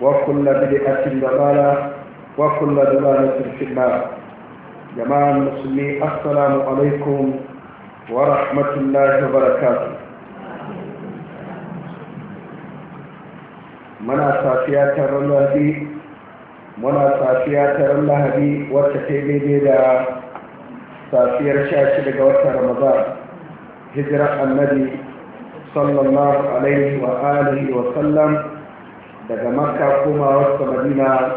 وكل بدعة ضلالة وكل ضلالة في النار جماعة المسلمين السلام عليكم ورحمة الله وبركاته muna safiya taron lahadi muna safiya taron lahadi wacce ta daidai da safiyar sha shida ga watan ramadan hijirar annabi sallallahu alaihi wa wa sallam daga makka kuma wasu madina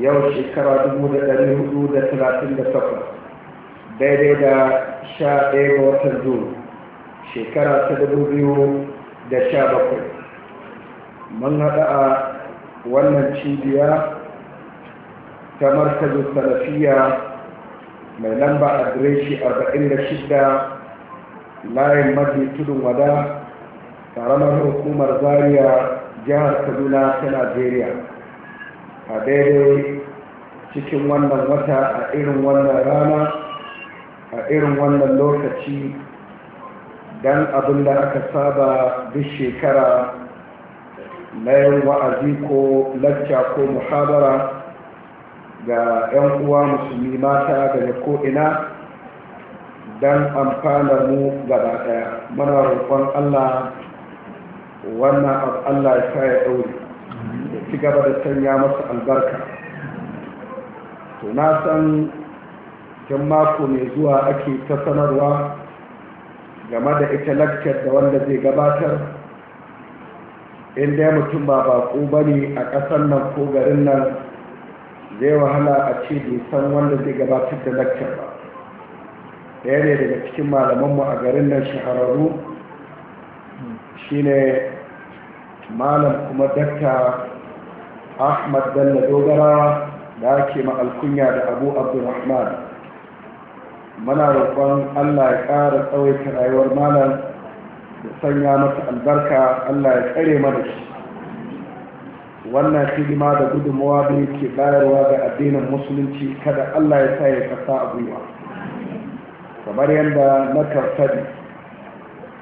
yau shekara 438 daidai da sha ɗaya ga watan zuwa shekara ta bakwai. mun haɗa a wannan cibiya ta markazin salafiya mai lamba adireshi 46 layin mafi tudun wada ƙaramar hukumar zariya jihar kaduna ta najeriya a daidai cikin wannan wata a irin wannan rana a irin wannan lokaci don abin da aka saba duk shekara na yin wa'azi ko lacca ko muhabara ga 'yan uwa musulmi mata daga ko'ina don amfanar mu gaba ɗaya mana roƙon allah wannan Allah ya sa ya ɗaure ya ci gaba da sanya masa albarka to na san can mako mai zuwa ake ta sanarwa game da ita lakcar da wanda zai gabatar inda mutum ba baƙo ba ne a ƙasar nan ko garin nan zai wahala a ce bai san wanda zai gabatar da lakcar ba ɗaya ne daga cikin malamanmu a garin nan shahararru shine malam kuma dakta ahmad bello dogara da ake alkunya da abu abdulrahman mana roƙon allah ya ƙara tsawaita rayuwar malam da sanya masa albarka allah ya tsare mana shi wannan hidima da gudunmawa da ke bayarwa ga addinin musulunci kada allah ya sa ya kasa a gwiwa kamar yadda na karfadi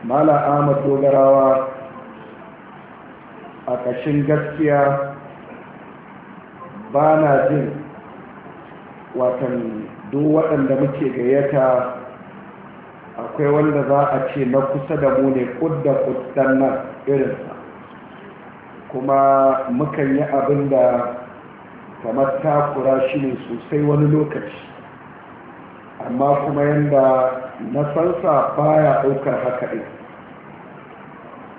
mala ahmad dogarawa a ƙashin gaskiya ba na jin watan duk waɗanda muke gayyata akwai wanda za a ce na kusa da mu ne kudda kudda nan irinsa kuma mukan yi abin da kamar takura shi ne sosai wani lokaci amma kuma yadda na sansa baya ɗaukar haka ɗin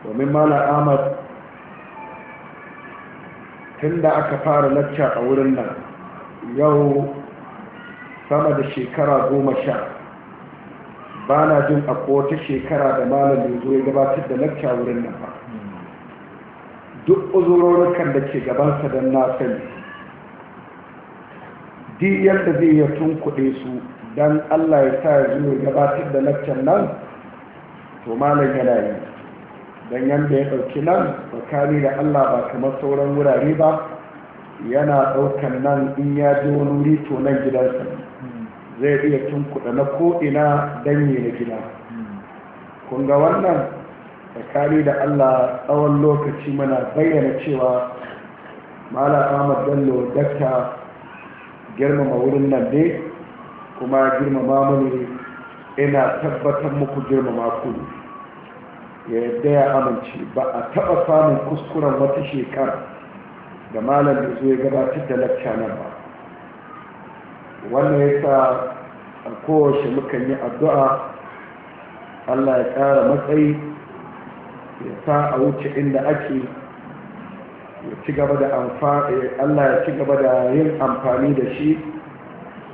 domin mala ahmad tun da aka fara lacca a wurin nan yau sama da shekara goma sha ba na jin a kowace shekara da malami zo ya gabatar da lacca wurin nan ba duk uzurorukan da ke gabansa don na sani di yadda zai ya tunkuɗe su don allah ya sa ya zo ya gabatar da laccan nan to malam yana yi don yadda ya ɗauki nan tsakani da allah ba kamar sauran wurare ba yana ɗaukan nan in ya je wuri to nan gidansa zai iya kuɗa na ko'ina danye na gida kun ga wannan tsakani da allah tsawon lokaci muna bayyana cewa mala ahmad bello dakta girmama wurin nan ne kuma girmama mu ina tabbatar muku girmama ku ya yadda ya amince ba a taɓa samun kuskuren wata shekara da malam da zo gabatar da lacca nan ba wannan ya sa a kowace mukan yi addu'a allah ya kara matsayi ya sa a wuce inda ake ya ci gaba da allah ya ci gaba da yin amfani da shi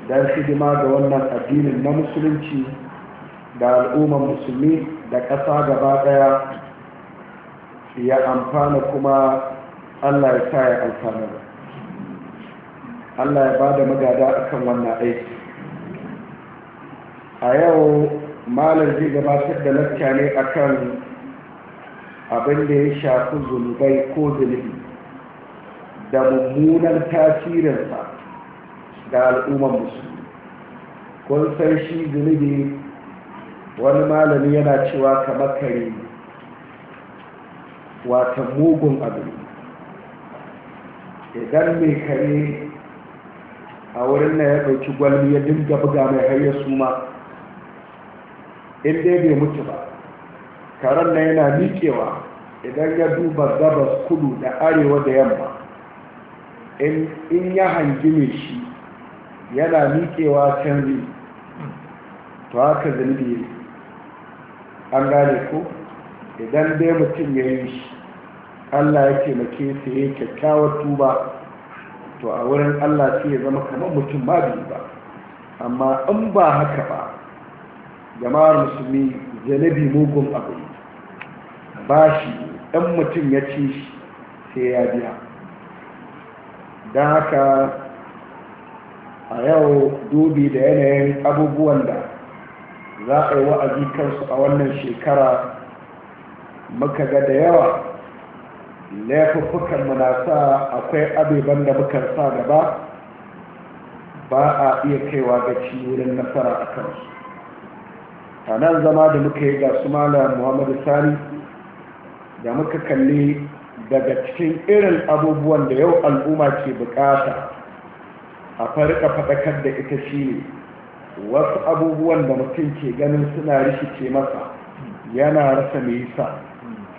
don hidima ga wannan addinin na musulunci da al'ummar musulmi da ƙasa gaba ɗaya ya amfana kuma allah ya sa ya amfana allah ya ba da magada akan wannan aiki a yau malar zai gabatar da lakta ne kan abin da ya shafi zunubai ko zunubi da mummunan tasirinsa ga al'ummar musulmi kun san shi zunubi wani malami yana cewa kamar kare wata mugun abu idan mai kare a wurin na ya ɗauki gwalmi ya dinga buga mai har suma in dai bai mutu ba karen na yana miƙewa idan ya duba gabas kudu da arewa da yamma in ya hangi mai shi yana miƙewa canzi to haka zanibiyar an gane ku idan dai mutum ya yi shi allah ya taimake su yi kyakkyawar tuba to a wurin allah sai ya zama kamar mutum ma biyu ba amma in ba haka ba jama'ar musulmi zanabi mugun abu ba shi ɗan mutum ya ci shi sai ya biya don haka a yau dubi da yanayin abubuwan da za a yi wa'azi kansu a wannan shekara muka ga da yawa laifuffukan sa akwai abeban da muka sa gaba ba a iya kaiwa ga wurin nasara a kansu a nan zama da muka yi ga su malam muhammadu sani da muka kalli daga cikin irin abubuwan da yau al'umma ke bukata a farka faɗakar da ita shi wasu abubuwan da mutum ke ganin suna rikice masa yana rasa mai yisa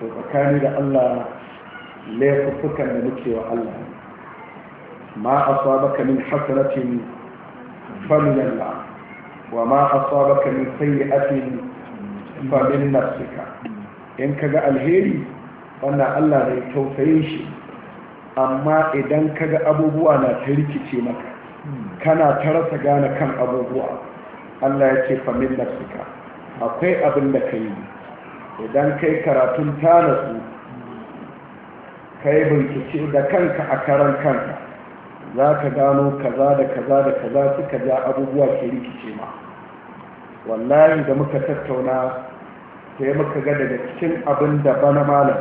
to tsakani da Allah laifuffukan da muke wa Allah ma asabaka min hasanatin famin Allah wa ma asabaka min sayyi'atin famin nafsika in kaga alheri wannan Allah ya tausayin shi amma idan kaga abubuwa na ta rikice maka kana ta rasa gane kan abubuwa allah ya ce famin nafsika akwai abin da ka yi idan kai karatun tanasu ka yi bincike da kanka a karan kanka za ka gano kaza da kaza da kaza suka ja abubuwa ke rikice ma wallahi da muka tattauna sai muka ga daga cikin abin da bana malam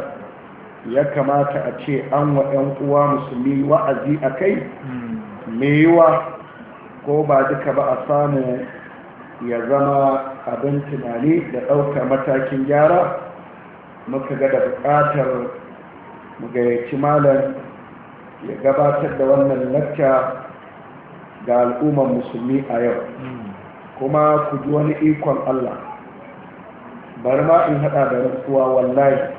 ya kamata a ce an wa 'yan uwa musulmi wa'azi a kai hmm. yiwa ko ba duka ba a samu ya zama abin tunani da ɗaukar matakin gyara muka ga da buƙatar mu gayyaci malam ya gabatar da wannan lakta ga al'ummar musulmi a yau kuma ku ji wani ikon allah bari ma in haɗa da rantsuwa wallahi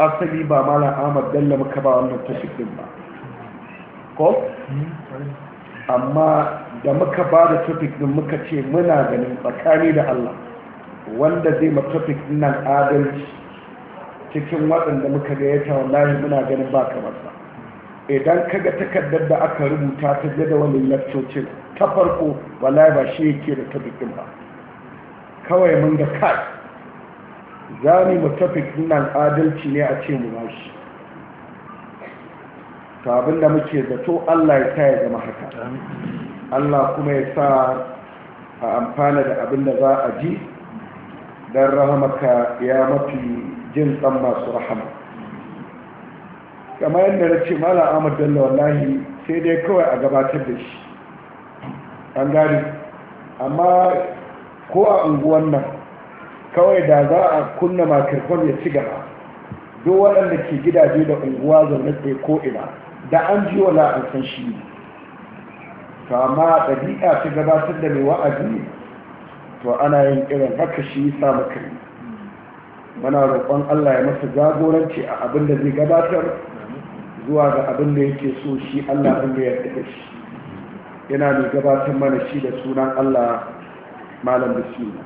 asali ba malam ahmad bello muka ba wannan tashikin ba ko hmm, amma da muka ba da topic din muka ce muna ganin tsakani da Allah wanda zai ma topic din nan adalci cikin waɗanda muka gayyata wallahi muna ganin ba kamar sa idan kaga takardar da aka rubuta ta jadawalin lakcocin ta farko wallahi ba shi yake da topic din ba kawai mun ga kai za mu topic din nan adalci ne a ce mu ba shi to abinda muke zato Allah ya sa ya zama haka Allah kuma ya sa a amfana da abin da za a ji don rahamaka ya mafi jin tsan masu rahama kamar yadda na ce mala amur dalla wallahi sai dai kawai a gabatar da shi an gari amma ko a unguwan nan kawai da za a kunna makirfon ya ci gaba duk waɗanda ke gidaje da unguwa zaune tsaye ko ina da an ji wala an san shi ne to amma ɗabi'a ta gabatar da mai wa'azi to ana yin irin haka shi sa kai. muna roƙon Allah ya masa jagoranci a abin da zai gabatar zuwa ga abin da yake so shi Allah ɗin da ya shi yana mai gabatar mana shi da sunan Allah malam bismillah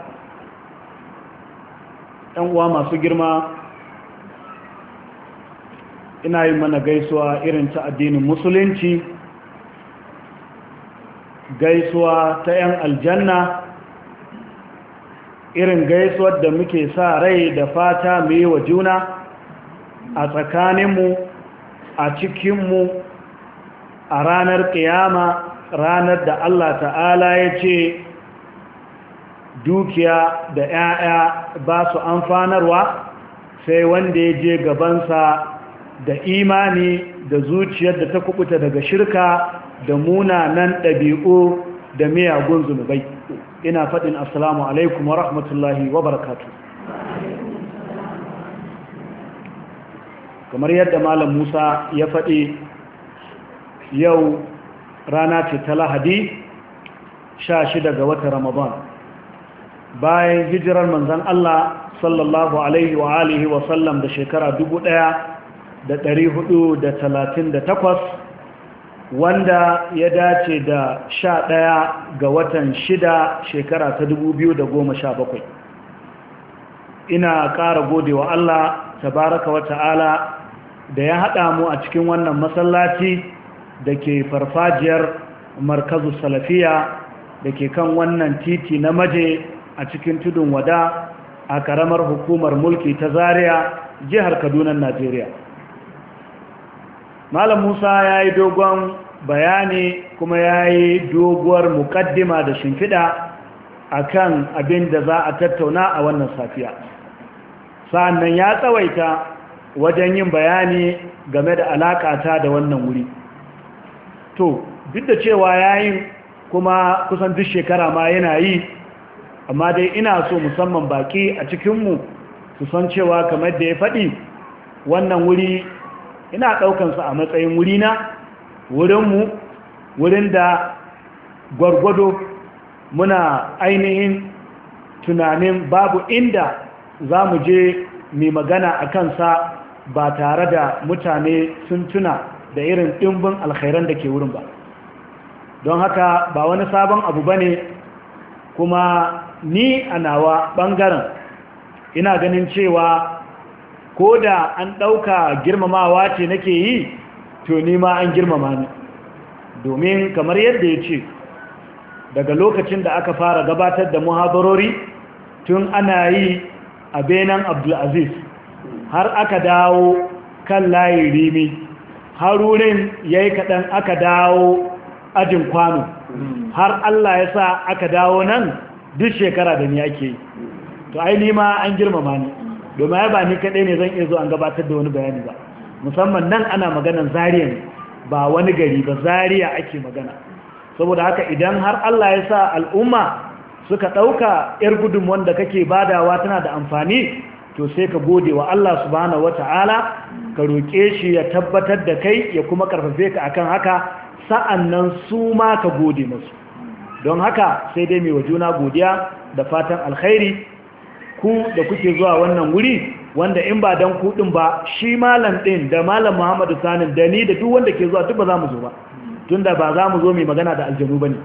'yan uwa masu girma ina yi mana gaisuwa irin ta addinin musulunci gaisuwa ta 'yan aljanna irin gaisuwar da muke sa rai da fata mu wa juna a tsakaninmu a cikinmu a ranar ƙiyama ranar da Allah ta'ala ya ce dukiya da 'ya'ya ba su amfanarwa sai wanda ya je gabansa da imani da zuciyar da ta kubuta daga shirka da munanan ɗabi'u da miyagun zunubai ina faɗin assalamu alaikum wa rahmatullahi wa barakatu kamar yadda malam musa ya faɗi yau rana ce ta lahadi 16 ga watan ramadan bayan hijirar manzan Allah sallallahu alaihi wa alihi wa sallam da shekara takwas, wanda ya dace da sha ɗaya ga watan shida shekara ta goma sha 2017 ina ƙara gode wa Allah tabaraka wa ta'ala da ya haɗa mu a cikin wannan masallaci da ke farfajiyar markazu salafiya da ke kan wannan titi na maje a cikin tudun wada a karamar hukumar mulki ta zaria jihar kaduna najeriya malam musa ya yi dogon bayani kuma ya yi doguwar mukaddima da shimfiɗa a kan abin da za a tattauna a wannan safiya sa'annan ya tsawaita wajen yin bayani game da alaƙata da wannan wuri to duk da cewa yayin kuma kusan duk shekara ma yana yi amma dai ina so musamman baki a cikinmu su san cewa kamar da ya faɗi wannan wuri ina ɗaukansa a matsayin wurina wurinmu wurin da gwargwado muna ainihin tunanin babu inda za mu je mai magana a kansa ba tare da mutane sun tuna da irin ɗimbin alkhairan da ke wurin ba don haka ba wani sabon abu ba ne kuma ni a nawa ɓangaren ina ganin cewa ko da an ɗauka girmamawa ce nake yi to ni ma an girmama ni domin kamar yadda ya ce daga lokacin da aka fara gabatar da muhabarori tun ana yi a benin abdulaziz har aka dawo kan layin rimi wurin ya yi kaɗan aka dawo ajin kwano har allah ya sa aka dawo nan duk shekara da ni ake yi to ai ni ma an girmama ni domin ai ba ni kaɗai ne zan iya zo an gabatar da wani bayani ba musamman nan ana maganan zariya ne ba wani gari ba zariya ake magana saboda haka idan har Allah ya sa al'umma suka ɗauka 'yar gudun wanda kake badawa tana da amfani to sai ka gode wa Allah subhanahu wata'ala ka roƙe shi ya tabbatar da kai ya kuma karfafe ka akan haka sa'annan su ma ka gode masu don haka sai dai mai wa juna godiya da fatan alkhairi ku da kuke zuwa wannan wuri wanda in ba dan kuɗin ba shi malam ɗin da malam muhammadu sanin da ni da duk wanda ke zuwa duk ba za mu zo ba tunda ba za mu zo mai magana da aljanu ba ne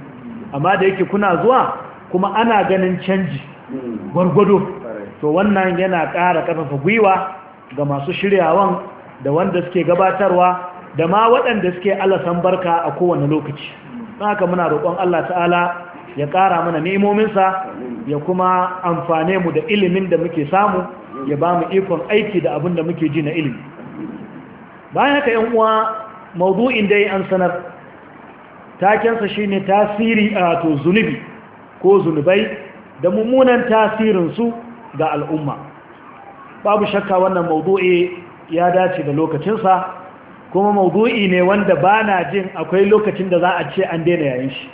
amma da yake kuna zuwa kuma ana ganin canji gwargwado to wannan yana kara ƙarfafa gwiwa ga masu shiryawan da wanda suke gabatarwa da ma waɗanda suke alasan barka a kowane lokaci don haka muna roƙon Allah ta'ala ya ƙara mana nemominsa ya kuma amfane mu da ilimin da muke samu ya ba mu ikon aiki da abin da muke ji na ilimi bayan haka yan uwa maudu'in da an sanar takensa shine tasiri a to zunubi ko zunubai da mummunan tasirinsu ga al'umma babu shakka wannan maudu'i ya dace da lokacinsa kuma maudu'i ne wanda ba na jin akwai lokacin da za a ce an daina yayin shi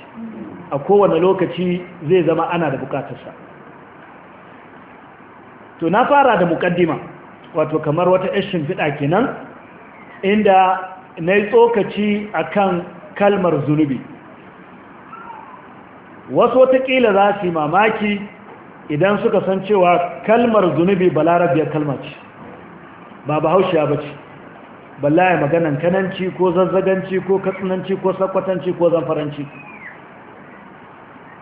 a kowane lokaci zai zama ana da bukatarsa to na fara da mukaddima wato kamar wata ishin fiɗa kenan inda na yi tsokaci kan kalmar zunubi wasu watakila za su yi mamaki idan suka san cewa kalmar zunubi balarabiyar kalmar ce ba bahaushiya ba ce ya maganan kananci ko zazzaganci ko Katsinanci, ko sakwatanci ko zamfaranci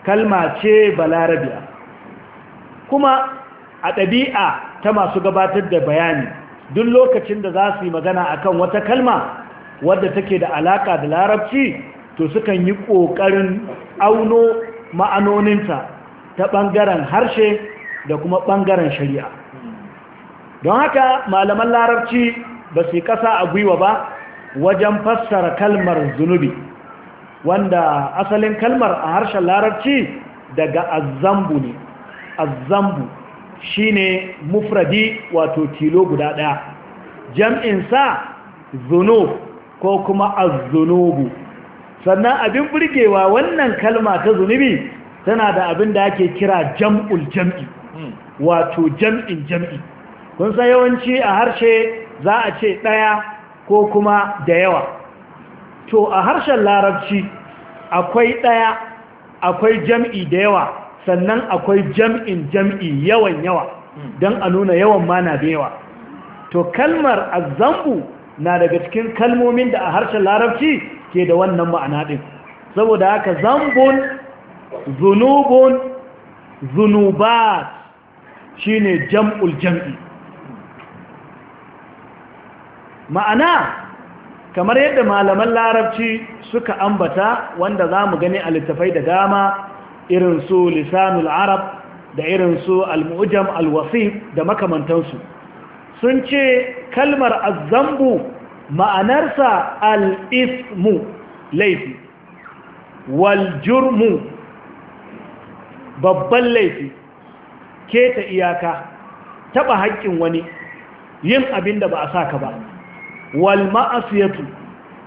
kalma ce balarabiya kuma a ɗabi'a ta masu gabatar da bayani duk lokacin da za su yi magana akan wata kalma wadda take da alaƙa da larabci to sukan yi ƙoƙarin auno ma'anoninta ta ɓangaren harshe da kuma ɓangaren shari'a don haka malaman larabci ba su kasa a gwiwa ba wajen fassara kalmar zunubi wanda asalin kalmar a harshen larabci daga azambu ne azambu shi ne mufradi wato tilo guda daya jam'insa zunub ko kuma azzunubu sannan abin burgewa wannan kalma ta zunubi tana da abin da ake kira jam'ul jam'i hmm. wato jam'in jam'i kun san yawanci a harshe za a ce ɗaya ko kuma da yawa to a harshen larabci akwai ɗaya akwai jam'i da yawa sannan akwai jam'in jam'i yawan yawa don a nuna yawan ma na da yawa to kalmar a azambu na daga cikin kalmomin da a harshen larabci ke da wannan ma'ana ɗin saboda haka zambun zunubun zunubat shine jam'ul jam'i ma'ana kamar yadda malaman larabci suka ambata wanda za mu gani a littafai da dama irin su lisanul arab da irin su al Alwasi da makamantansu sun ce kalmar azzambu ma'anarsa al-ismu laifi wal-jurmu babban laifi keta iyaka taba haƙƙin wani yin abin da ba a sa ka ba wal ma'asiyatu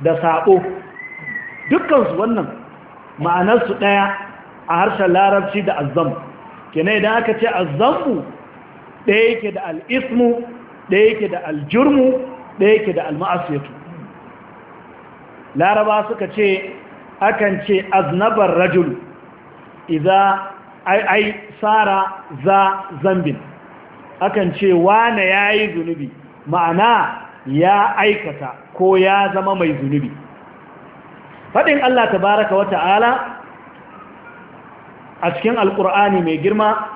da sabo dukkansu wannan ma'anarsu ɗaya a harshen larabci da azzam kene idan aka ce azzamu ɗaya yake da al'ismu ɗaya yake da aljurmu ɗaya yake da alma'asiyatu laraba suka ce akan ce aznabar rajul iza ai sara za zambin akan ce wane ya yi zunubi ma'ana ya aikata ko ya zama mai zunubi faɗin Allah Ta baraka wa ta'ala a cikin alƙur'ani mai girma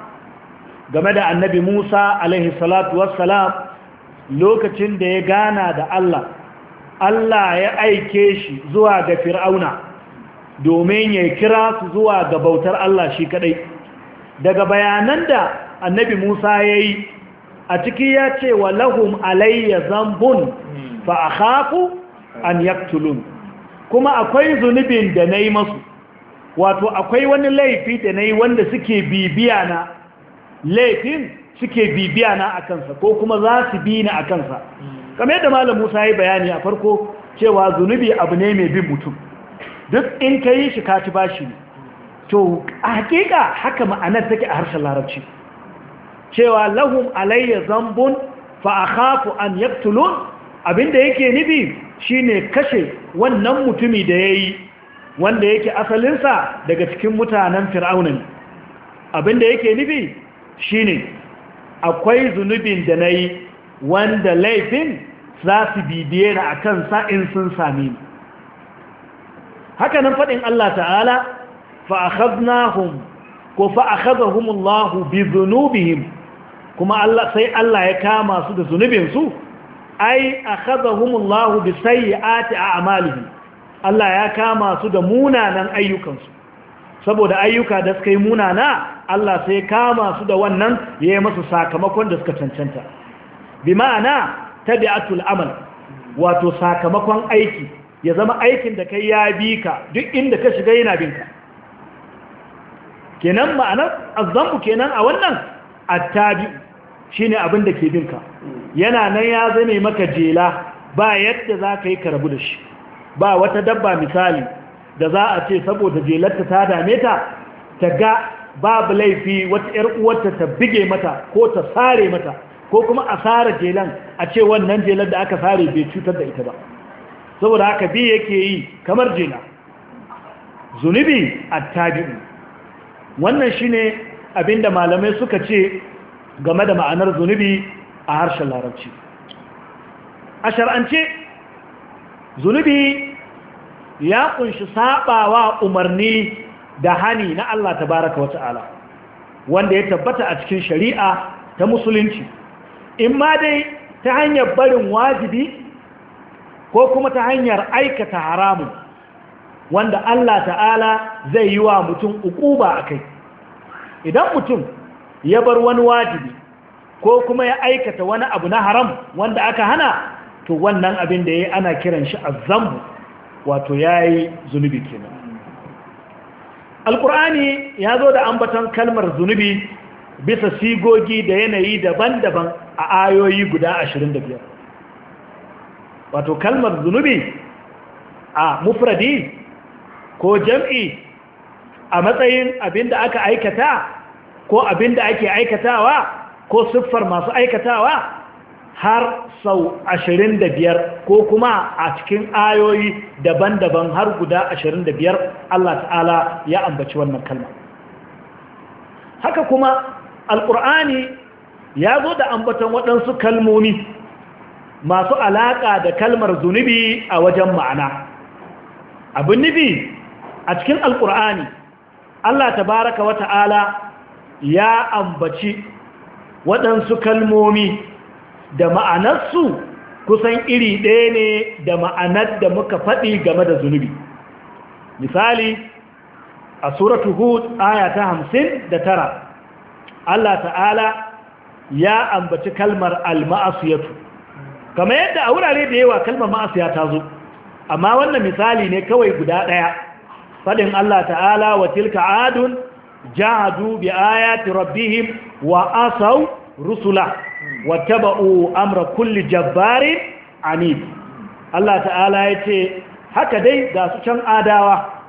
game da annabi Musa alaihi salatu wassalam lokacin da ya gana da Allah Allah ya aike shi zuwa ga fir'auna domin ya kira su zuwa ga bautar Allah shi kadai daga bayanan da annabi Musa ya yi a ciki ya ce wa lahum alayya zambun hmm. fa a haku an yaktulun kuma akwai zunubin da na yi masu wato akwai wani laifi da na yi wanda suke bibiya na laifin suke bibiya na a kansa ko kuma za su bi ni kansa? Hmm. kamar yadda malam Musa ya bayani a farko cewa zunubi abu ne mai bin mutum duk in ka yi shi ka ci bashi ne to a hakika haka ma'anar take a harshen larabci cewa lahum alayya zambun fa akhafu an yaqtulun abinda yake shi shine kashe wannan mutumi da yayi wanda yake asalinsa daga cikin mutanen fir'auna abinda yake shi shine akwai zunubin da nayi wanda laifin za su bibiye ni akan sa in sun same ni haka nan fadin Allah ta'ala fa akhadnahum ko fa akhadahum Allah bi dhunubihim kuma Allah sai Allah ya kama su da zunubin su ai akhadahumullahu bi sayyiati a'malihim Allah ya kama su da munanan ayyukansu saboda ayyuka da suka yi munana Allah sai kama su da wannan ya yi masu sakamakon da suka cancanta bi ma'ana tabi'atul amal wato sakamakon aiki ya zama aikin da kai ya bi ka duk inda ka shiga yana binka kenan ma'anar azzambu kenan a wannan attabi'u Shi ne abin da ke binka yana nan ya zame maka jela ba yadda za ka yi karabu da shi ba wata dabba misali da za a ce saboda jelarta ta dame ta ta ga babu laifi wata 'yar uwarta ta bige mata ko ta sare mata ko kuma a sare jelan a ce wannan jelar da aka sare bai cutar da ita ba saboda haka bi yake yi kamar jela zunubi a tabi'i wannan shi shine abinda malamai suka ce game da ma'anar zunubi a harshen larabci a shar'ance zunubi ya kunshi sabawa umarni da hani na Allah tabaraka wa ta'ala wanda ya tabbata a cikin shari'a ta musulunci in ma dai ta hanyar barin wajibi ko kuma ta hanyar aikata haramun wanda Allah ta'ala zai yi wa mutum ukuba a kai idan mutum ya bar wani wajibi ko kuma ya aikata wani abu na haram wanda aka hana to wannan abin da ya ana kiran shi azzambu wato ya yi zunubi kenan alkur'ani ya zo da ambaton kalmar zunubi bisa sigogi da yanayi daban-daban a ayoyi guda 25 wato kalmar zunubi a mufradi ko jam'i a matsayin abin da aka aikata ko abin da ake aikatawa ko siffar masu aikatawa har sau ashirin da biyar ko kuma a cikin ayoyi daban-daban har guda ashirin da biyar Allah ta'ala ya ambaci wannan kalma haka kuma alkur'ani ya zo da ambatan waɗansu kalmomi masu alaƙa da kalmar zunubi a wajen ma'ana abin nufi a cikin alƙur'ani Allah Ta baraka wa ta'ala ya ambaci waɗansu kalmomi da ma'anarsu kusan iri ɗaya ne da ma'anar da muka faɗi game da zunubi misali a suratu hud aya ta hamsin da tara Allah ta'ala ya ambaci kalmar alma'asiyatu kama yadda a wurare da yawa kalmar ma'asiya ta zo amma wannan misali ne kawai guda ɗaya faɗin Allah ta'ala wa tilka adun jahadu bi ayati rabbihim wa asaw rusula wa taba'u amra kulli jabbarin Amin. Allah ta'ala yace haka dai ga su can adawa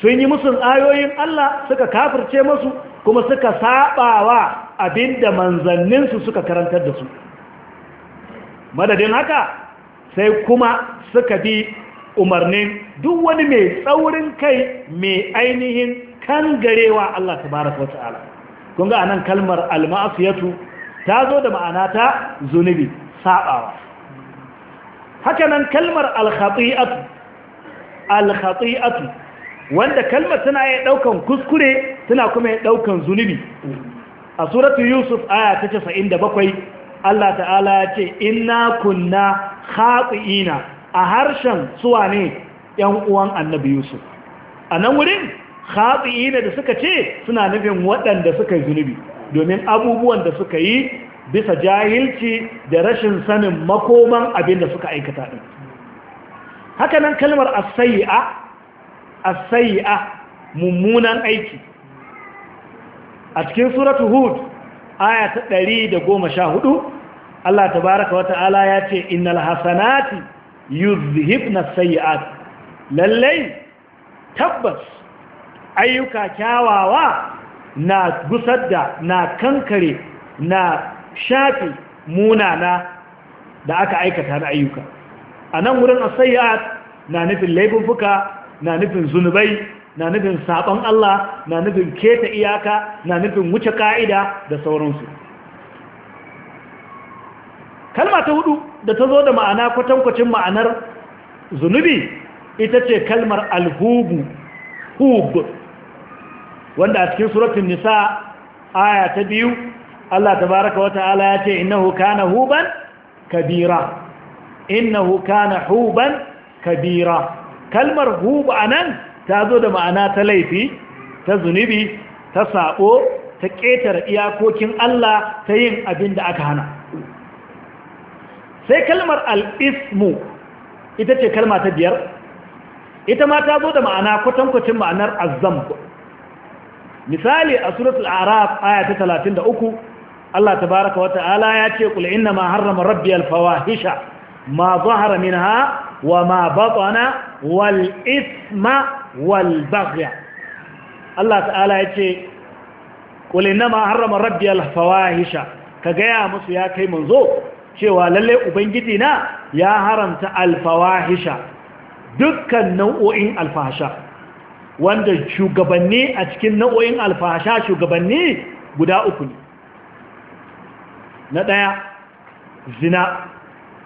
sun yi musu ayoyin Allah suka kafirce musu kuma suka sabawa abinda manzanninsu suka karantar da su madadin haka sai kuma suka bi umarnin duk wani mai tsaurin kai mai ainihin kangarewa Allah tabaraka wa ta'ala kun ga anan kalmar alma'asiyatu ta zo da ma'ana ta zunubi sabawa haka nan kalmar al-khati'atu wanda kalmar tana yin daukan kuskure tana kuma yin daukan zunubi a suratu yusuf aya ta 97 Allah ta'ala ya ce inna kunna khati'ina a harshen suwa ne yan uwan annabi yusuf anan wurin ne da suka ce suna nufin waɗanda suka yi zunubi domin abubuwan da suka yi bisa jahilci da rashin sanin makoman abin da suka aikata ɗin haka nan kalmar asayi'a asayi'a mummunan aiki a cikin suratu hud aya ta ɗari da goma sha hudu Allah tabaraka wa ta'ala ya ce innal hasanati yuzhibna sayi'at lallai tabbas ayyuka kyawawa na gusar da na kankare na shafi munana da aka aikata na ayyuka a nan wurin asayyat na nufin laifuffuka na nufin zunubai na nufin sabon Allah na nufin keta iyaka na nufin wuce ka'ida da sauransu kalma ta hudu da ta zo da ma'ana kwatankwacin ma'anar zunubi ita ce kalmar alhubu hub wanda a cikin suratun nisa aya ta biyu Allah tabaraka wa ta'ala ya ce innahu kana huban kabira innahu kana huban kabira kalmar hub anan ta zo da ma'ana ta laifi ta zunubi ta sabo ta ƙetare iyakokin Allah ta yin abin da aka hana sai kalmar al'ismu ita ce kalma ta biyar ita ma ta zo da ma'ana kwatankwacin ma'anar azzam misali a suratul araf aya ta 33 Allah tabaaraka wa ta'ala ya ce kul inna ma harrama rabbi al fawahisha ma zahara minha wa ma batana wal isma wal baghy Allah ta'ala ya ce kul inna ma harrama rabbi al fawahisha ka gaya musu ya kai manzo cewa lalle ubangiji na ya haramta al fawahisha dukkan nau'o'in al fahisha wanda shugabanni a cikin nau'o'in alfahasha shugabanni guda uku ne na ɗaya zina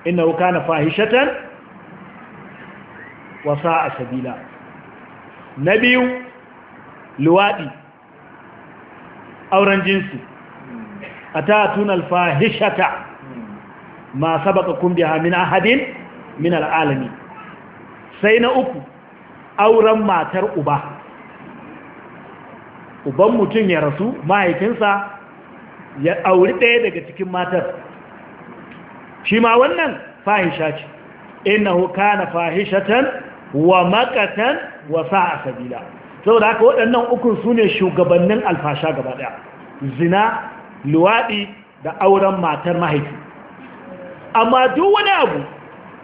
ina wuka na fahishatar wasa a sabila na biyu luwaɗi auren jinsi a ta tun alfahishata ma sabaka kumbi hamin ahadin min al'alami sai na uku auren matar uba uban mutum ya rasu mahaifinsa ya auri ɗaya daga cikin matar shi ma wannan fahisha ce huka na fahishatan wa makatan wa a sabila saboda haka waɗannan ukun su ne shugabannin alfasha gaba ɗaya zina luwaɗi da auren matar mahaifi amma duk wani abu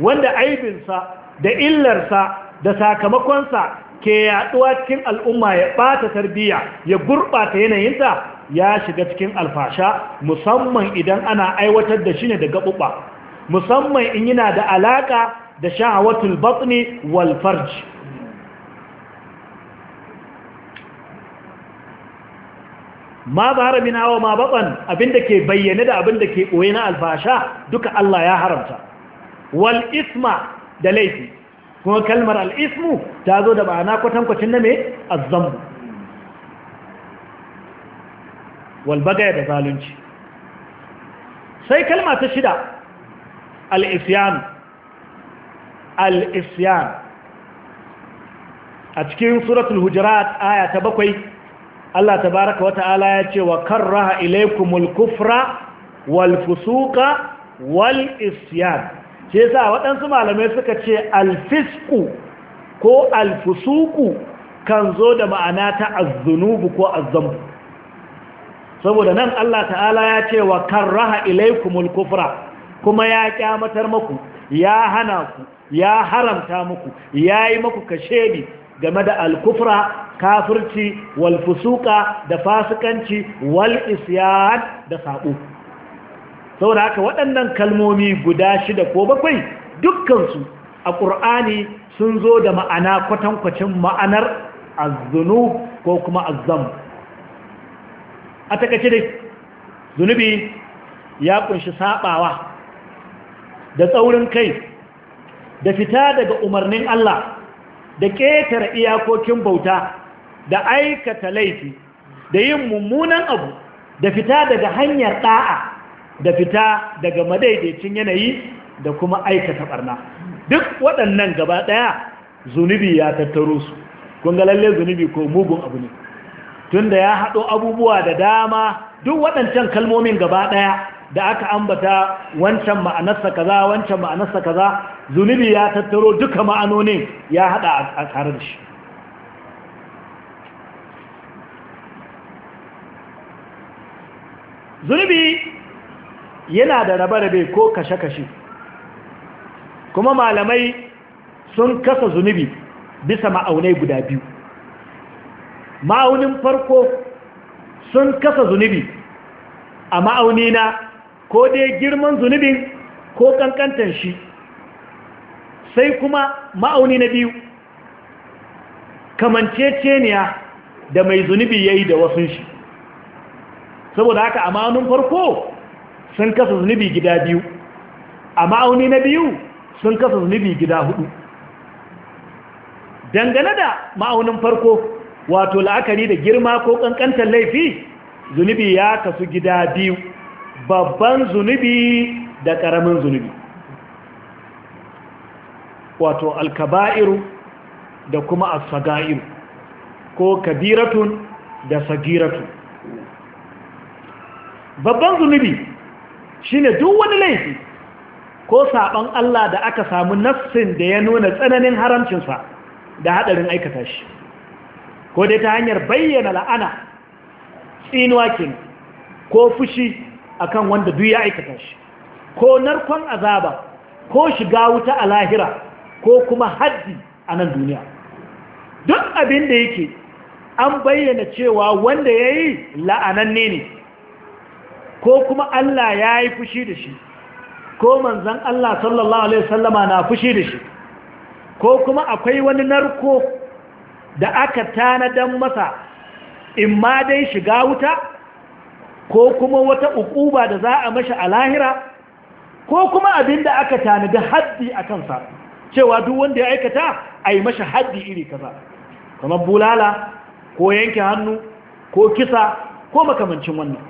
wanda aibinsa da illarsa da sakamakonsa ke yaduwa cikin al'umma ya bata tarbiyya ya gurbata yanayinta ya shiga cikin alfasha musamman idan ana aiwatar da shi ne da gaɓuɓa musamman in yana da alaƙa da sha'awatul batni wal farj ma zahara min hawa ma batsan abinda ke bayyane da abinda ke ɓoye na alfasha duka Allah ya haramta wal isma da laifi kuma kalmar al'ismu ta zo da ma'ana kwatankwacin na mai azzambu walbagaya da zalunci sai kalma ta shida al'isyan al'isyan a cikin suratul hujurat aya ta bakwai Allah tabaraka wa ta'ala ya ce wa karraha ilaikumul kufra wal fusuka wal isyan ce yasa waɗansu malamai suka ce alfisku ko alfusuku kan zo da ma'ana ta azzunubu ko azzamu saboda nan Allah ta'ala ya ce wa karraha ilaikumul kufra kuma ya kyamatar muku ya hana ku ya haramta muku ya yi muku kashe ni game da alkufra kafirci walfusuka da fasikanci wal isyan da saɓo saboda haka waɗannan kalmomi guda shida ko bakwai dukkansu a ƙur'ani sun zo da ma'ana kwatankwacin ma'anar azzunu ko kuma azzam a takaice dai zunubi ya kunshi saɓawa da tsaurin kai da fita daga umarnin Allah da ƙetare iyakokin bauta da aikata laifi da yin mummunan abu da fita daga hanyar ɗa'a da fita daga madaidaicin yanayi da kuma aikata barna duk waɗannan gaba ɗaya zunubi ya tattaro su kun ga lalle zunubi ko mugun abu ne tunda ya haɗo abubuwa da dama duk waɗancan kalmomin gaba ɗaya da aka ambata wancan ma'anarsa kaza wancan ma'anarsa kaza zunubi ya tattaro duka ma'anonin ya haɗa a tare da shi zunubi yana da rabe-rabe ko kashe-kashe kuma malamai sun kasa zunubi bisa ma'aunai guda biyu ma'aunin farko sun kasa zunubi a ma'auni na ko dai girman zunubin ko kankantan shi sai kuma ma'auni na biyu kamanceceniya da mai zunubi ya yi da wasun shi saboda haka a ma'aunin farko sun kasa zunubi gida biyu a ma'auni na biyu sun kasa zunubi gida hudu dangane da ma'aunin farko wato la'akari da girma ko kankantar laifi zunubi ya kasu gida biyu babban zunubi da karamin zunubi wato alkaba'iru da kuma asaga'iru ko kabiratun da sagiratun babban zunubi shine duk wani laifi ko saɓon Allah da aka samu nassin da ya nuna tsananin haramcinsa da haɗarin aikata shi ko dai ta hanyar bayyana la'ana tsinuwa ke ko fushi akan wanda duk ya aikata shi ko narkon azaba ko shiga wuta a lahira ko kuma haddi a nan duniya duk abin da yake an bayyana cewa wanda ya yi la'ananne ne ko kuma Allah ya yi fushi da shi ko manzan Allah sallallahu Alaihi wasallama na fushi da shi ko kuma akwai wani narko da aka tanadan masa in ma dai shiga wuta ko kuma wata ukuba da za a mashi a lahira ko kuma abin da aka tanadi haddi a kansa cewa duk wanda ya aikata a yi mashi haddi iri kaza kamar bulala ko yanke hannu ko kisa ko makamancin wannan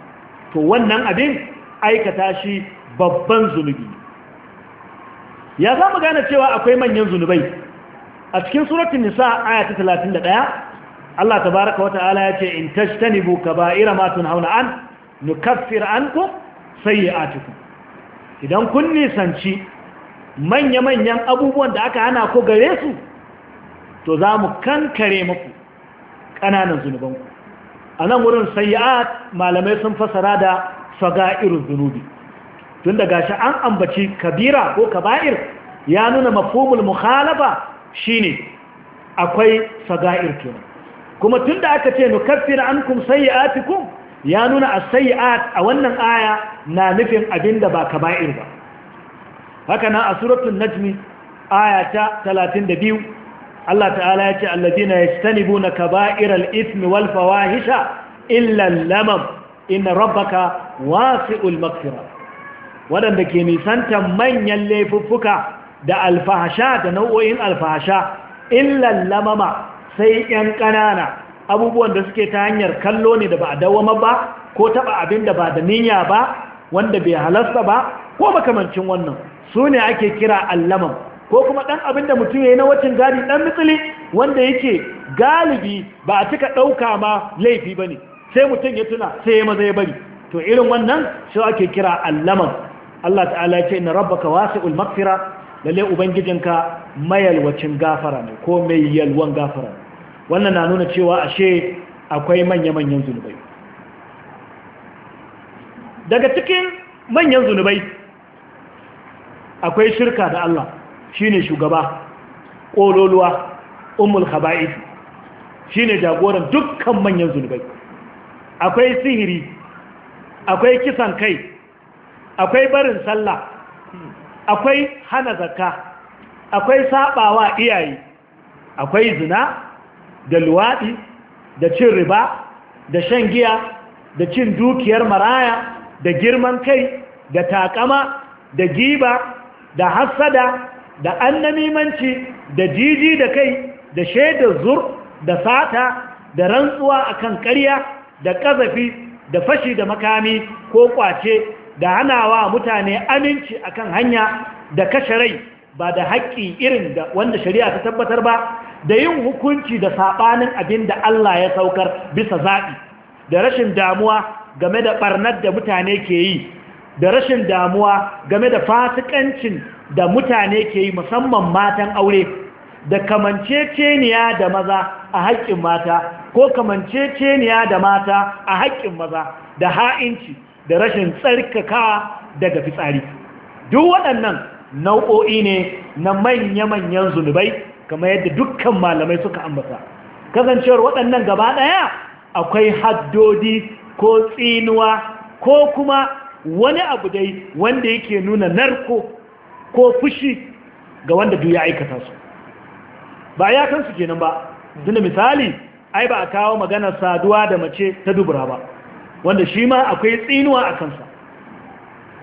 to wannan abin aikata shi babban zunubi ya za mu gane cewa akwai manyan zunubai a cikin suratun nisa aya ta 31 Allah tabaraka wa ta'ala ya ce in ka kaba'ira ma tunhauna an nukaffir ankum sayyi'atikum idan kun nisanci manya-manyan abubuwan da aka hana ko gare su to za mu kankare muku ƙananan zunubanku a nan wurin sayi'at malamai sun fasara da saga'irin zunubi tun gashi an ambaci kabira ko kaba'ir ya nuna mafumul mukhalafa shine akwai saga'ir kenan kuma tun da aka ce nukaffir ankum sayi'atikum ya nuna as-sayi'at a wannan aya na nufin abinda ba kaba'ir ba haka nan a suratul najmi aya ta 32 Allah ta'ala ya ce allazina yastanibuna kaba'iral ismi wal fawahisha illa al-lamam inna rabbaka wasi'ul maghfirah waɗanda ke nisantar manyan laifuffuka da alfahasha da nau'o'in alfahasha illan lamama sai ‘yan ƙanana abubuwan da suke ta hanyar kallo ne da ba a dawama ba ko taɓa abin da ba da niyya ba wanda bai halasta ba ko makamancin wannan su ne ake kira allamam ko kuma ɗan abin da mutum ya yi na wacin gadi ɗan mitsili wanda yake galibi ba a cika ɗauka ma laifi ba ne sai mutum ya tuna sai ya maza ya bari to irin wannan shi ake kira allaman Allah ta'ala ya ce na rabbaka wasi'ul maghfira lalle ubangijinka mayalwacin gafara ne ko mai yalwan gafara wannan na nuna cewa ashe akwai manya-manyan zunubai daga cikin manyan zunubai akwai shirka da Allah shine shugaba ƙololuwa umul khaba'is shine jagoran dukkan manyan zunubai akwai sihiri akwai kisan kai akwai barin sallah akwai hana zakka akwai sabawa iyaye akwai zina da luwaɗi da cin riba da shan giya da cin dukiyar maraya da girman kai da takama da giba da hassada da annamimanci da jiji da kai da shaidar zur da sata da rantsuwa akan ƙarya da ƙazafi da fashi da makami ko kwace da hanawa mutane aminci akan hanya da kashe rai ba da haƙƙi irin da wanda shari'a ta tabbatar ba da yin hukunci da saɓanin abin da Allah ya saukar bisa zaɓi da rashin damuwa game da ɓarnar da mutane ke yi da rashin damuwa game da fasikancin da mutane ke yi musamman matan aure da kamanceceniya da maza a haƙƙin mata ko kamanceceniya da mata a haƙƙin maza da ha'inci da rashin tsarkaka daga fitsari duk waɗannan nau'o'i ne na manya-manyan zunubai kamar yadda dukkan malamai suka ambata kasancewar waɗannan gaba ɗaya akwai haddodi ko tsinuwa ko kuma wani abu dai wanda yake nuna narko ko fushi ga wanda duk ya aikata su ba ya kansu kenan ba tunda misali ai ba a kawo magana saduwa da mace ta dubura ba wanda shi ma akwai tsinuwa a kansa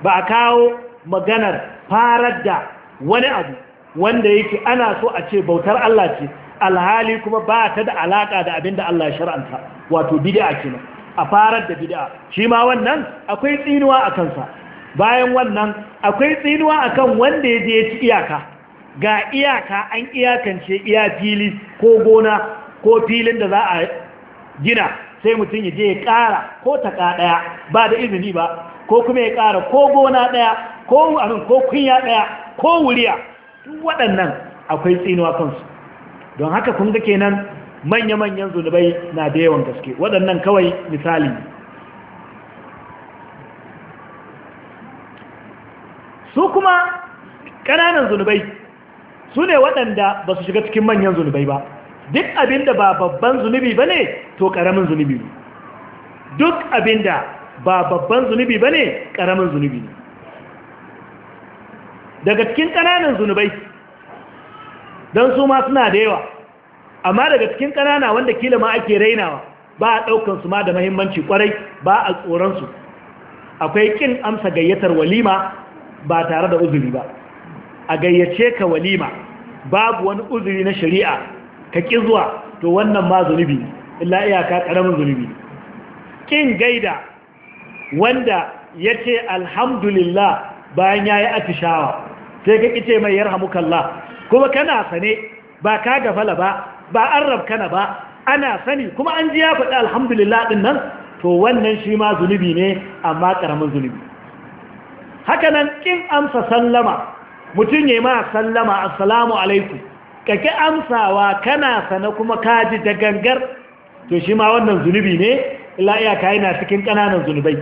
ba a kawo maganar farar da wani abu wanda yake ana so a ce bautar Allah ce alhali kuma ba ta da alaka da abin da Allah ya shar'anta wato bid'a kenan a farar da bid'a shi ma wannan akwai tsinuwa a kansa bayan wannan akwai tsinuwa kan wanda ya je ci iyaka ga iyaka an iyakance iya fili ko gona ko filin da za a gina sai mutum ya je ya ƙara ko taƙa ɗaya ba da izini ba ko kuma ya ƙara ko gona ɗaya ko amin ko kunya ɗaya ko wuriya duk waɗannan akwai tsinuwa kansu don haka kun ga kenan manya-manyan zunubai na da yawan gaske waɗannan kawai misali su kuma ƙananan zunubai su ne waɗanda ba su shiga cikin manyan zunubai ba duk abinda ba babban zunubi ba ne to ƙaramin zunubi ne duk abinda ba babban zunubi ba ne ƙaramin zunubi ne daga cikin ƙananan zunubai don su ma suna da yawa amma daga cikin ƙanana wanda kila ma ake rainawa ba a ɗaukan su ma da mahimmanci kwarai ba a tsoronsu akwai ƙin amsa gayyatar walima ba tare da uzuri ba a gayyace ka walima babu wani uzuri na shari'a ka ƙi zuwa to wannan ma zunubi illa iyaka ƙaramin zunubi ƙin gaida wanda ya ce alhamdulillah bayan ya yi atishawa sai ka ƙi ce mai yarhamukallah kuma kana sane ba ka gafala ba ba an rabkana ba ana sani kuma an ji ya faɗi alhamdulillah ɗin nan to wannan shi ma zunubi ne amma ƙaramin zunubi haka nan ƙin amsa sallama mutum ya ma sallama assalamu alaikum kake amsawa kana sana kuma kaji da gangar to shi ma wannan zunubi ne illa iyaka yana cikin ƙananan zunubai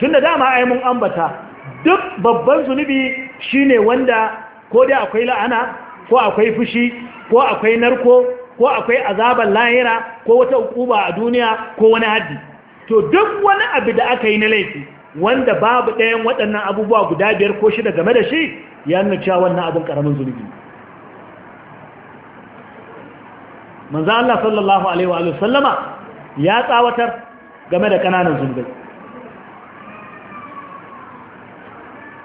tun da dama ai mun ambata duk babban zunubi shine wanda ko dai akwai la'ana ko akwai fushi ko akwai narko ko akwai azaban lahira ko wata hukuma a duniya ko wani haddi to duk wani abu da aka yi na laifi wanda babu ɗayan waɗannan abubuwa guda biyar ko shida game da shi ya nuna cewa wannan abin ƙaramin zunubi manzo Allah sallallahu alaihi wa sallama ya tsawatar game da kananan zunubai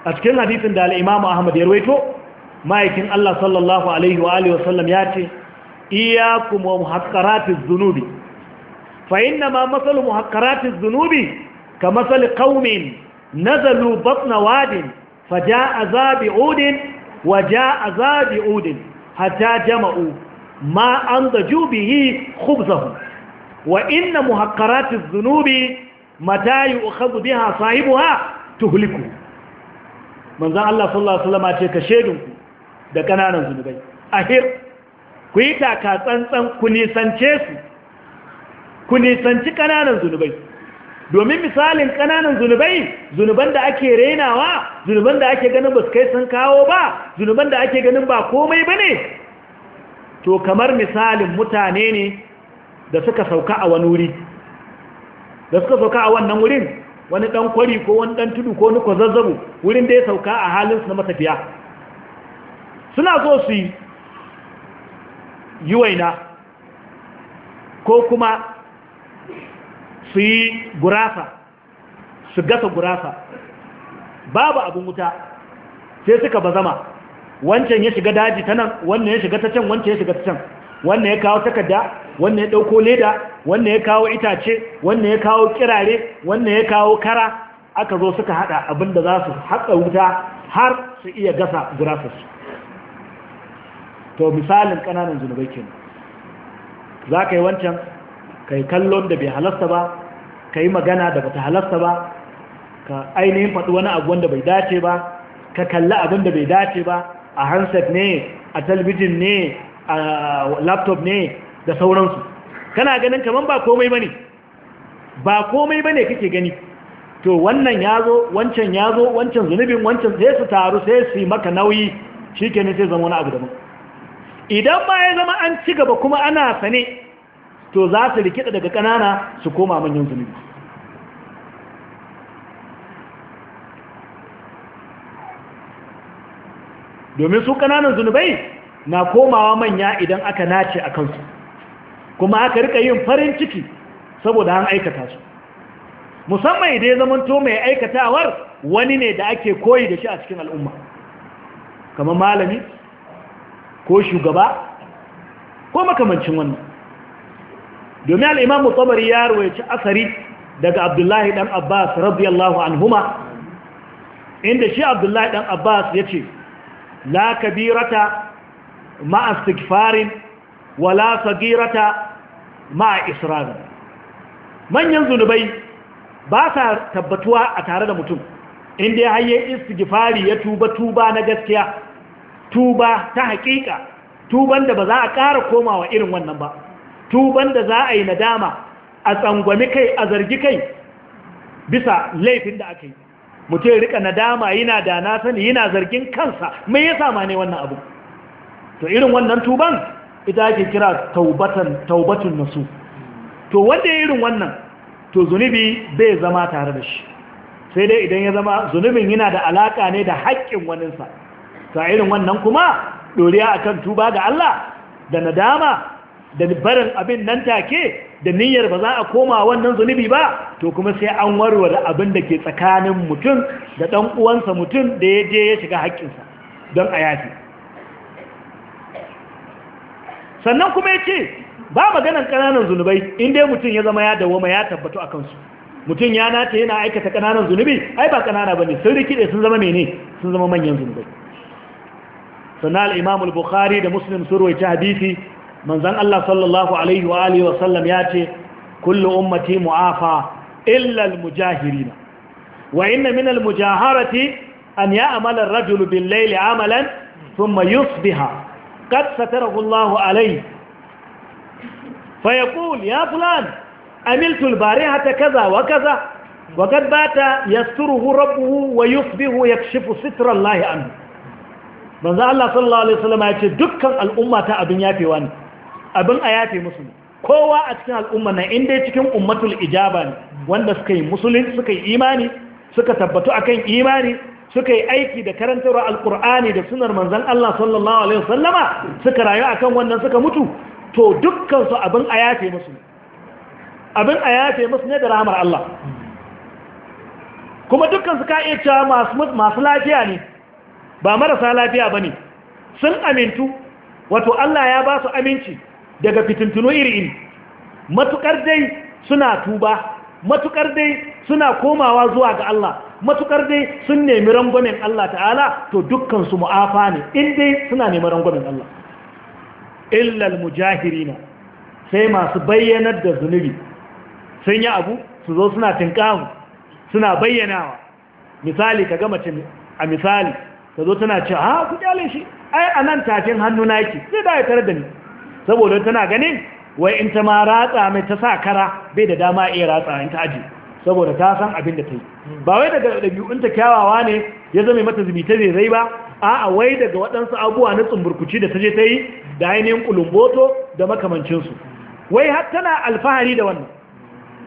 a cikin hadisin da al-Imam Ahmad ya rawaito ma'aikin Allah sallallahu alaihi wa sallam ya ce Iyakuma wa muhaqqaratiz fa inna ma masalu muhaqqaratiz zunubi ka qaumin nazalu batna wadin faja'a zabi'udin wa ja'a zabi'udin hatta jama'u ma andaju bihi khubzahu wa inna muhaqqaratiz dhunubi mata yu'khadhu biha sahibuha tuhliku manzan Allah sallallahu alaihi wasallam ce ka shedinku da ƙananan zunubai ahir ku yi taka tsantsan ku nisance su ku nisanci ƙananan zunubai domin misalin ƙananan zunubai zunuban da ake rainawa, zunuban da ake ganin ba su kai sun kawo ba zunuban da ake ganin ba komai ba ne to kamar misalin mutane ne da suka sauka a wani wuri da suka sauka a wannan wurin wani ɗan kwari ko wani ɗan tudu ko wani kwazazzabu, wurin da ya sauka a halinsu na matafiya suna so su yi yi waina ko kuma su yi gurasa su gasa gurasa babu abin wuta sai suka bazama wancan ya shiga daji ta nan wannan ya shiga ta can wancan ya shiga ta can wannan ya kawo takarda wannan ya ɗauko leda wannan ya kawo itace wannan ya kawo kirare wannan ya kawo kara aka zo suka hada abinda za su haɗa wuta har su iya gasa gurasarsu to misalin ƙananan zunubai kenan za ka yi wancan ka yi kallon da bai halasta ba ka yi magana da bata halasta ba ka ainihin faɗi wani abu wanda bai dace ba ka kalli abin da bai dace ba a handset ne a talbijin ne a laptop ne da sauransu kana ganin kamar ba komai ba ne ba komai ba ne kake gani to wannan ya zo wancan ya zo wancan zunubin wancan sai su taru sai su yi maka nauyi shi ne sai zama wani abu daban idan ba ya zama an ci gaba kuma ana sane to za su rikida daga ƙanana su koma manyan zunubi domin su kananan zunubai na komawa manya idan aka nace a kansu kuma aka rika yin farin ciki saboda an aikata su musamman idan ya zamanto mai aikatawar wani ne da ake koyi da shi a cikin al'umma kamar malami ko shugaba ko makamancin wannan domin al'imamu tsabari ya rawaici asari daga abdullahi ɗan abbas radiyallahu anhuma inda shi abdullahi ɗan abbas ya ce la kabirata ma'a stigfarin wala sagirata ma'a israr manyan zunubai ba sa tabbatuwa a tare da mutum inda ya haye istigfari ya tuba tuba na gaskiya tuba ta hakika, tuban da ba za a ƙara komawa irin wannan ba tuban da za a yi nadama a tsangwami kai a zargi kai bisa laifin da aka yi mutum rika nadama yana da na sani yana zargin kansa mai ya sama ne wannan abu to irin wannan tuban ita ake kira taubatun nasu to wanda irin wannan to zunubi bai zama tare da shi sai dai idan ya zama zunubin yana da alaka ne da haƙƙin waninsa Ka irin wannan kuma doriya akan tuba ga Allah da nadama da barin abin nan take da niyyar ba za a koma wannan zunubi ba to kuma sai an warware abin da ke tsakanin mutum da ɗan uwansa mutum da ya je ya shiga haƙƙinsa don a yafi sannan kuma ya ce ba maganan ƙananan zunubai inda mutum ya zama ya dawoma ya tabbatu a kansu mutum ya nata yana aikata ƙananan zunubi ai ba ƙanana ba ne sun rikide sun zama mene sun zama manyan zunubai sannan al'imam al-bukhari da muslim surwai ta hadisi manzan Allah sallallahu alaihi wa alihi wa sallam ya ce kullu ummati mu'afa illa al-mujahirina wa inna min al-mujaharati an ya'mala ar-rajulu bil-layli 'amalan thumma yusbiha قد ستره الله عليه فيقول يا فلان عملت البارحة كذا وكذا وقد بات يستره ربه ويصبح يكشف ستر الله عنه manzo Allah sallallahu alaihi wasallam ya ce dukkan al'umma ta abin yafewa ne abin a yafe musu kowa a cikin al'umma na inda cikin ummatul ijaba ne wanda suka yi musulunci suka yi imani suka tabbatu akan imani suka yi aiki da karantarwa alkur'ani da sunar manzan Allah sallallahu alaihi wasallama suka rayu akan wannan suka mutu to dukkan su abin a yafe musu abin a yafe musu ne da rahmar Allah kuma dukkan su ka iya cewa masu lafiya ne ba marasa lafiya ba ne sun amintu wato Allah ya ba su aminci daga fitintunu iri-iri matukar dai suna tuba matukar dai suna komawa zuwa ga Allah matukar dai sun nemi rangwamen Allah ta'ala to dukkansu mu'afa ne in dai suna nemi rangwamen Allah illal mujahirina sai masu bayyanar da zunubi sun yi abu su zo suna tinkamu suna bayyanawa misali ka gama a misali ta zo tana ce ha ah, ku kyale shi ai a nan tafin hannu na yake zai da ya tare da ni saboda tana ganin wai in ta ma ratsa mai ta sa kara bai da dama iya ratsa in ta aji saboda ta san abin da ta yi ba wai daga ɗabi'unta kyawawa ne ya zama mata zubita zai zai ba a'a wai daga waɗansu abubuwa na tsumburkuci da ta je ta yi da ainihin kulumboto da makamancinsu wai har tana alfahari da wannan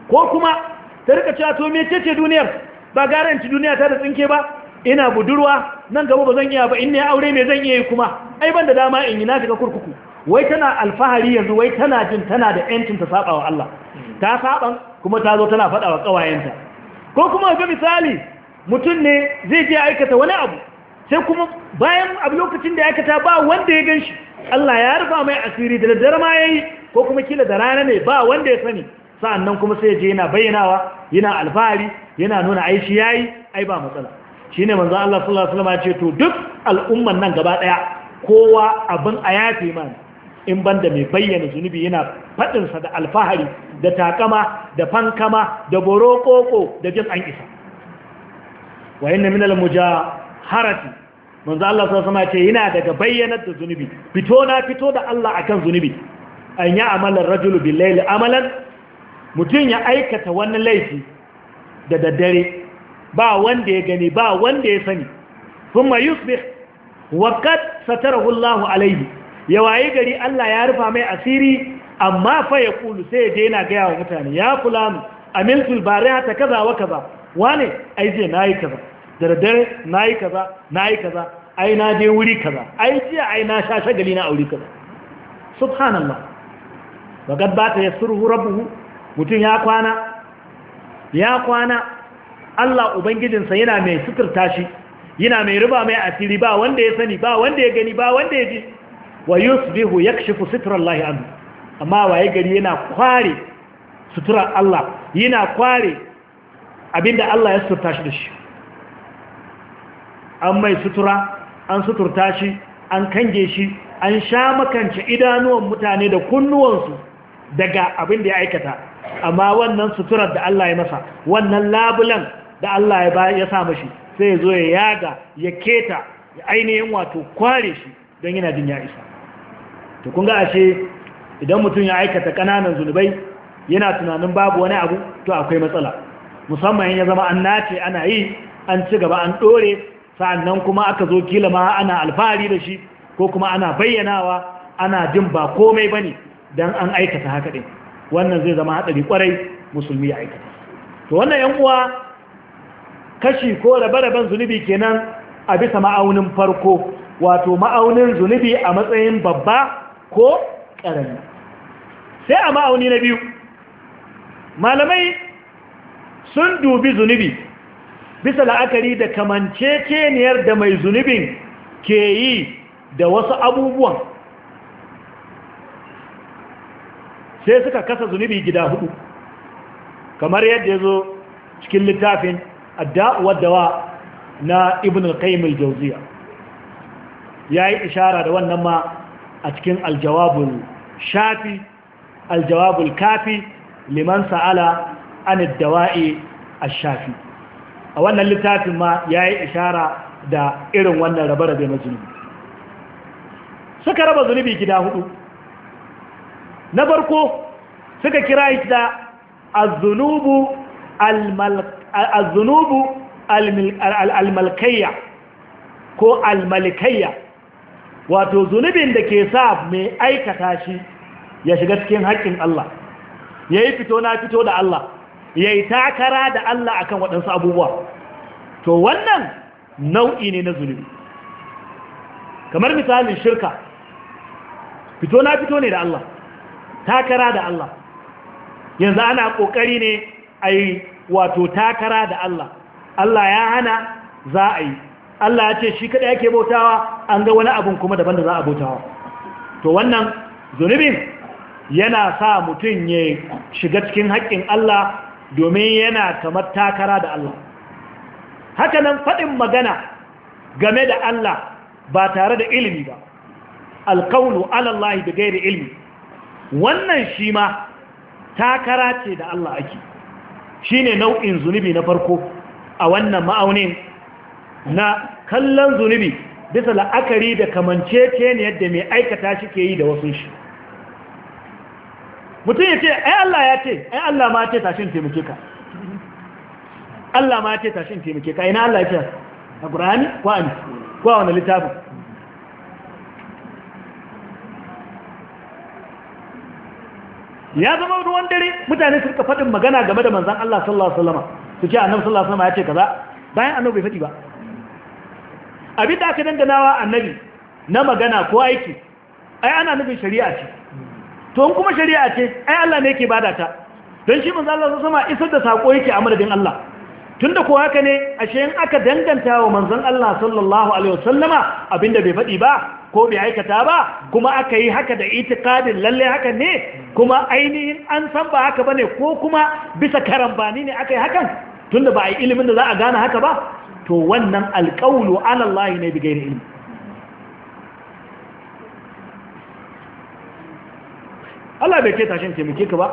ko kuma ta rika cewa to me ce duniyar ba garanci duniya ta da tsinke ba ina budurwa nan gaba ba zan iya ba in ne aure me zan iya yi kuma ai ban da dama in yi na shiga kurkuku wai tana alfahari yanzu wai tana jin tana da yancin ta saba wa Allah ta saban kuma ta zo tana faɗa wa kawayenta ko kuma ga misali mutum ne zai je aikata wani abu sai kuma bayan abu lokacin da ya aikata ba wanda ya gan shi Allah ya rufa mai asiri da daddare ma yayi ko kuma kila da rana ne ba wanda ya sani sa'annan kuma sai ya je yana bayyanawa yana alfahari yana nuna aishi yayi ai ba matsala Shi ne manzan Allah sallallahu alaihi ce to duk al'umman nan gaba ɗaya, kowa abin a yafe man in banda mai bayyana zunubi yana faɗinsa da alfahari da takama da fankama da borokoko da jin an isa wa inna min al-mujaharati manzan Allah sallallahu alaihi ya ce yana daga bayyanar da zunubi fito na fito da Allah akan zunubi an yi amalan rajulu bil laili, amalan mutum ya aikata wani laifi da daddare ba wanda ya gani ba wanda ya sani thumma yusbih wa qad satarahu Allah alayhi ya waye gari Allah ya rufa mai asiri amma fa ya kulu sai ya je yana ga wa mutane ya fulanu amiltul ta kaza wa kaza wane ai je nayi kaza da na nayi kaza nayi kaza ai na je wuri kaza ai je ai na sha shagali na auri kaza subhanallah wa ba ta yasruhu rabbuhu mutun ya kwana ya kwana Allah ubangijinsa yana mai suturta shi yana mai riba mai asiri ba wanda ya sani ba wanda ya gani ba wanda ya ji wa yusbihu Allah ya amu, amma waye gari yana kware suturar Allah yana kware abinda Allah ya suturta shi da shi an mai sutura an suturta shi an kange shi an sha makance idanuwan mutane da kunnuwansu daga abinda ya aikata amma wannan suturar da Allah ya masa wannan labulan da Allah ya sa mashi sai ya zo ya yaga ya keta ya ainihin wato kware shi don yana jin ya isa to kun ga ashe idan mutum ya aikata kananan zunubai yana tunanin babu wani abu to akwai matsala musamman ya zama an nace ana yi an ci gaba an dore sa'annan kuma aka zo kila ma ana alfahari da shi ko kuma ana bayyanawa ana jin ba komai bane dan an aikata haka din wannan zai zama hadari kwarai musulmi ya aikata to wannan yan uwa kashi ko rabe-raben zunubi kenan a bisa ma'aunin farko wato ma'aunin zunubi a matsayin babba ko ƙarami sai a ma'auni na biyu malamai sun dubi zunubi bisa la'akari da kamance kamanceceniyar da mai zunubin ke yi da wasu abubuwan sai suka kasa zunubi gida hudu kamar yadda ya zo cikin littafin adda'u wadda na ibn al-qayyim al-jawziya yayi ishara da wannan ma a cikin al-jawabul shafi al-jawabul kafi liman sa'ala an ad-dawa'i ash-shafi a wannan littafin ma yayi ishara da irin wannan rabe-rabe na zunubi suka raba zunubi gida hudu na farko suka kira shi da az-zunubu al-malq az-zunubu ko al wato zunubin da ke sa mai aikata shi ya shiga cikin haƙƙin Allah ya yi fito na fito da Allah ya yi takara da Allah akan waɗansu abubuwa to wannan nau'i ne na zunubi kamar misalin shirka fito na fito ne da Allah takara da Allah yanzu ana ƙoƙari ne a yi wato takara da Allah Allah ya hana za a yi Allah ya ce shi kada yake bautawa an ga wani abin kuma daban da za a bautawa to wannan zunubin yana sa mutum ya shiga cikin haƙƙin Allah domin yana kamar takara da Allah haka nan faɗin magana game da Allah ba tare da ilimi ba alƙaunu alallahi da gairi ilimi wannan shi ma takara ce da Allah ake shine nau'in zunubi na farko a wannan ma'aunin na kallon zunubi bisa la'akari da kamancece ne yadda mai aikata shi ke yi da wasu shi mutum ya ce ai Allah ya ce ai Allah ma ce tashin taimake ka Allah ma ce tashin taimake ka ina Allah ya ce a Qur'ani ko an ko a wani littafin ya zama ruwan dare mutane suka faɗin magana game da manzan Allah sallallahu alaihi wasallama su ce annabi sallallahu alaihi wasallama ya ce kaza bayan annabi bai faɗi ba abin da aka danganawa annabi na magana ko aiki ai ana nufin shari'a ce to in kuma shari'a ce ai Allah ne yake bada ta don shi manzan Allah wasallama isar da sako yake a madadin Allah tunda ko haka ne ashe in aka danganta wa manzan Allah sallallahu alaihi wasallama abinda bai faɗi ba ko bai aikata ba kuma aka yi haka da itikadin lalle haka ne kuma ainihin an san ba haka bane ko kuma bisa karambani ne aka yi hakan tunda ba a yi ilimin da za a gane haka ba to wannan alƙawlu alallahi ne bigairi ilmi Allah bai ke tashin taimake ka ba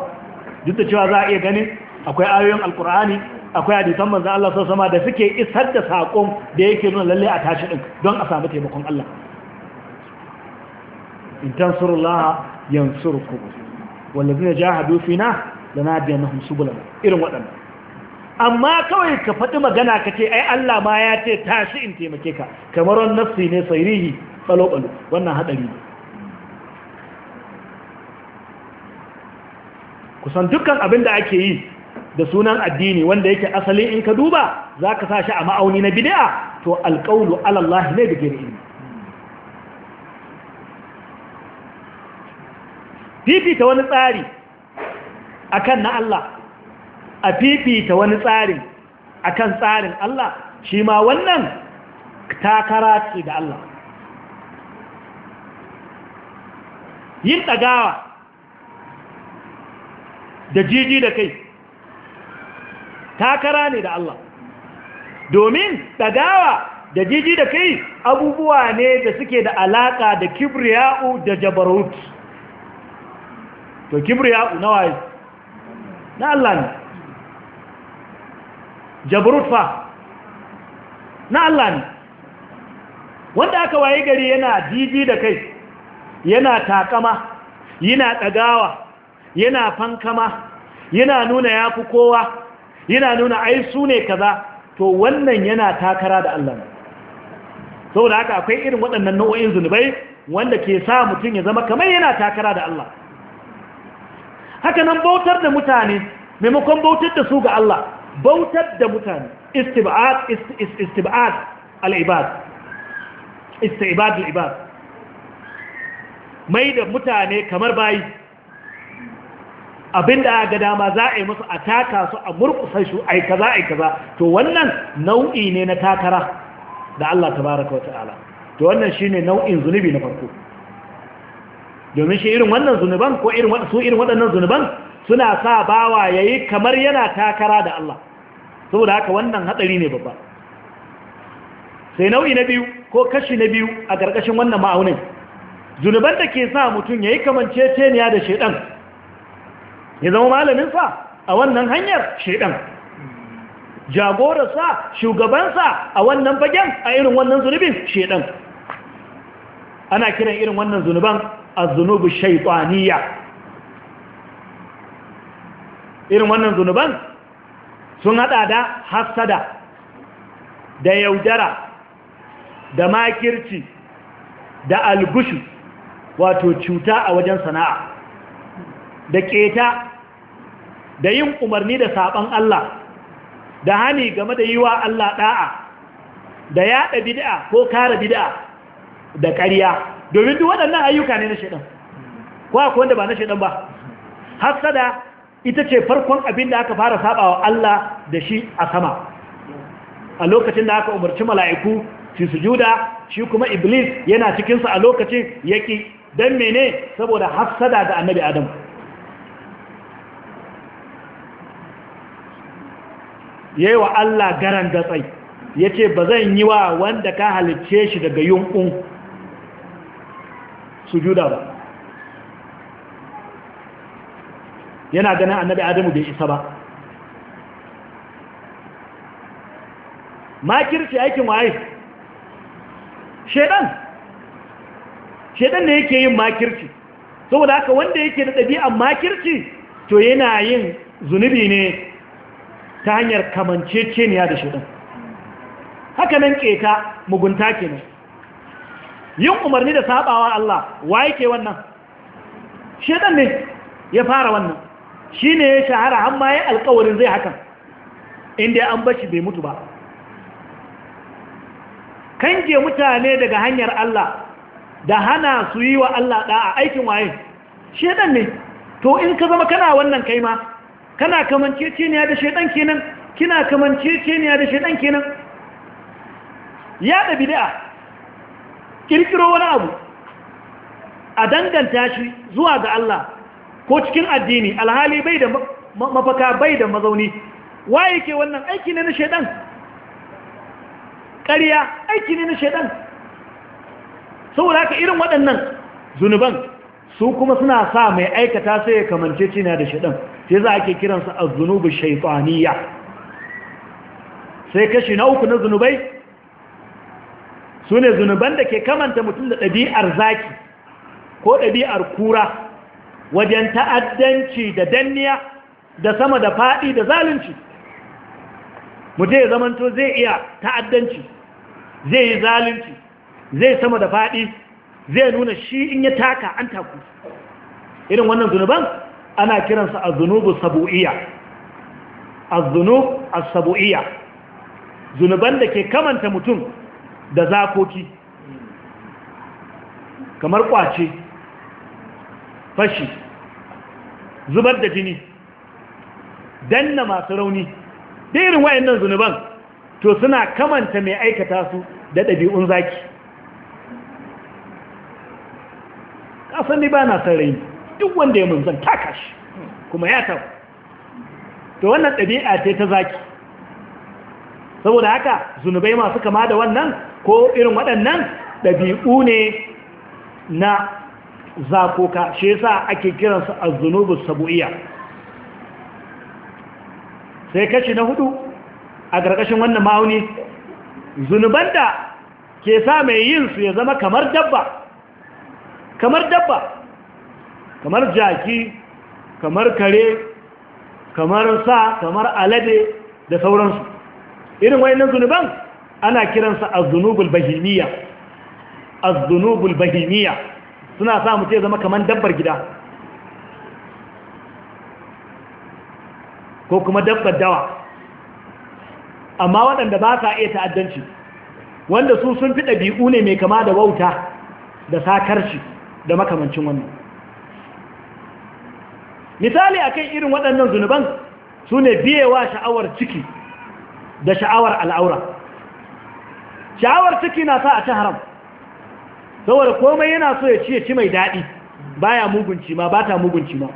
duk da cewa za a iya ganin akwai ayoyin alkur'ani akwai hadisan manzan Allah alaihi sama da suke isar da saƙon da yake nuna lalle a tashi din don a samu taimakon Allah in tansurullaha yansurkum wallazina jahadu fina lanahdiyannahum subulana irin waɗanda. amma kawai ka faɗi magana ka ce ai Allah ma ya ce tashi in taimake ka kamar wani nafsi ne sairihi ɓalo-ɓalo wannan haɗari ne kusan dukkan abin da ake yi da sunan addini wanda yake asali in ka duba za ka sa shi a ma'auni na bid'a to alƙaunu alallahi ne da gari ilmi fifita wani tsari akan na Allah a fifita wani tsarin akan tsarin Allah shi ma wannan takara ce da Allah yin ɗagawa da jiji da kai takara ne da Allah domin ɗagawa da jiji da kai abubuwa ne da suke da alaƙa da kibriya'u da jabarauti to kibriya na waye na Allah ne jabrut fa na Allah ne wanda aka waye gari yana jiji da kai yana takama yana ɗagawa yana fankama yana nuna yafi kowa yana nuna ai su ne kaza to wannan yana takara da Allah saboda haka akwai irin waɗannan nau'o'in zunubai wanda ke sa mutum ya zama kamar yana takara da Allah haka nan bautar da mutane maimakon bautar da su ga Allah bautar da mutane istibad al-ibad istibad al-ibad mai da mutane kamar bayi abinda ga dama za a yi musu a taka su a murkusa su yi kaza yi kaza to wannan nau'i ne na takara da Allah tabaraka wa ta'ala to wannan shine nau'in zunubi na farko domin shi irin wannan zunuban ko irin waɗannan zunuban suna sa bawa ya yi kamar yana takara da Allah saboda haka wannan hatsari ne babba sai nau'i na biyu ko kashi na biyu a ƙarƙashin wannan ma'aunin zunuban da ke sa mutum ya yi kamanceceniya da shaidan ya zama malaminsa a wannan hanyar shaidan jagorarsa shugabansa a wannan fagen a irin wannan zunubin shaidan ana kiran irin wannan zunuban azunubu zunubu irin wannan zunuban sun hada da hasada da yaudara da makirci da algushu wato cuta a wajen sana'a da keta da yin umarni da saban Allah da hani game da yiwa Allah da'a da yaɗa bid'a ko kare bid'a da ƙarya domin duk waɗannan ayyuka ne na shaidan ko a wanda ba na shaidan ba hasada ita ce farkon abin da aka fara saba wa Allah da shi a sama a lokacin da aka umarci mala'iku su sujuda shi kuma iblis yana cikinsa a lokacin yaki don mene saboda hafsada da annabi adam yi wa Allah garan gatsai ya ce ba zan yi wa wanda ka halicce shi daga yunkun sujuda ba yana ganin annabi adamu bai isa ba makirci aikin waye shedan shedan ne yake yin makirci saboda haka wanda yake da ɗabi'an makirci to yana yin zunubi ne ta hanyar kamanceceniya da shedan haka nan keta mugunta kenan yin umarni da sabawa Allah wa yake wannan shedan ne ya fara wannan Shi ne ya shahara amma ya alƙawarin zai hakan inda an bashi bai mutu ba kange mutane daga hanyar Allah da hana su yi wa Allah da'a aikin waye shedan ne to in ka zama kana wannan kai ma kana kamanceceniya da shedan kenan kina kamanceceniya da shedan kenan ya da bid'a kirkiro wani abu a danganta shi zuwa ga Allah ko cikin addini alhali bai da mafaka bai da mazauni waye ke wannan aiki ne na shaidan ƙarya aiki ne na shaidan saboda haka irin waɗannan zunuban su kuma suna sa mai aikata sai ya kamance cina da shaidan sai za ake kiransa a zunubi shaifaniya sai kashi na uku na zunubai su ne zunuban da ke kamanta mutum da ɗabi'ar zaki ko ɗabi'ar kura wajen ta'addanci da danniya da sama da faɗi da zalunci mutum ya zamanto zai iya ta'addanci zai yi zalunci zai sama da faɗi zai nuna shi in ya taka an taku irin wannan zunuban ana kiransa a zunubu sabu'iya a zunub a sabu'iya zunuban da ke kamanta mutum da zakoki kamar kwace fashi zubar da jini danna masu rauni da irin wayannan zunuban to suna kamanta mai aikata su da ɗabi'un zaki ƙasan ni ba na sarari duk wanda ya mun zan takashi kuma ya tafi to wannan ɗabi'a ce ta zaki saboda haka zunubai masu kama da wannan ko irin waɗannan ɗabi'u ne na zakoka shi yasa ake kiransu a zunubu sabu'iya sai kashi na hudu a ƙarƙashin wannan ma'auni zunuban da ke sa mai yin su ya zama kamar dabba kamar dabba kamar jaki kamar kare kamar sa kamar alade da sauransu irin wayannan zunuban ana kiransa az-zunubul bahimiyya az-zunubul bahimiyya suna sa mu ce zama kaman dabbar gida ko kuma dabbar dawa amma waɗanda ba sa iya ta'addanci wanda su sun fi ɗabi'u ne mai kama da wauta da sakarci da makamancin wannan misali akan irin waɗannan zunuban su ne biyewa sha'awar ciki da sha'awar al'aura sha'awar ciki na sa a ci haram saboda komai yana so ya ci ya ci mai daɗi baya mugunci ma ba ta mugunci ma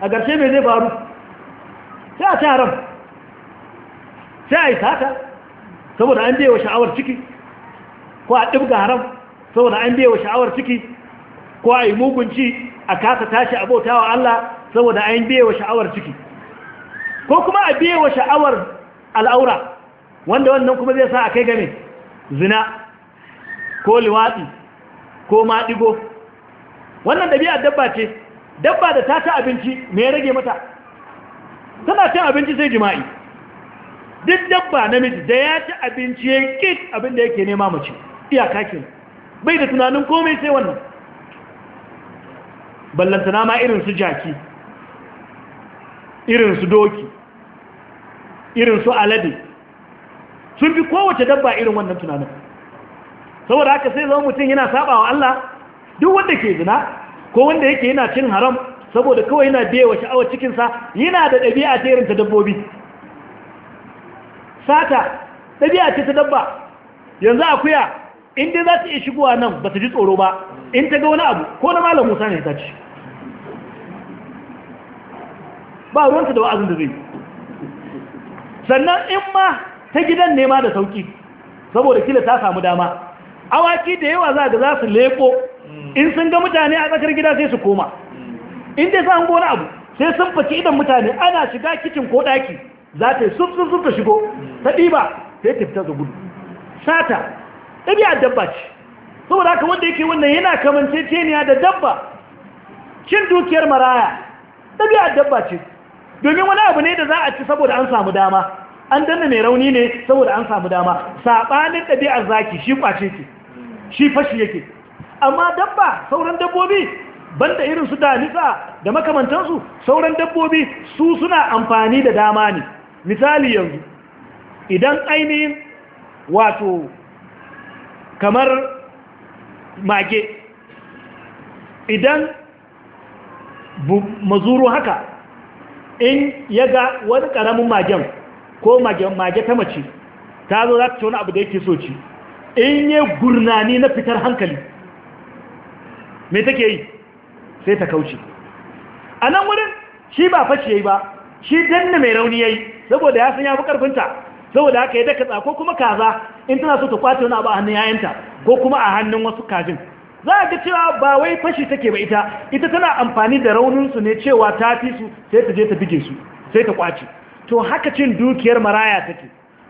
a ƙarshe mai zai faru sai a ci haram sai a yi sata saboda an bewa sha'awar ciki ko a ɗibga haram saboda an bewa sha'awar ciki ko a yi mugunci a kasa tashi bauta wa Allah saboda an bewa sha'awar ciki ko kuma a bewa sha'awar al'aura wanda wannan kuma zai sa a kai game zina ko luwaɗi, ko maɗigo wannan ɗabi'ar dabba ce dabba da ta ta abinci mai rage mata tana cin abinci sai jima'i duk dabba namiji da ya ci abinci ya abin da yake nema mace iyaka ke bai da tunanin komai sai wannan ballantana ma irin su jaki irin su doki irin su alade sun fi kowace dabba irin wannan tunanin saboda haka sai zama mutum yana saba wa Allah duk wanda ke zina ko wanda yake yana cin haram saboda kawai yana biye wa sha'awar cikinsa yana da ɗabi'a ta irin ta dabbobi sata ɗabi'a ce ta dabba yanzu akuya in dai za su iya shigowa nan ba ta ji tsoro ba in ta ga wani abu ko na malam musa ne ta ci ba ruwanta da wa'azin da zai sannan in ma ta gidan nema da sauki saboda kila ta samu dama awaki da yawa za ga za su leko in sun ga mutane a tsakar gida sai su koma in dai sa hango abu sai sun faci idan mutane ana shiga kicin ko daki za ta yi suf ta shigo ta ɗiba sai ta fita gudu sata ɗabi'ar dabba ce saboda haka wanda yake wannan yana kamanceceniya da dabba cin dukiyar maraya ɗabi'ar dabba ce domin wani abu ne da za a ci saboda an samu dama an danna mai rauni ne saboda an samu dama saɓanin ɗabi'ar zaki shi ƙwace ke shi fashi yake amma dabba sauran dabbobi banda irin su danisa da makamantansu sauran dabbobi su suna amfani da dama ne misali yanzu idan ainihin wato kamar mage idan mazuru haka in ya ga wani ƙaramin magen ko mage ta mace ta zo za ta ce wani abu da yake so ci in yi gurnani na fitar hankali me take yi sai ta kauce a nan wurin shi ba fashi ya yi ba shi danna mai rauni ya yi saboda ya san ya fi karfinta saboda haka ya daka ko kuma kaza in tana so ta kwace wani abu a hannun yayanta ko kuma a hannun wasu kajin za a ga cewa ba wai fashi take ba ita ita tana amfani da rauninsu ne cewa ta fi su sai ta je ta bige su sai ta kwace to haka cin dukiyar maraya take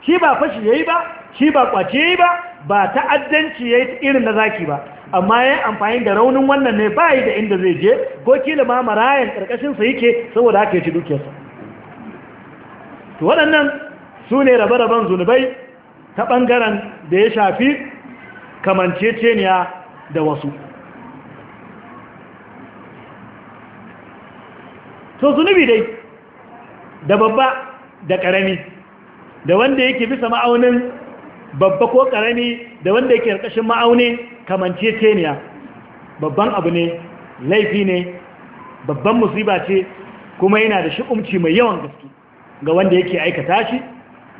shi ba fashi yayi ba shi ba kwace yayi ba ba ta'addanci yayi irin na zaki ba amma yayin amfani da raunin wannan ne ba yi da inda zai je goki kila ma marayan karkashin sa yake saboda haka ya ci dukiyarsa to waɗannan su ne rabe-raben zunubai ta bangaren da ya shafi kamanceceniya da wasu to zunubi dai da babba da ƙarami da wanda yake bisa ma'aunin babba ko ƙarami da wanda yake ƙarƙashin ma'aunin kamanceceniya babban abu ne laifi ne babban musiba ce kuma yana da shi'umci mai yawan gaske ga wanda yake aikata shi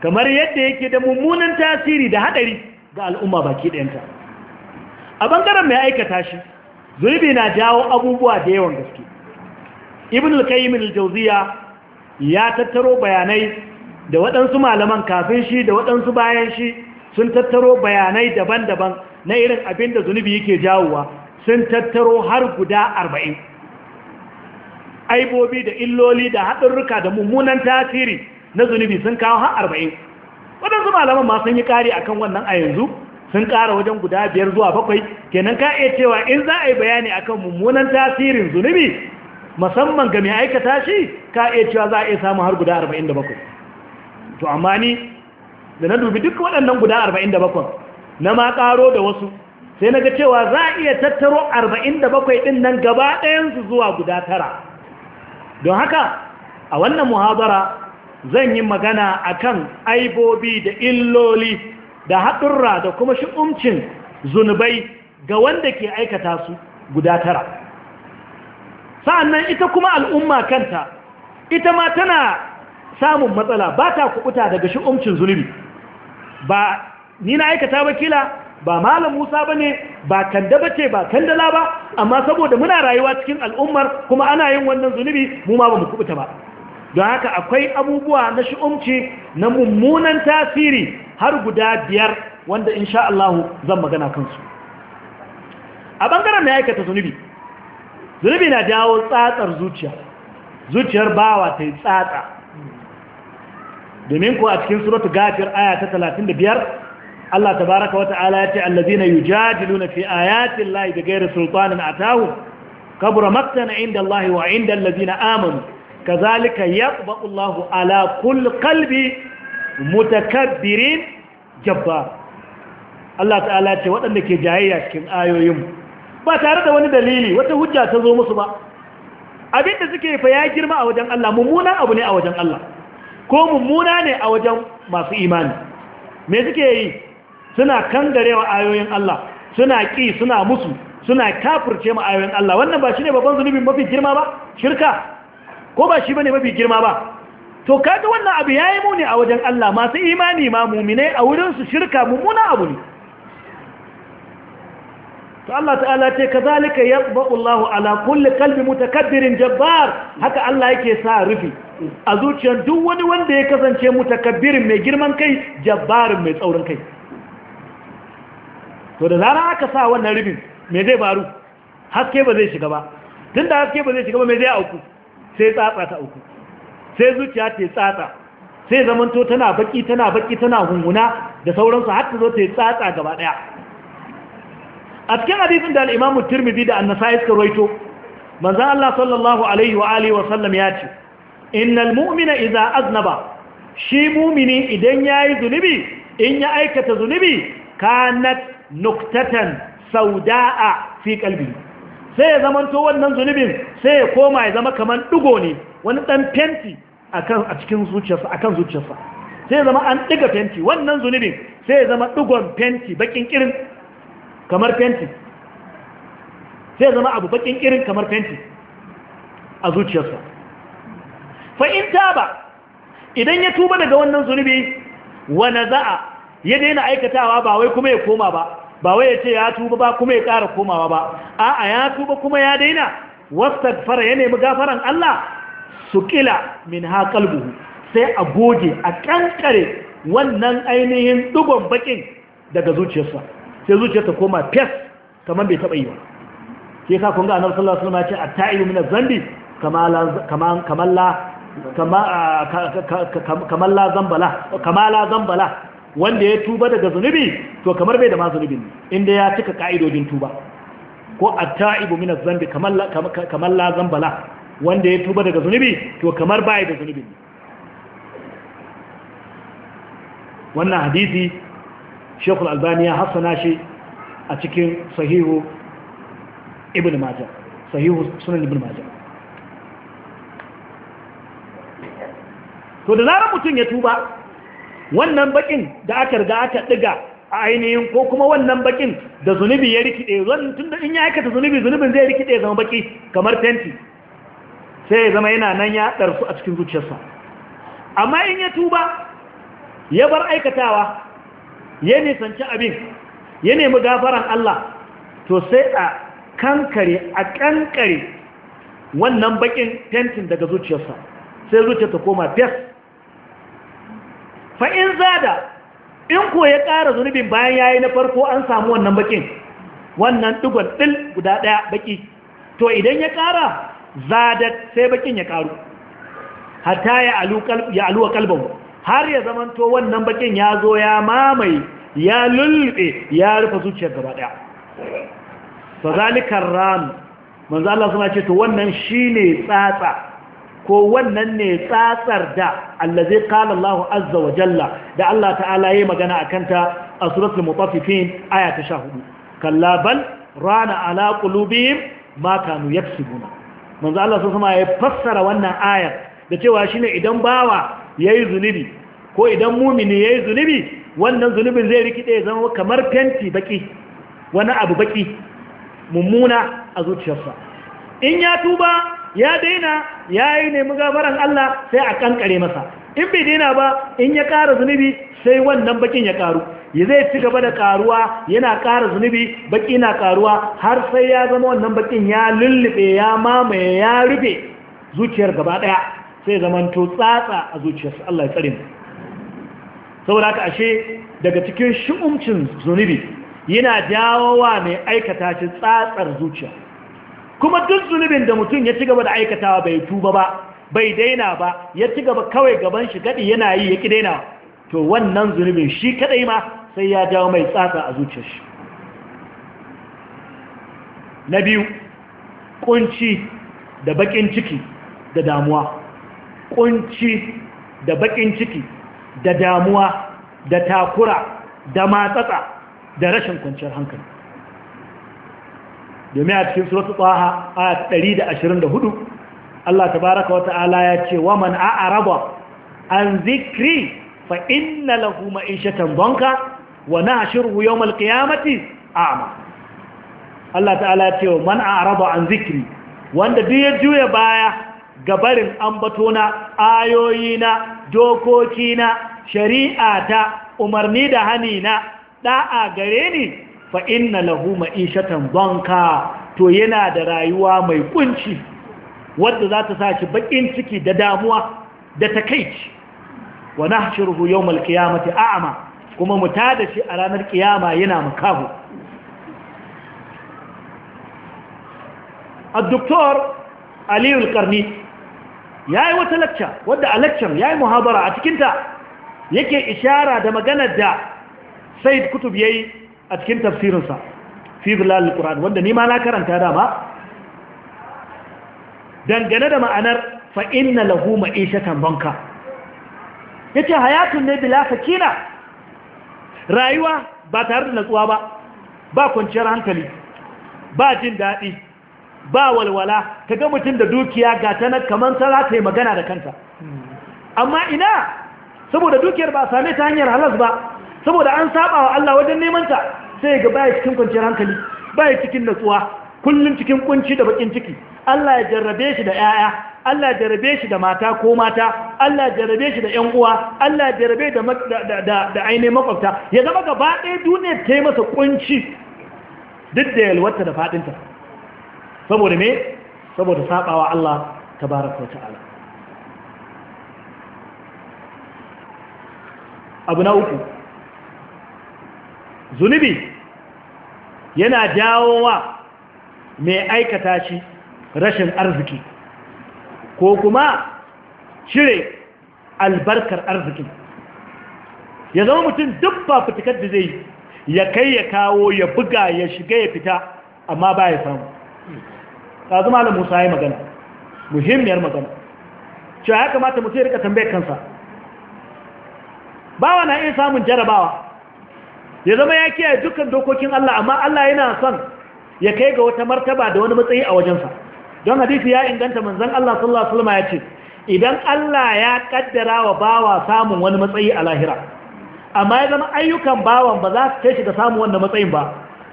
kamar yadda yake da mummunan tasiri da haɗari ga al'umma baki ɗayanta a ɓangaren mai aikata shi zunubi na jawo abubuwa da yawan gaske ibn al-qayyim al ya tattaro bayanai da waɗansu malaman kafin shi da waɗansu bayan shi sun tattaro bayanai daban-daban na irin abin da zunubi yake jawowa sun tattaro har guda arba'in aibobi da illoli da ruka da mummunan tasiri na zunubi sun kawo har arba'in waɗansu malaman ma sun yi ƙari akan wannan a yanzu sun ƙara wajen guda biyar zuwa bakwai kenan ka iya cewa in za a yi bayani akan mummunan tasirin zunubi musamman ga mai aikata shi ka iya cewa za a iya samun har guda 47 to amma ni da na dubi duk waɗannan guda 47 na ma ƙaro da wasu sai na ga cewa za a iya tattaro 47 ɗin nan gaba ɗayansu zuwa guda tara don haka a wannan muhabara zan yi magana a kan aibobi da illoli da haɗurra da kuma shi'umcin zunubai ga wanda ke aikata su guda tara sa'annan ita kuma al'umma kanta ita ma tana samun matsala ba ta kuɓuta daga shi'umcin zunubi ba ni na aikata wakila ba malam musa ba ne ba kanda ba ce ba kandala ba amma saboda muna rayuwa cikin al'ummar kuma ana yin wannan zunubi mu ma ba mu kubuta ba don haka akwai abubuwa na shi'umci na mummunan tasiri har guda biyar wanda sha Allah zan magana kansu a bangaren na aikata zunubi zunubi na jawo tsatsar zuciya zuciyar bawa ta yi tsatsa domin ku a cikin suratu gafir aya ta 35 Allah tabaraka baraka ta'ala ya ce allazina na fi ayati da bighairi sultanin atahu kabura maktana inda Allah wa inda allazina amanu kazalika yaqba'u Allahu ala kulli qalbi mutakabbirin jabba Allah ta'ala ce waɗanda ke jayayya cikin ayoyin ba tare da wani dalili wata hujja ta zo musu ba abin da suke fa ya girma a wajen Allah mummuna abu ne a wajen Allah ko mummuna ne a wajen masu imani me suke yi suna kangarewa ayoyin Allah suna ƙi suna musu suna kafirce mu ayoyin Allah wannan ba shine babban zunubin mafi girma ba shirka ko ba shi bane mafi girma ba to kaga wannan abu yayi muni a wajen Allah masu imani ma mu'mine a wurin su shirka mummuna abu ne to Allah ta'ala ce kazalika yaqba'u Allah ala kulli qalbi mutakabbirin jabbar haka Allah yake sa rufi a zuciyar duk wani wanda ya kasance mutakabbirin mai girman kai jabbarin mai tsaurin kai to da zarar aka sa wannan rufin me zai faru haske ba zai shiga ba tunda haske ba zai shiga ba me zai auku sai tsatsa ta auku sai zuciya ta tsatsa sai zamanto tana baki tana baki tana hunguna da sauransu har ta zo ta tsatsa gaba daya a cikin hadisin da al'imamu turmizi da annasa suka roito manzan Allah sallallahu alaihi wa alihi wasallam ya ce innal mu'mina iza aznaba shi mumini idan ya yi zunubi in ya aikata zunubi kanat nuktatan sauda'a fi kalbi sai ya zamanto wannan zunubin sai ya koma ya zama kamar ɗigo ne wani ɗan fenti a cikin zuciyarsa zuciyarsa sai ya zama an ɗiga fenti wannan zunubin sai ya zama ɗigon fenti bakin kirin kamar fenti sai zama abu bakin irin kamar fenti a zuciyarsa fa'in taba idan ya tuba daga wannan zunubi wane za'a ya daina aikatawa ba wai kuma ya koma ba ba wai ya ce ya tuba ba kuma ya ƙara komawa ba a'a ya tuba kuma ya daina fara ya nemi gafaran Allah su kila min haƙalbuhu sai a goge a ƙanƙare wannan ainihin dugon bakin daga zuciyarsa sai zuciya ta koma fes kamar bai taɓa yi ba sai ka kunga annabi sallallahu alaihi wasallam ya ce at-ta'ibu min adh-dhanbi kama la zambala wanda ya tuba daga zunubi to kamar bai da ma zunubi inda ya cika ka'idojin tuba ko at-ta'ibu min adh-dhanbi kamar zambala wanda ya tuba daga zunubi to kamar bai da zunubi wannan hadisi shekul albani ya hassana shi a cikin sahihu ibn majah sahihu sunan ibn majah to da zarar mutum ya tuba wannan bakin da aka riga aka diga a ainihin ko kuma wannan bakin da zunubi ya rikide tun da in ya aikata zunubi zunubin zai rikide zama baki kamar fenti sai ya zama yana nan ya ɗarsu a cikin zuciyarsa amma in ya tuba ya bar aikatawa ya nisanci abin ya nemi gafaran Allah to sai a kankare a kankare wannan bakin tentin daga zuciyarsa sai zuciyarsa koma fes fa'in zada in ko ya ƙara zunubin bayan yayi na farko an samu wannan bakin wannan digon ɗil guda ɗaya baki to idan ya ƙara zada sai bakin ya ƙaru Hata ya aluwa kalbanmu har ya zamanto wannan bakin ya zo ya mamaye ya lullube ya rufe zuciyar gaba ɗaya fa zalikar ram manzo Allah suna ce to wannan shine tsatsa ko wannan ne tsatsar da allazi zai Allah azza wa jalla da Allah ta'ala yi magana a kanta a suratul mutaffifin aya ta 14 kalla bal rana ala qulubihim ma kanu yaksubuna manzo Allah suna ya fassara wannan ayar da cewa shine idan bawa ya yi zunubi ko idan mumini ya yi zunubi wannan zunubin zai rikide zama kamar fenti baki wani abu baki mummuna a zuciyarsa in ya tuba ya daina ya yi nemi gabaran Allah sai a kankare masa in bai daina ba in ya ƙara zunubi sai wannan bakin ya karu ya zai ci gaba da ƙaruwa yana ƙara zunubi baki na karuwa har sai ya zama wannan bakin ya lullube ya mamaye ya rufe zuciyar gaba ɗaya sai zamanto tsatsa a zuciyarsa Allah ya tsare mu saboda haka ashe daga cikin shi'umcin zunubi yana dawowa mai aikata shi tsatsar zuciya kuma duk zunubin da mutum ya ci gaba da aikatawa bai tuba ba bai daina ba ya ci gaba kawai gaban shi gadi yana yi ya ki daina to wannan zunubin shi kadai ma sai ya dawo mai tsatsa a zuciyar shi na biyu kunci da bakin ciki da damuwa kunci da bakin ciki da damuwa da takura da matsatsa da rashin kwanciyar hankali domin a cikin suratu tsaha a 124 Allah tabaraka wata'ala ya ce wa man araba an zikri fa inna lahu ma'ishatan banka wa nahshuruhu yawmal qiyamati a'ma Allah ta'ala ya ce wa man a'raba an zikri wanda duk ya juya baya Ga gabarin ambatona na, dokokina ta, umarni da hanina da'a gare ni fa inna lahu ma'ishatan banka to yana da rayuwa mai kunci wanda za ta saki bakin ciki da damuwa da takeici wa nahshuruhu yawmal qiyamati a'ma kuma mu tada shi a ranar kiyama yana makahu الدكتور Aliyu Karni. ya yi wata lacca wadda a laccan ya yi muhabara a cikinta yake ishara da maganar da said kutub ya yi a cikin tafsirinsa fi bilal al-quran wanda ni ma na karanta dama dangane da ma'anar fa inna lahu ma'ishatan banka yace hayatun ne bila sakina rayuwa ba tare da natsuwa ba ba kwanciyar hankali ba jin daɗi ba walwala ka ga mutum da dukiya ga ta na kamar ta za ta yi magana da kanta amma ina saboda dukiyar ba a same ta hanyar halas ba saboda an saba wa Allah wajen neman ta sai ga baya cikin kwanciyar hankali baya cikin natsuwa kullum cikin kunci da bakin ciki Allah ya jarrabe shi da 'ya'ya, Allah ya jarrabe shi da mata ko mata Allah ya jarrabe shi da ƴan uwa Allah ya jarrabe da da da, ainihin makwabta ya zama gaba ɗaya duniyar ta yi masa kunci duk da yalwarta da faɗinta saboda me saboda sabawa Allah tabaraka ta'ala abu na uku zunubi yana jawowa mai aikata shi rashin arziki ko kuma cire albarkar arzikin ya zama mutum duk ba fitikar da zai ya kai ya kawo ya buga ya shiga ya fita amma ba ya samu kazu malam musa ya magana muhimmiyar magana cewa ya kamata mutum ya rika tambayar kansa bawa na iya samun jarabawa ya zama ya kiyaye dukkan dokokin Allah amma Allah yana son ya kai ga wata martaba da wani matsayi a wajensa don hadisi ya inganta manzon Allah sallallahu alaihi wasallam ya ce idan Allah ya kaddara wa bawa samun wani matsayi a lahira amma ya zama ayyukan bawan ba za su kai shi ga samun wannan matsayin ba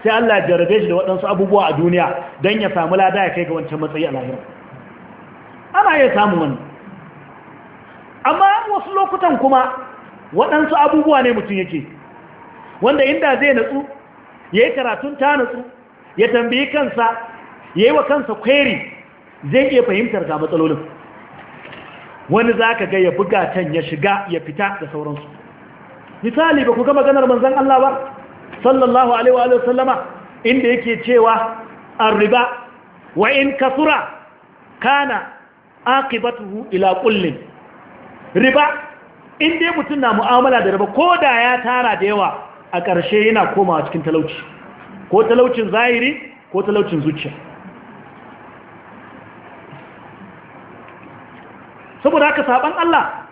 sai Allah ya jarabe shi da waɗansu abubuwa a duniya don ya samu lada ya kai ga wancan matsayi a lahira ana iya samun wani amma wasu lokutan kuma waɗansu abubuwa ne mutum yake wanda inda zai natsu ya yi karatun ta natsu ya tambayi kansa ya yi wa kansa kweri zai iya fahimtar ga matsalolin wani za ka ga ya buga can ya shiga ya fita da sauransu misali ba ku ga maganar manzan Allah ba sallallahu alaihi wa sallama inda yake cewa arriba wa in kasura kana aqibatuhu ila kullin riba inda mutum na mu'amala da riba ko da ya tara da yawa a ƙarshe yana komawa cikin talauci ko talaucin zahiri ko talaucin zuciya saboda haka saban Allah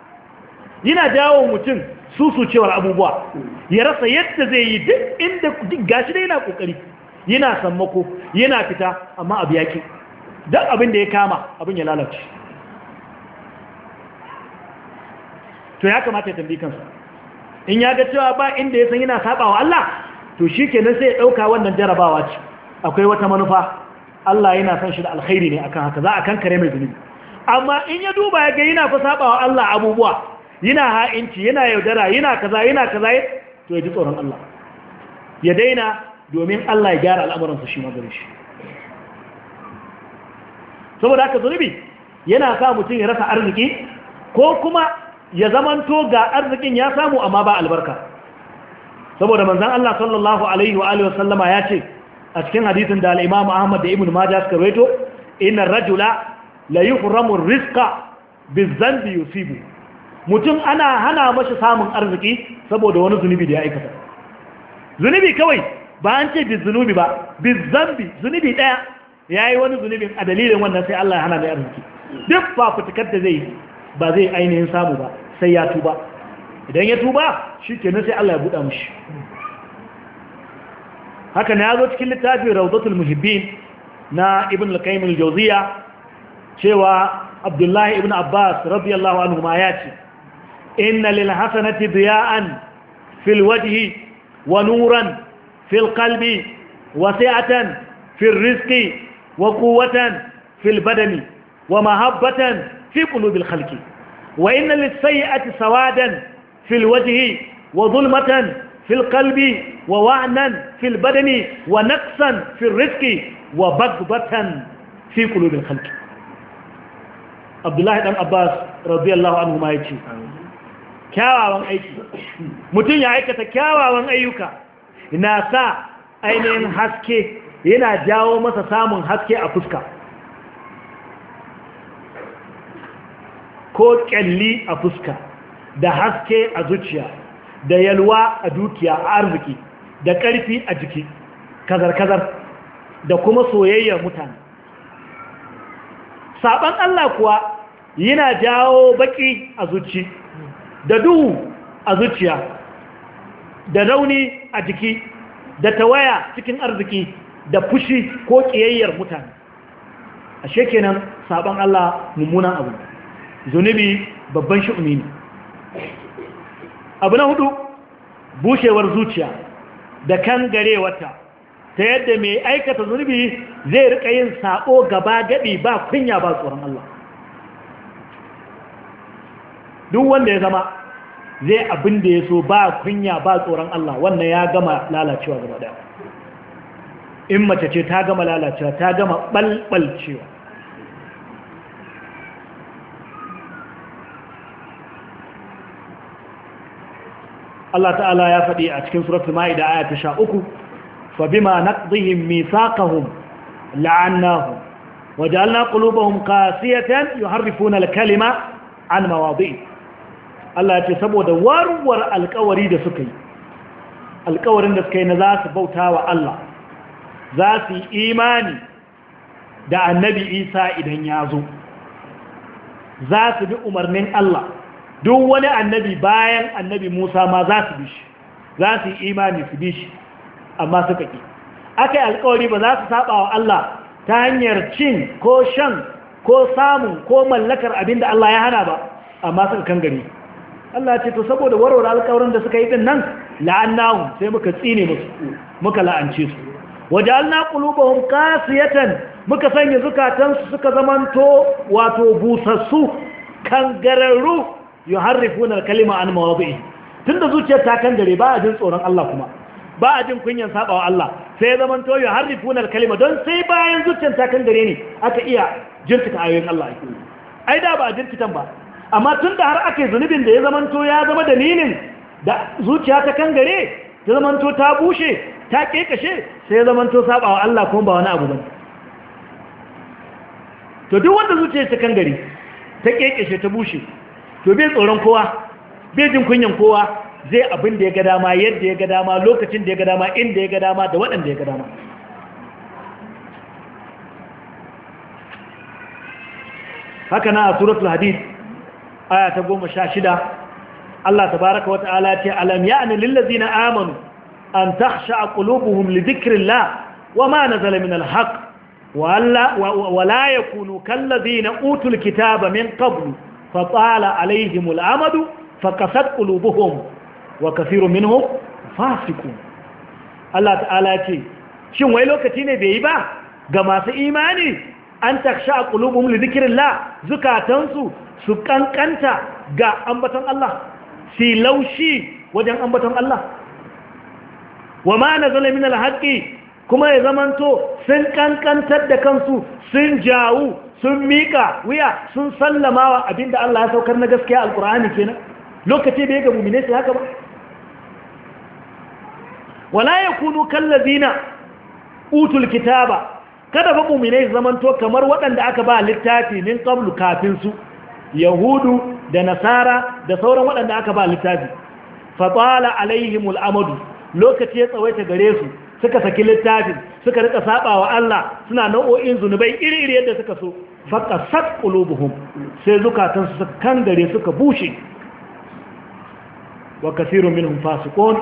yana jawo mutum Susu susucewar abubuwa ya rasa yadda zai yi duk inda duk gashi da yana kokari yana sammako yana fita amma abu yaki don abin da ya kama abin ya lalace to ya kamata ya tambi kansa in ya ga cewa ba inda ya san yana sabawa Allah to shi kenan sai ya ɗauka wannan jarabawa ce akwai wata manufa Allah yana son shi da alkhairi ne akan haka za a kankare mai zunubi amma in ya duba ya ga yana fa sabawa Allah abubuwa yana ha'inci yana yaudara yana kaza yana kaza to ya ji tsoron Allah ya daina domin Allah ya gyara al'amuransa shi magari shi saboda haka zunubi yana sa mutum ya rasa arziki ko kuma ya zamanto ga arzikin ya samu amma ba albarka saboda manzan Allah sallallahu alaihi wa sallama ya ce a cikin hadisin da al'imamu Ahmad da Ibn Majah suka rawaito inna rajula la yuhramu rizqa bizanbi yusibu mutum ana hana mashi samun arziki saboda wani zunubi da ya aikata zunubi kawai ba an ce zunubi ba bizambi zunubi daya ya yi wani zunubin a dalilin wannan sai Allah ya hana mai arziki duk ba fitikar da zai ba zai ainihin samu ba sai ya tuba idan ya tuba shi kenan sai Allah ya buɗa mushi haka na ya zo cikin littafin raudatul muhibbin na ibn al-qayyim al-jawziya cewa abdullahi ibn abbas radiyallahu anhu ma ya ce إن للحسنة ضياء في الوجه ونورا في القلب وسعة في الرزق وقوة في البدن ومهبة في قلوب الخلق وإن للسيئة سوادا في الوجه وظلمة في القلب ووعنا في البدن ونقصا في الرزق وبغبة في قلوب الخلق عبد الله بن عباس رضي الله عنهما يجي kyawawan aiki mutum ya aikata kyawawan ayyuka na sa ainihin haske yana jawo masa samun haske a fuska ko kyalli a fuska da haske a zuciya da yalwa a dukiya a arziki da ƙarfi a jiki kazar-kazar da kuma soyayyar mutane saɓan Allah kuwa yana jawo baƙi a zuci da duhu a zuciya da rauni a jiki da tawaya cikin arziki da fushi ko ƙiyayyar mutane a shekenan sabon Allah mummunan abu zunubi babban shi'umi ne abu na hudu bushewar zuciya da kan gare wata ta yadda mai aikata zunubi zai rika yin sabo gaba gaɗi ba kunya ba tsoron Allah duk wanda ya zama zai abin da ya so ba kunya ba tsoron Allah wannan ya gama lalacewa gaba daya in mace ce ta gama lalacewa ta gama balbalcewa Allah ta'ala ya faɗi a cikin suratul ma'ida aya ta 13 fa bima naqdihim mithaqahum la'annahum waja'alna qulubahum qasiyatan yuharrifuna al-kalima an mawadi'i Allah ya ce saboda warwar alkawari da suka yi alkawarin da suka yi na za su bauta wa Allah za su yi imani da annabi isa idan ya zo za su bi umarnin Allah duk wani annabi bayan annabi musa ma za su bi shi za su yi imani su bi shi amma suka ƙi aka yi alkawari ba za su saba wa Allah ta hanyar cin ko shan ko samun ko mallakar abinda Allah ya hana ba amma suka kan gari Allah ce to saboda warware alƙawarin da suka yi din nan la'annahu sai muka tsine musu muka la'ance su wajalna qulubuhum qasiyatan muka sanya zukatan su suka zamanto wato busassu kangararru yuharrifuna kalima an mawadi tunda zuciyar ta gare ba a jin tsoron Allah kuma ba a jin kunyan sabawa Allah sai zamanto yuharrifuna al-kalima don sai bayan zuciyar ta gare ne aka iya jirkita ayoyin Allah ai da ba a jirkitan ba amma tun da har ake zunubin da ya zamanto ya zama dalilin da zuciya ta kangare ta zamanto ta bushe ta kekashe sai ya zamanto saba wa Allah kuma ba wani abu ba to duk wanda zuciya ta kangare ta kekashe ta bushe to bai tsoron kowa bai jin kunyan kowa zai abin da ya ga dama yadda ya ga dama lokacin da ya ga dama inda ya ga dama da waɗanda ya ga dama haka na a suratul hadith aya ta goma sha shida Allah tabaraka wa ta'ala ce alam ya'ni lillazina amanu an takhsha qulubuhum li dhikrillah wama nazala min alhaq ولا يكونوا كالذين أوتوا الكتاب من قبل فطال عليهم الأمد فقست قلوبهم وكثير منهم فاسقون الله تعالى ce shin wai lokaci ne bai yi ba ga masu imani an taksha qulubuhum li dhikrillah zukatansu su kankanta ga ambaton Allah si laushi wajen ambaton Allah wa ma nazala min alhaqi kuma ya zamanto sun kankantar da kansu sun jawu sun miƙa, wuya sun sallama wa abinda Allah ya saukar na gaskiya Alƙur'ani kenan lokaci da ga mu'mine sai haka ba wala ya kunu kallazina utul kitaba kada fa mu'mine zamanto kamar waɗanda aka ba littafi min kablu kafin su yahudu da nasara da sauran waɗanda aka ba littafi fatala alaihimul amadu lokaci ya tsawaita gare su suka saki littafi, suka rika sabawa Allah suna nau'o'in zunubai iri-iri yadda suka so faka sak qulubuhum sai zukatan su kan gare suka bushe wa kaseerun minhum fasiqun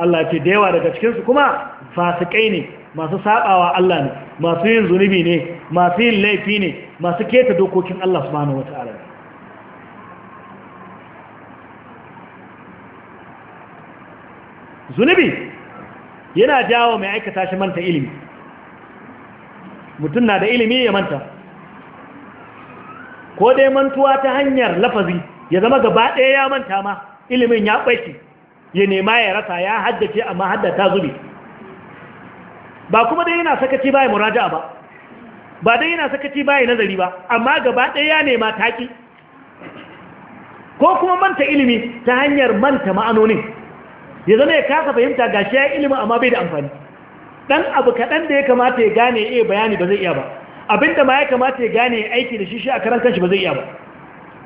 Allah ce da yawa daga cikin su kuma fasikai ne masu sabawa Allah ne masu yin zunubi ne masu yin laifi ne masu keta dokokin Allah subhanahu wataala zunubi yana jawo mai aikata shi manta ilimi mutum na da ilimi ya manta ko dai mantuwa ta hanyar lafazi ya zama gaba ɗaya ya manta ma ilimin ya ɓaiki ya nema ya rasa ya haddace amma haddata zubi ba kuma dai yana sakaci ba ya muraja ba ba dai yana sakaci ba ya nazari ba amma gaba ɗaya ya nema taƙi ko kuma manta ilimi ta hanyar manta ma'anonin ya zama ya kasa fahimta ga shi ya yi ilimin amma bai da amfani ɗan abu kaɗan da ya kamata ya gane ya eh, bayani ba zai iya ba abinda ma ya kamata ya gane ya aiki da shi shi a karan kanshi ba zai iya ba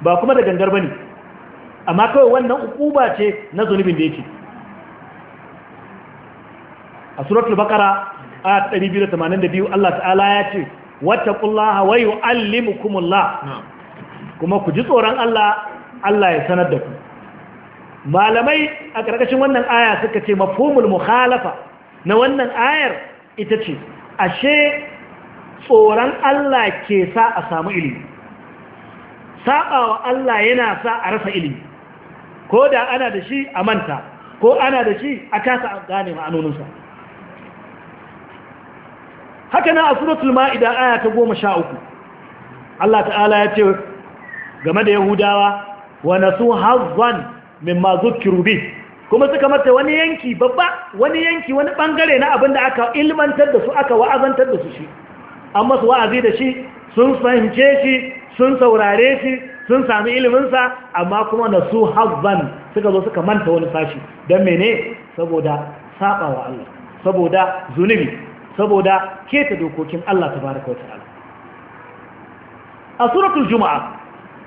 ba kuma da gangar ba ne. amma kawai wannan ukuba ce na zunubin da yake a suratul baqara a 282 Allah ta'ala ya ce wattaqullaha wa yu'allimukumullah kuma ku ji tsoron Allah Allah ya sanar da ku malamai a ƙarƙashin wannan aya suka ce mafhumul mukhalafa na wannan ayar ita ce ashe tsoron Allah ke sa a samu ilimi saɓawa Allah yana sa a rasa ilimi ko da ana da shi a manta ko ana da shi a kasa gane ma'anoninsa haka na a suratul ma'ida aya ta goma sha uku Allah ta'ala ya ce game da yahudawa wa nasu hazzan mimma zukiru bi kuma suka mata wani yanki babba wani yanki wani bangare na abin da aka ilmantar da su aka wa'azantar da su shi an su wa'azi da shi sun fahimce shi sun saurare shi sun sami iliminsa amma kuma na su hazban suka zo suka manta wani sashi don mene saboda saba wa Allah saboda zunubi saboda keta dokokin Allah tabaraka ta'ala a suratul juma'a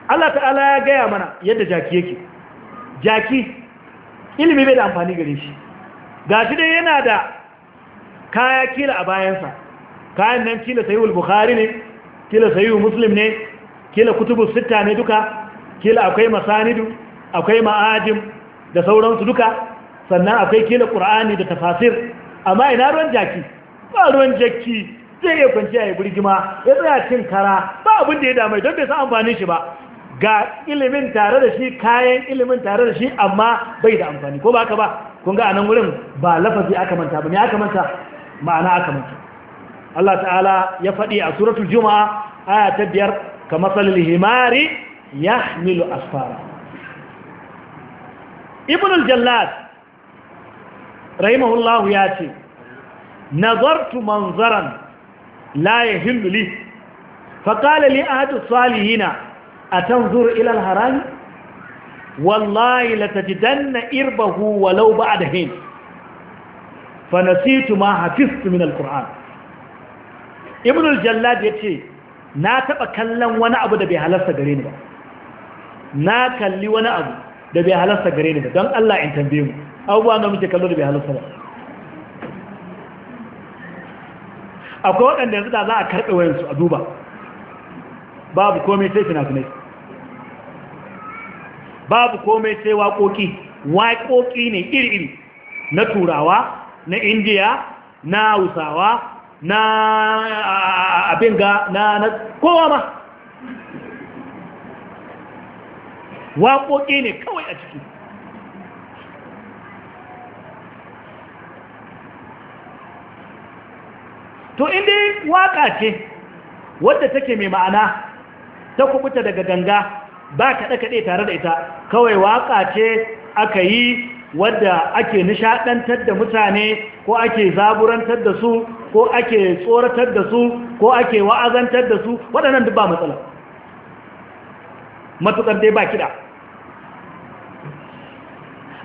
Allah ta'ala ya gaya mana yadda jaki yake jaki ilimi bai da amfani gare shi ga shi dai yana da kaya kila a bayansa kayan nan kila sayi bukhari ne kila sayi muslim ne kila kutubu sita ne duka kila akwai masanidu akwai ma'ajim da sauransu duka sannan akwai kila Kur'ani da tafasir amma ina ruwan jaki ba ruwan jaki zai iya a ya birgima ya tsaya cin kara ba abin da ya damai don bai san amfani shi ba ga ilimin tare da shi kayan ilimin tare da shi amma bai da amfani ko ba ka ba kun ga anan wurin ba lafazi aka manta ba ne aka manta ma'ana aka manta Allah ta'ala ya faɗi a suratul juma'a aya ta biyar ka matsalil himari ya milu asfara ibn al-jallad rahimahullahu ya ce nazartu manzaran la yahillu li faqala li ahadu salihina atanzuru ila al-harami wallahi latajidanna irbahu walau ba'da hin fanasitu ma hafiztu min al-qur'an ibn al-jallad yace na taba kallon wani abu da bai halarsa gare ni ba na kalli wani abu da bai halarsa gare ni ba don Allah in tambaye mu abubuwa da muke kallo da bai halarsa ba akwai waɗanda yanzu da za a karɓe wayansu a duba babu komai sai finafinai babu komai sai waƙoƙi waƙoƙi ne iri-iri na turawa na indiya na hausawa na abin ga na kowa ma waƙoƙi ne kawai a ciki to inda waƙa ce wadda take mai ma'ana ta kubuta daga ganga ba kaɗe-kaɗe tare da ita kawai waƙa ce aka yi wadda ake nishaɗantar da mutane ko ake zaburantar da su ko ake tsoratar da su ko ake wa'azantar da su waɗannan duk ba matsala matuƙar dai ba kiɗa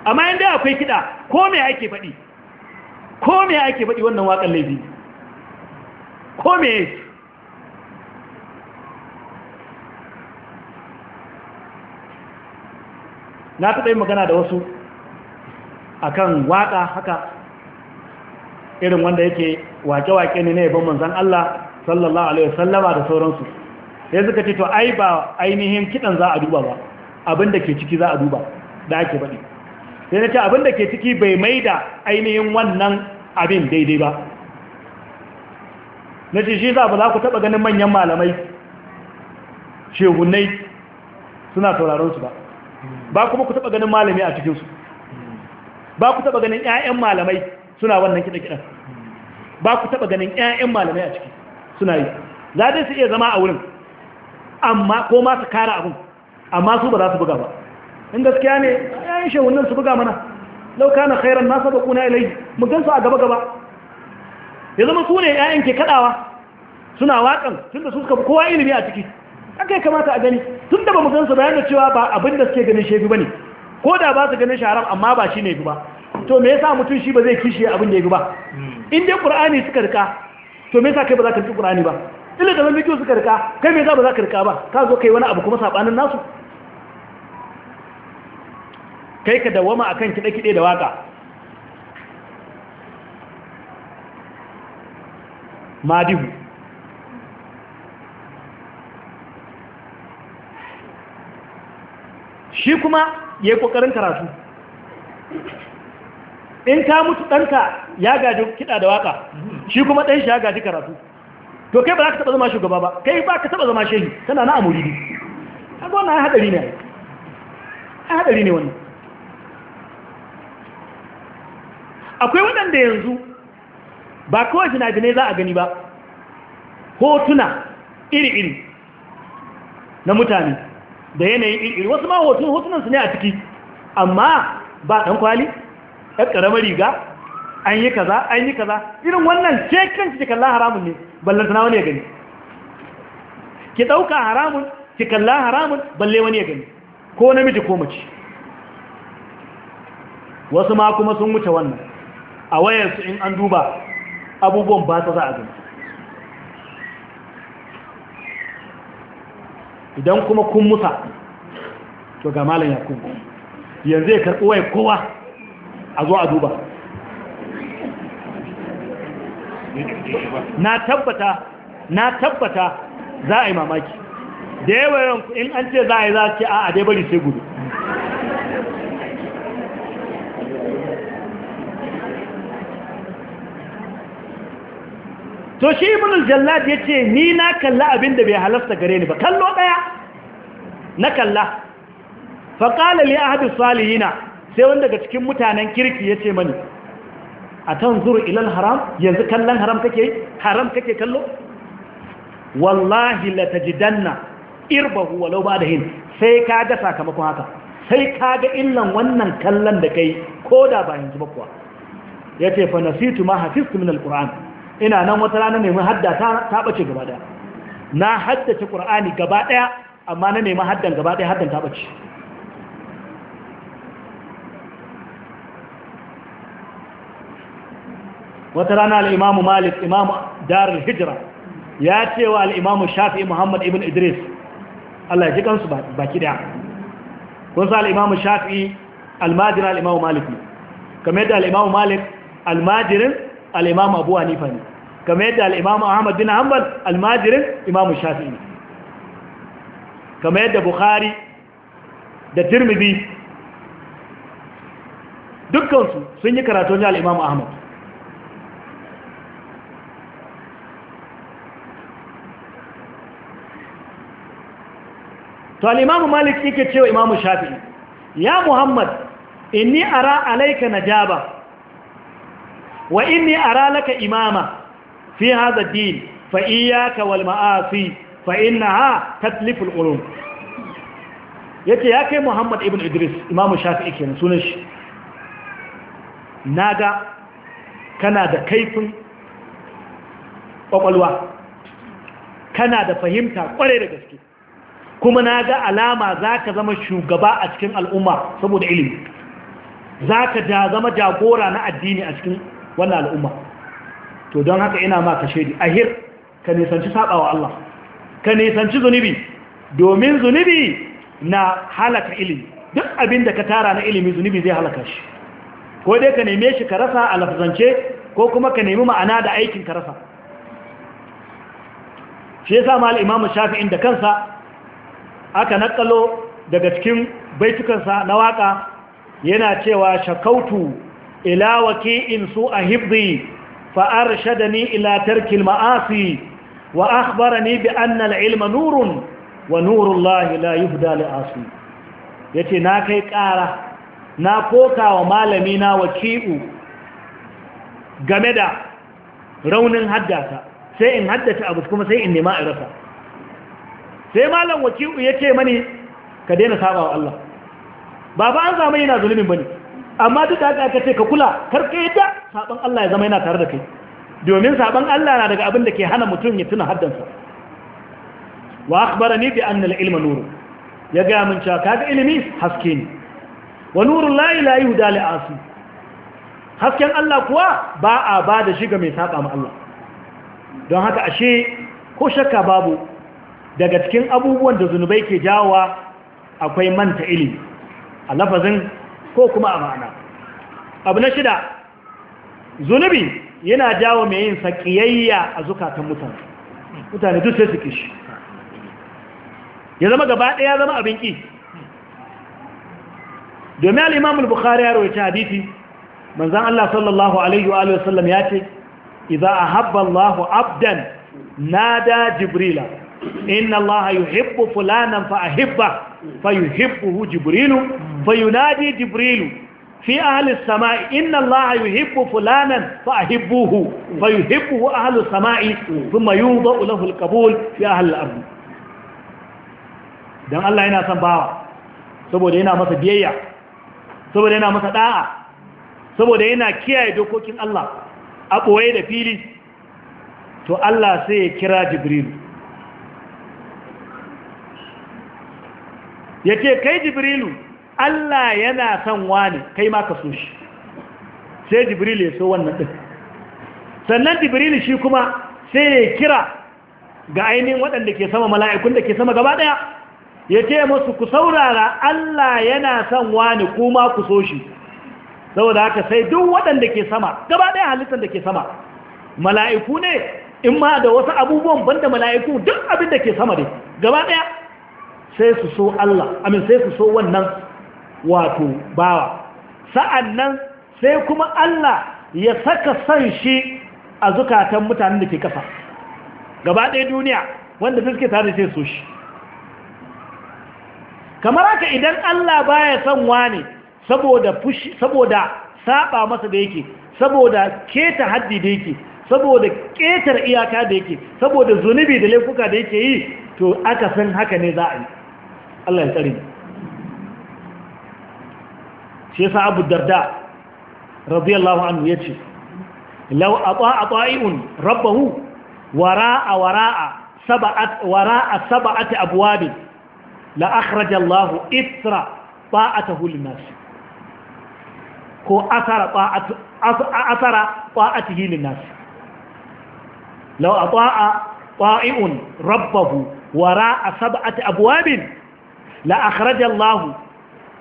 amma yadda akwai kiɗa ko me ake faɗi ko me ake faɗi wannan waƙan laifi ko me na taɓa yin magana da wasu a kan waƙa haka irin wanda yake wake-wake ne na yabon manzan Allah sallallahu alaihi wasallama da sauransu sai suka ce to ai ba ainihin kiɗan za a duba ba abin da ke ciki za a duba da ake baɗi sai na ce abin da ke ciki bai mai da ainihin wannan abin daidai ba na ce shi za ba za ku taɓa ganin manyan malamai shehunai suna sauraronsu su ba ba kuma ku taba ganin malami a cikinsu ba ku taba ganin 'ya'yan malamai suna wannan kiɗa-kiɗan ba ku taba ganin 'ya'yan malamai a ciki suna yi za dai su iya zama a wurin amma ko ma su kara abin amma su ba za su buga ba in gaskiya ne ‘ya'yan nan su buga mana lauka na khairan nasa da kuna ilai mugan su a gaba-gaba ya zama su ne ‘ya'yan ke kaɗawa suna waƙan tun da su suka fi kowa ilimi a ciki aka yi kamata a gani tun da ba mu gansu bayan da cewa ba abin da suke ganin shefi ba ne ko da ba su ganin shi amma ba shi ne ba to me yasa mutum shi ba zai kishi abin da ya ba hmm. in dai qur'ani suka rika to me yasa kai ba za ka rika qur'ani ba illa da mamaki suka rika kai me yasa ba za ka rika ba ka zo kai wani abu kuma sabanin nasu kai ka dawama akan kide kide da waka madihu shi kuma ya yi ƙoƙarin karatu in ka mutu ɗanka ya gaji kiɗa da waƙa shi kuma ɗan shi ya gaji karatu to kai ba za ka taɓa zama shugaba ba kai ba ka taɓa zama shehi tana na amuri ne an na haɗari ne a haɗari ne wannan akwai waɗanda yanzu ba kawai fina za a gani ba hotuna iri-iri na mutane da yanayin iri wasu ma hoton hotunan su ne a ciki amma ba ɗan kwali ɗan ƙaramar riga an yi kaza an yi kaza irin wannan ce kan kalla haramun ne ballar suna wani ya gani ki ɗauka haramun ki kalla haramun balle wani ya gani ko namiji ko mace wasu ma kuma sun wuce wannan a wayarsu in an duba abubuwan ba ta za a gani idan kuma kun musa to ga malam yakubu yanzu ya karɓi waya kowa a zo a duba na tabbata na tabbata za a yi mamaki da yawa in an ce za a yi za a ce a a dai bari sai gudu to shi ibn jallad yace ni na kalla abin da bai halasta gare ni ba kallo daya na kalla fa qala li ahad salihina sai wanda daga cikin mutanen kirki yace mani atanzuru ila al-haram yanzu kallon haram kake haram kake kallo wallahi la danna irbahu walau ba'da hin sai ka sakamakon haka sai ka ga illan wannan kallon da kai koda ba yanzu ba kuwa yace fa nasitu ma hafiztu min al ina nan wata rana nemi hadda ta ɓace gaba ɗaya na haddace ƙur'ani gaba ɗaya amma na nemi haddan gaba ɗaya haddan ta ɓace wata rana al'imamu malik imamu darul hijira ya ce wa al'imamu shafi muhammad ibn idris allah ya ji kansu baki ɗaya, kun sa al'imamu shafi almajirin al'imamu malik ne kamar yadda al'imamu malik almajirin Al'imamu abu hanifa ne game yadda al’imamu imam ahmad bin hanbal al-majirin shafi ne game yadda bukhari da tirmidhi dukkansu sun yi karatun al al'imamu ahmad to al'imamu malik yake cewa Imamu shafi'i ya muhammad inni ara alaika na jaba? wa inni aralaka imama fi hadha din fa iyyaka wal ma'asi fa innaha tatlifu al yace ya kai Muhammad ibn Idris imamu Shafi'i kenan sunan shi naga kana da kaifin kwakwalwa kana da fahimta kware da gaske kuma na ga alama zaka zama shugaba a cikin al'umma saboda ilimi zaka ka zama jagora na addini a cikin wannan al'umma to don haka ina ma kashe di ahir ka nisanci sabawa Allah ka nisanci zunubi domin zunubi na halaka ilimi duk abin da ka tara na ilimi zunubi zai halaka shi ko dai ka neme shi ka rasa a lafazance ko kuma ka nemi ma'ana da aikin ka rasa shi yasa mal imamu shafi'in da kansa aka nakalo daga cikin baitukansa na waka yana cewa shakautu ila waki'in su a hibzi fa'arshadani ila tarkil ma'afi wa ni bi anna al-ilma nurun wa nurullahi la yuhda li Ya ce na kai ƙara na koka wa malami na waki'u game da raunin haddata, sai in haddata abu kuma sai in nema a rasa sai malam waki'u ya ce mani ka daina saba wa Allah ba ba an zama yana ba bane amma duk da aka ce ka kula karka yadda saban Allah ya zama yana tare da kai domin saban Allah na daga abin da ke hana mutum ya tuna haddansa wa akhbarani bi anna al-ilma nuru ya ga mun cewa kaga ilimi haske ne wa nuru la ilaha illa li asi hasken Allah kuwa ba a ba da shiga mai saba ma Allah don haka ashe ko shakka babu daga cikin abubuwan da zunubai ke jawowa akwai manta ilimi a lafazin ko kuma a ma'ana abu na shida zunubi yana jawo mai yin sakiyayya a zukatan mutane mutane duk sai su kishi ya zama gaba ɗaya zama abin ƙi domin al'imamul bukhari ya rawaita hadithi manzan Allah sallallahu Alaihi wa sallam ya ce iza a habballahu abdan nada jibrila inna Allah yuhibbu fulanan fa hibba, fa yuhibbuhu jibrilu fa yunadi jibrilu fi ahalis sama'i inna allaha yuhibbu fulanan fa ahibbuhu fa yuhibbuhu ahalus sama'i thumma yudha'u lahu alqabul fi ahli al-ard dan Allah yana son bawa saboda yana masa biyayya saboda yana masa da'a saboda yana kiyaye dokokin Allah a boye da fili to Allah sai ya kira Jibril yace kai Jibrilu Allah yana son wani kai ma ka so shi sai jibril ya so wannan ɗin sannan jibril shi kuma sai ya kira ga ainihin waɗanda ke sama mala'ikun da ke sama gaba ɗaya ya ce masu ku saurara Allah yana son wani kuma ku so shi saboda haka sai duk waɗanda ke sama gaba ɗaya halittar da ke sama mala'iku ne in ma da wasu abubuwan banda mala'iku duk abin da ke sama ne gaba ɗaya sai su so Allah amin sai su so wannan wato bawa sa'annan sai kuma Allah ya saka san shi a zukatan mutanen da ke kasa gaba ɗaya duniya wanda suke tare sai so shi kamar haka idan Allah baya son wani saboda fushi saboda saba masa da yake saboda keta haddi da yake saboda ketar iyaka da yake saboda zunubi da laifuka da yake yi to aka san haka ne za a yi Allah ya tsare شيخ أبو الدرداء رضي الله عنه يتشي لو أطاع طائع ربه وراء وراء سبعة وراء سبعة أبواب لأخرج الله إثر طاعته للناس كو أثر طاعت أثر طاعته للناس لو أطاع طائع ربه وراء سبعة أبواب لأخرج الله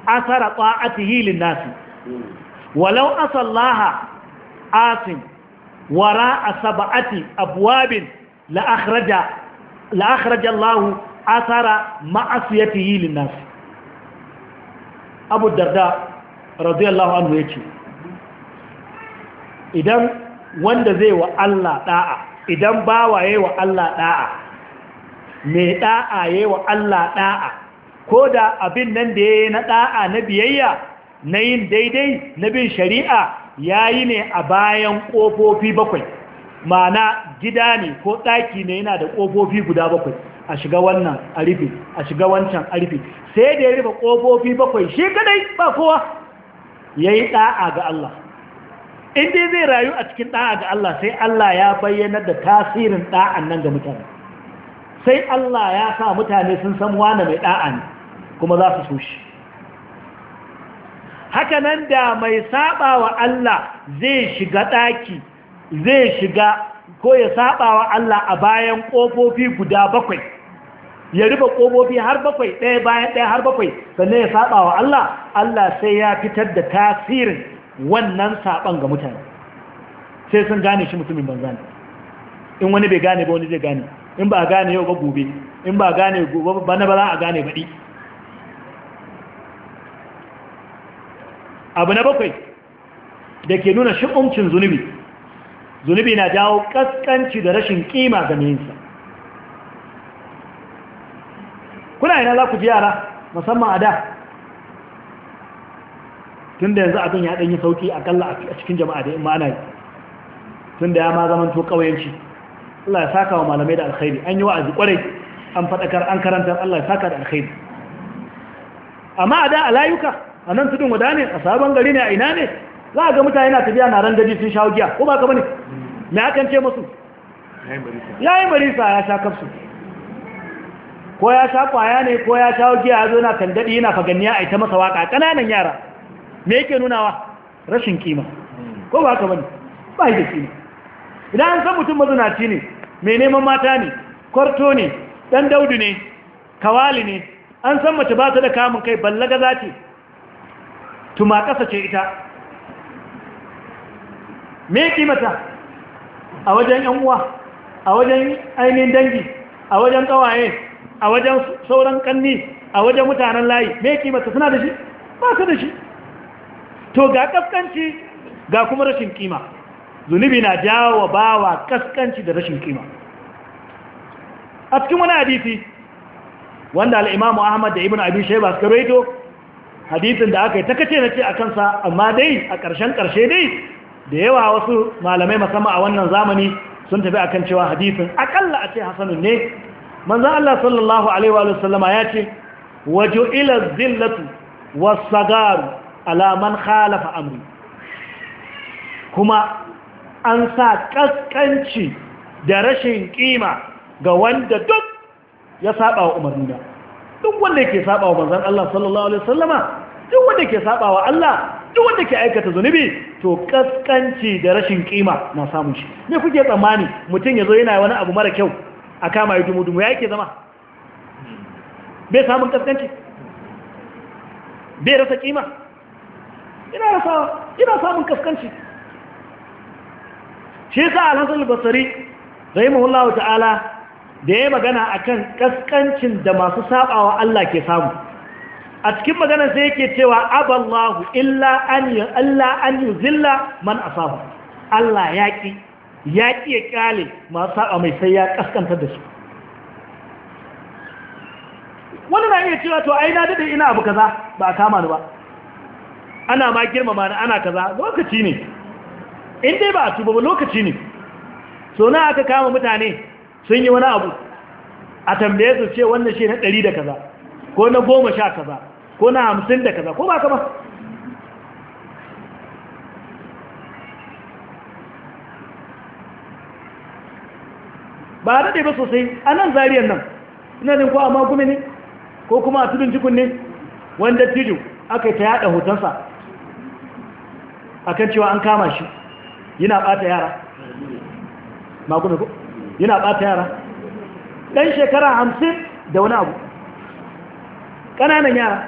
asara ta'atihi lin-nas walau asallaha asim wara'a sab'ati abwabin la akhraja la akhraja Allah asara ma'asiyatihi lin-nas Abu Darda radiyallahu anhu yace idan wanda zai wa Allah da'a idan bawaye wa Allah da'a mai da'a yayi wa Allah da'a ko da abin nan da ya yi na ɗa'a na biyayya na yin daidai na bin shari'a ya yi ne a bayan ƙofofi bakwai mana gida ne ko ɗaki ne yana da ƙofofi guda bakwai a shiga wannan a rufe a shiga wancan a rufe sai da ya rufe ƙofofi bakwai shi kadai ba kowa ya yi ɗa'a ga Allah in dai zai rayu a cikin ɗa'a ga Allah sai Allah ya bayyana da tasirin ɗa'an nan ga mutane sai Allah ya sa mutane sun san wane mai ɗa'a ne kuma za su so shi haka nan da mai saba wa Allah zai shiga ɗaki zai shiga ko ya saba wa Allah a bayan ƙofofi guda bakwai ya riba ƙofofi har bakwai ɗaya bayan ɗaya har bakwai sannan ya saba wa Allah Allah sai ya fitar da tasirin wannan saban ga mutane sai sun gane shi mutumin banza ne in wani bai gane ba wani zai gane in ba gane yau ba gobe in ba gane gobe ba na ba za a gane baɗi abu na bakwai da ke nuna shi'umcin zunubi zunubi na jawo kaskanci da rashin ƙima ga meyinsa kuna yana za ku ji yara musamman a da tun da yanzu abin ya ɗanyi sauki aƙalla a cikin jama'a da imana yi tun da ya ma zaman to ƙawayenci Allah ya saka wa malamai da alkhairi an yi wa'azi kwarai an faɗakar an karantar Allah ya saka da alkhairi amma a da a layuka a nan tudun wada ne a sabon gari ne a ina ne za a ga mutane na tafiya na Gaji sun sha giya ko ba ka bane me akan ce musu ya yi marisa ya sha kafsu ko ya sha kwaya ne ko ya sha giya ya zo na kan daɗi yana faganni ya aita masa waka ƙananan yara me yake nunawa rashin kima ko ba ka bane ba yi da kima idan an san mutum mazunaci ne mai neman mata ne kwarto ne ɗan daudu ne kawali ne an san mace ba ta da kamun kai ballaga za ce tuma ƙasa ce ita me kimata a wajen yan uwa a wajen ainihin dangi a wajen kawaye a wajen sauran ƙanni a wajen mutanen layi me kimata suna da shi ba su da shi to ga kaskanci ga kuma rashin kima zunubi na jawo bawa kaskanci da rashin kima a cikin wani hadisi wanda al'imamu ahmad da ibn abin shaiba suka reto hadisin da aka yi takace na ce a kansa amma dai a ƙarshen ƙarshe dai da yawa wasu malamai musamman a wannan zamani sun tafi akan cewa hadisin akalla a ce hasanun ne manzan Allah sallallahu alaihi wa sallama ya ce wajo ila zillatu wasagaru alaman khalafa amri kuma an sa kaskanci da rashin ƙima ga wanda duk ya saba wa umarni da. duk wanda yake saba wa manzon Allah sallallahu alaihi wasallama duk wanda yake saba wa Allah duk wanda yake aikata zunubi to kaskanci da rashin kima na samun shi me kuke tsammani mutum yazo yana wani abu mara kyau a kama yi dumu dumu yake zama bai samun kaskanci bai rasa kima ina rasa ina samun kaskanci shi yasa al-Hasan al-Basri rahimahullahu ta'ala da ya magana a kan ƙasƙancin da masu saɓawa Allah ke samu a cikin magana sai yake cewa aballahu illa an yi Allah an yi zilla man saba. Allah ya ƙi, ya ƙi ya ƙyale masu saɓa mai sai ya ƙasƙanta da su wani na iya cewa to ai na daɗe ina abu kaza ba a kama ni ba ana ma girmama ni ana kaza lokaci ne in dai ba a tuba ba lokaci ne so na aka kama mutane sun yi wani abu a tambaye su ce wannan shi na ɗari da kaza ko na goma sha kaza ko na hamsin da kaza ko ba kama? ba a daɗe ba sosai a nan zariyar nan ina ne ko a magumi ne ko kuma a tudun jikun ne wanda tudu aka ta yada hotonsa a kan cewa an kama shi yana ɓata yara magumi ko yana ɓata yara ɗan shekara hamsin da wani abu ƙananan yara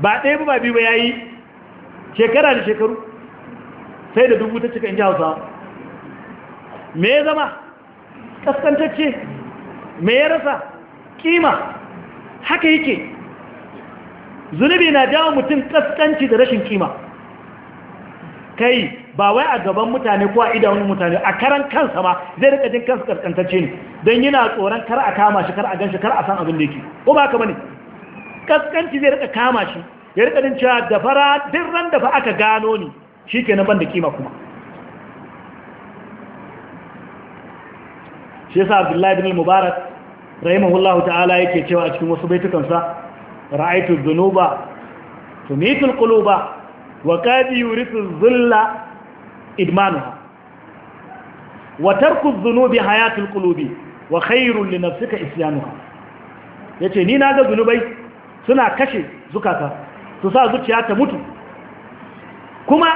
ba ɗaya ba biyu ba ya yi shekara da shekaru sai da dubu ta cika in ji hausa me ya zama ƙasƙantacce me ya rasa ƙima haka yake zunubi na jawo mutum ƙasƙanci da rashin ƙima kai ba wai a gaban mutane ko a idanun mutane a karan kansa ma zai rika jin kansa kaskantacce ne don yana tsoron kar a kama shi kar a gan shi kar a san abin da yake ko ba ka bane kaskanci zai rika kama shi ya rika jin cewa da fara duk ran da fa aka gano ni shikenan ban da kima kuma shi yasa Abdullahi bin Mubarak rahimahullahu ta'ala yake cewa a cikin wasu baitukansa ra'aytu dhunuba tumitul quluba wa qad yurithu dhulla idmanuha wa tarku dhunubi hayatul qulubi wa khairul li nafsika isyanuha yace ni naga zunubai suna kashe zukata su sa zuciya ta mutu kuma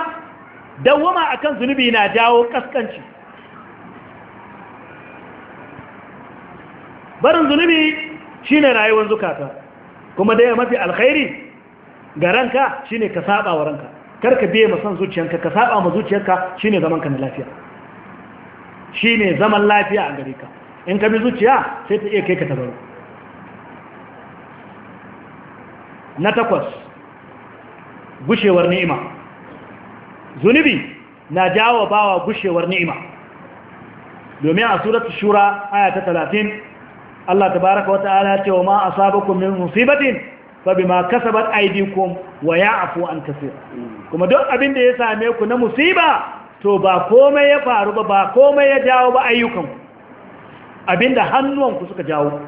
dawwama akan zunubi na jawo kaskanci barin zunubi shine rayuwar zukata kuma da mafi alkhairi ga ranka shine ka saba wa ranka karka biye ma san zuciyanka ka saba ma zuciyarka shine zaman ka na lafiya shine zaman lafiya a gare ka in ka bi zuciya sai ta iya kai ka tabaro na takwas gushewar ni'ima zunubi na jawo bawa gushewar ni'ima domin a suratul shura aya ta 30 Allah tabaaraka wa ta'ala ya ce wa ma asabakum min musibatin fabima kasabat aydikum wa ya'fu an kaseer kuma duk abin da ya same ku na musiba to ba komai ya faru ba ba komai ya jawo ba ayyukan abinda hannuwan ku suka jawo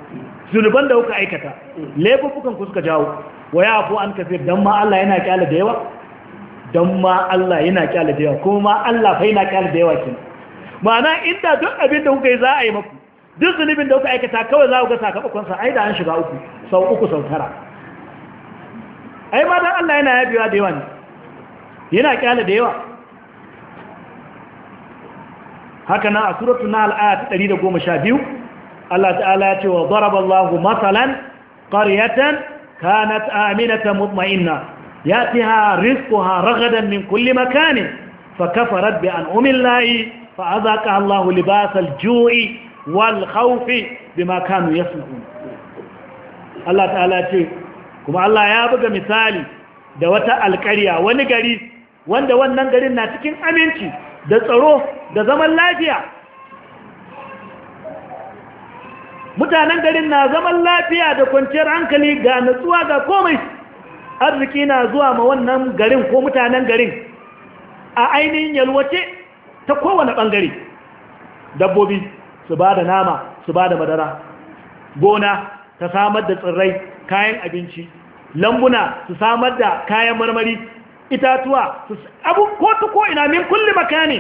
zunuban da kuka aikata laifukan ku suka jawo wa ya'fu an kaseer dan ma Allah yana kyale da yawa dan ma Allah yana kyale da yawa kuma ma Allah fa yana kyale da yawa kin ma'ana inda duk abin da kuka yi za a yi maku duk zunubin da kuka aikata kawai za ku ga sakamakon sa ai da shiga uku sau uku sau tara ai ma dan Allah yana yafewa da yawa ne yana kyale da yawa haka na a suratul nahl ayat 112 Allah ta'ala ya ce wa daraballahu masalan qaryatan kanat aminatan mutma'inna yatiha rizquha ragadan min kulli makanin fakafarat bi an'amil lahi fa'azaqaha Allahu libasal ju'i wal khawfi bima kanu yasna'un Allah ta'ala ya ce kuma Allah ya buga misali da wata alƙarya wani gari wanda wannan garin na cikin aminci da tsaro da zaman lafiya mutanen garin na zaman lafiya da kwanciyar hankali ga natsuwa ga komai arziki na zuwa ma wannan garin ko mutanen garin a ainihin yalwace ta kowane ɓangare dabbobi su ba da nama su ba da madara gona ta samar da tsirrai kayan abinci lambuna su samar da kayan marmari itatuwa su abu ko ta ko ina min kulli makani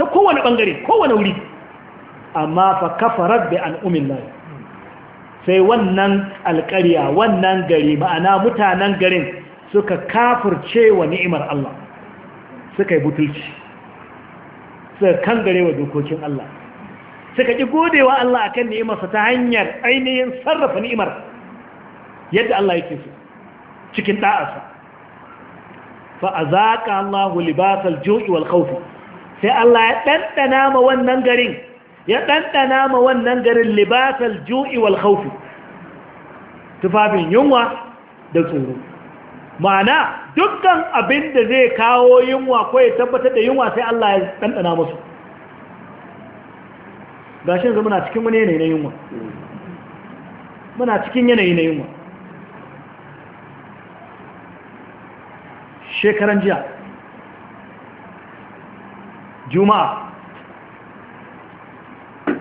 ta kowane bangare kowane wuri amma fa kafarat bi al'umin lahi sai wannan alƙarya wannan gari ma'ana mutanen garin suka kafirce wa ni'imar Allah suka yi butulci suka kangare wa dokokin Allah suka ƙi godewa Allah akan ni'imarsa ta hanyar ainihin sarrafa ni'imar yadda Allah yake so cikin da'asa fa azaka Allahu libasal ju'i wal khawf sai Allah ya dandana ma wannan garin ya dandana ma wannan garin libasal ju'i wal khawf tufafin yunwa da tsoro ma'ana dukkan abin da zai kawo yunwa ko ya tabbatar da yunwa sai Allah ya dandana musu gashin zama na cikin wani yanayi na yunwa muna cikin yanayi na yunwa shekaran jiya juma'a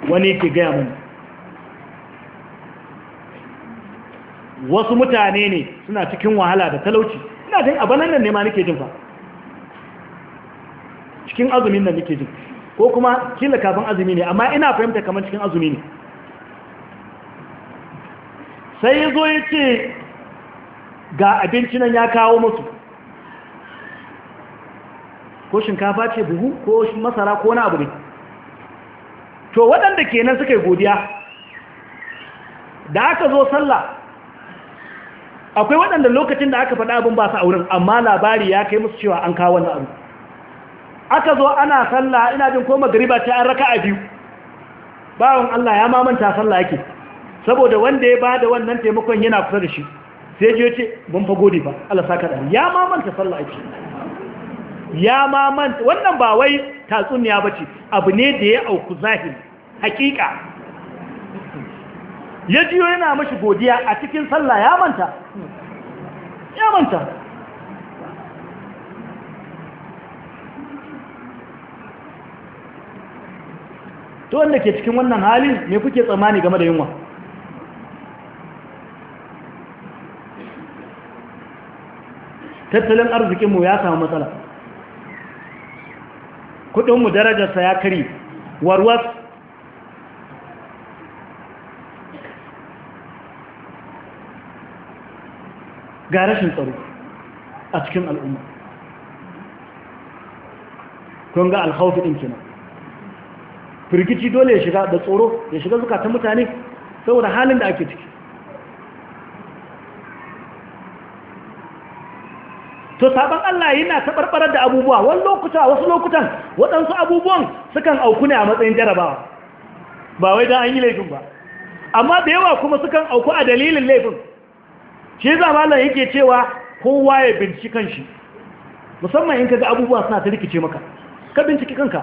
wani yake gaya mun wasu mutane ne suna cikin wahala da talauci ina jin abanan nan ne ma nake jin fa cikin azumin nan nake jin ko kuma kila kafin azumi ne amma ina fahimta kamar cikin azumi ne sai ya zo ya ce ga abinci nan ya kawo musu ko shinkafa ce buhu ko masara ko na abu ne to waɗanda kenan suka yi godiya da aka zo sallah akwai waɗanda lokacin da aka faɗa abin ba su auren amma labari ya kai musu cewa an kawo wani abu aka zo ana sallah ina jin koma gariba ta an raka a biyu bawon Allah ya mamanta sallah yake saboda wanda ya bada wannan taimakon yana kusa da shi sai je ce ban fa gode ba Allah saka da ya mamanta sallah yake ya ma manta wannan ba wai tatsuniya ba ce abu ne da ya auku zahiri hakika ya jiyo yana mashi godiya a cikin sallah ya manta ya manta to wanda ke cikin wannan hali ne kuke tsammani game da yunwa tattalin arzikinmu ya samu matsala kudinmu darajarsa ya kari warwas ga rashin tsaro a cikin al'umma kun ga alhaufi ɗin kenan firgici dole ya shiga da tsoro ya shiga zukatan mutane saboda halin da ake ciki to sabon Allah yana taɓarɓarar da abubuwa wani lokuta wasu lokutan waɗansu abubuwan sukan auku ne a matsayin jarabawa ba wai don an yi laifin ba amma da yawa kuma sukan auku a dalilin laifin shi Allah yake cewa kowa ya binci kanshi musamman in kaga abubuwa suna ta rikice maka ka binciki kanka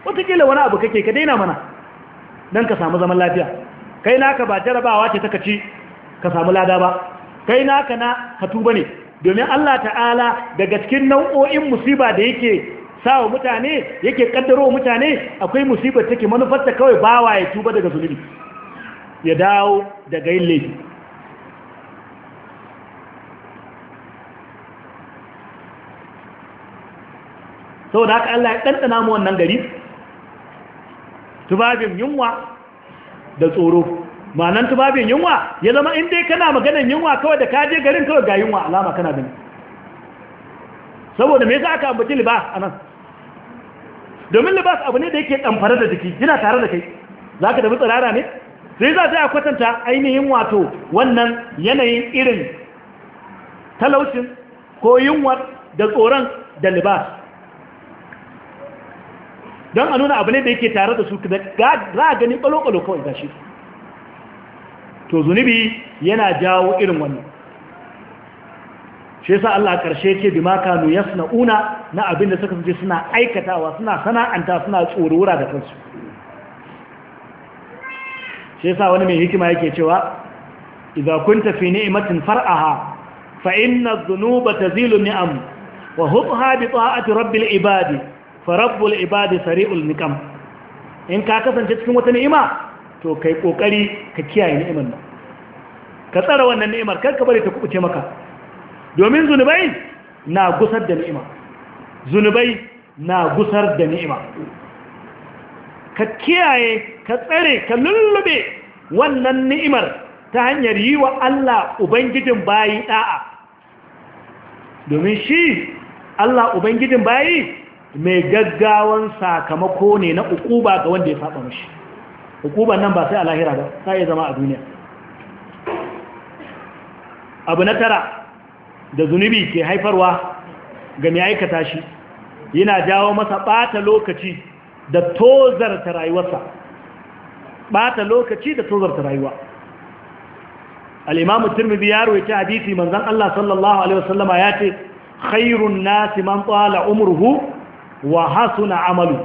Wataƙila wani abu kake ka daina mana don ka samu zaman lafiya kai naka ba jarabawa ce ta kaci ka samu lada ba kai naka na hatu ba ne domin Allah ta'ala daga cikin nau'o'in musiba da yake sawa mutane yake kaddaro mutane akwai musibar take manufar manufarta kawai bawa ya tuba daga zulubi ya dawo daga yin laifi Saboda haka Allah ya ɗanɗana mu wannan gari tubabin yunwa da tsoro ta babin yunwa ya zama in dai kana maganin yunwa kawai da kaje garin kawai ga yunwa alama kana gani saboda me yasa aka ambaci libas a nan? domin libas abu ne da yake damfare da jiki yana tare da kai zaka tafi tsirara ne sai za ta kwatanta ainihin wato wannan yanayin irin talaucin ko yunwa da tsoron da libas don a nuna abu ne da yake tare da su za a gani ɓalo-ɓalo kawai gashi to zunubi yana jawo irin wannan shi yasa Allah karshe ce bi ma kanu yasnauna na abinda suka je suna aikatawa suna sana'anta suna tsorura da kansu shi yasa wani mai hikima yake cewa idza kunta fi ni'matin far'aha fa inna adh-dhunuba tazilu ni'am wa hubha bi ta'ati rabbil ibadi fa rabbul ibadi sari'ul niqam in ka kasance cikin wata ni'ima to kai kokari ka kiyaye ni'imar nan ka tsara wannan ni'imar kar ka bari ta kubuce maka domin zunubai na gusar da ni'ima zunubai na gusar da ni'ima ka kiyaye ka tsare ka lullube wannan ni'imar ta hanyar yi wa Allah ubangijin bayi da'a domin shi Allah ubangijin bayi mai gaggawan sakamako ne na ukuba ga wanda ya saba mashi hukuban nan ba sai a lahira ba ta iya zama a duniya abu na tara da zunubi ke haifarwa ga mai aikata shi yana jawo masa ɓata lokaci da tozarta rayuwarsa ɓata lokaci da tozarta rayuwa al'imamu turmibi ya roƙi hadisi manzan Allah sallallahu Alaihi wasallama ya ce khairun nasi man tsala umurhu wa hasuna amalu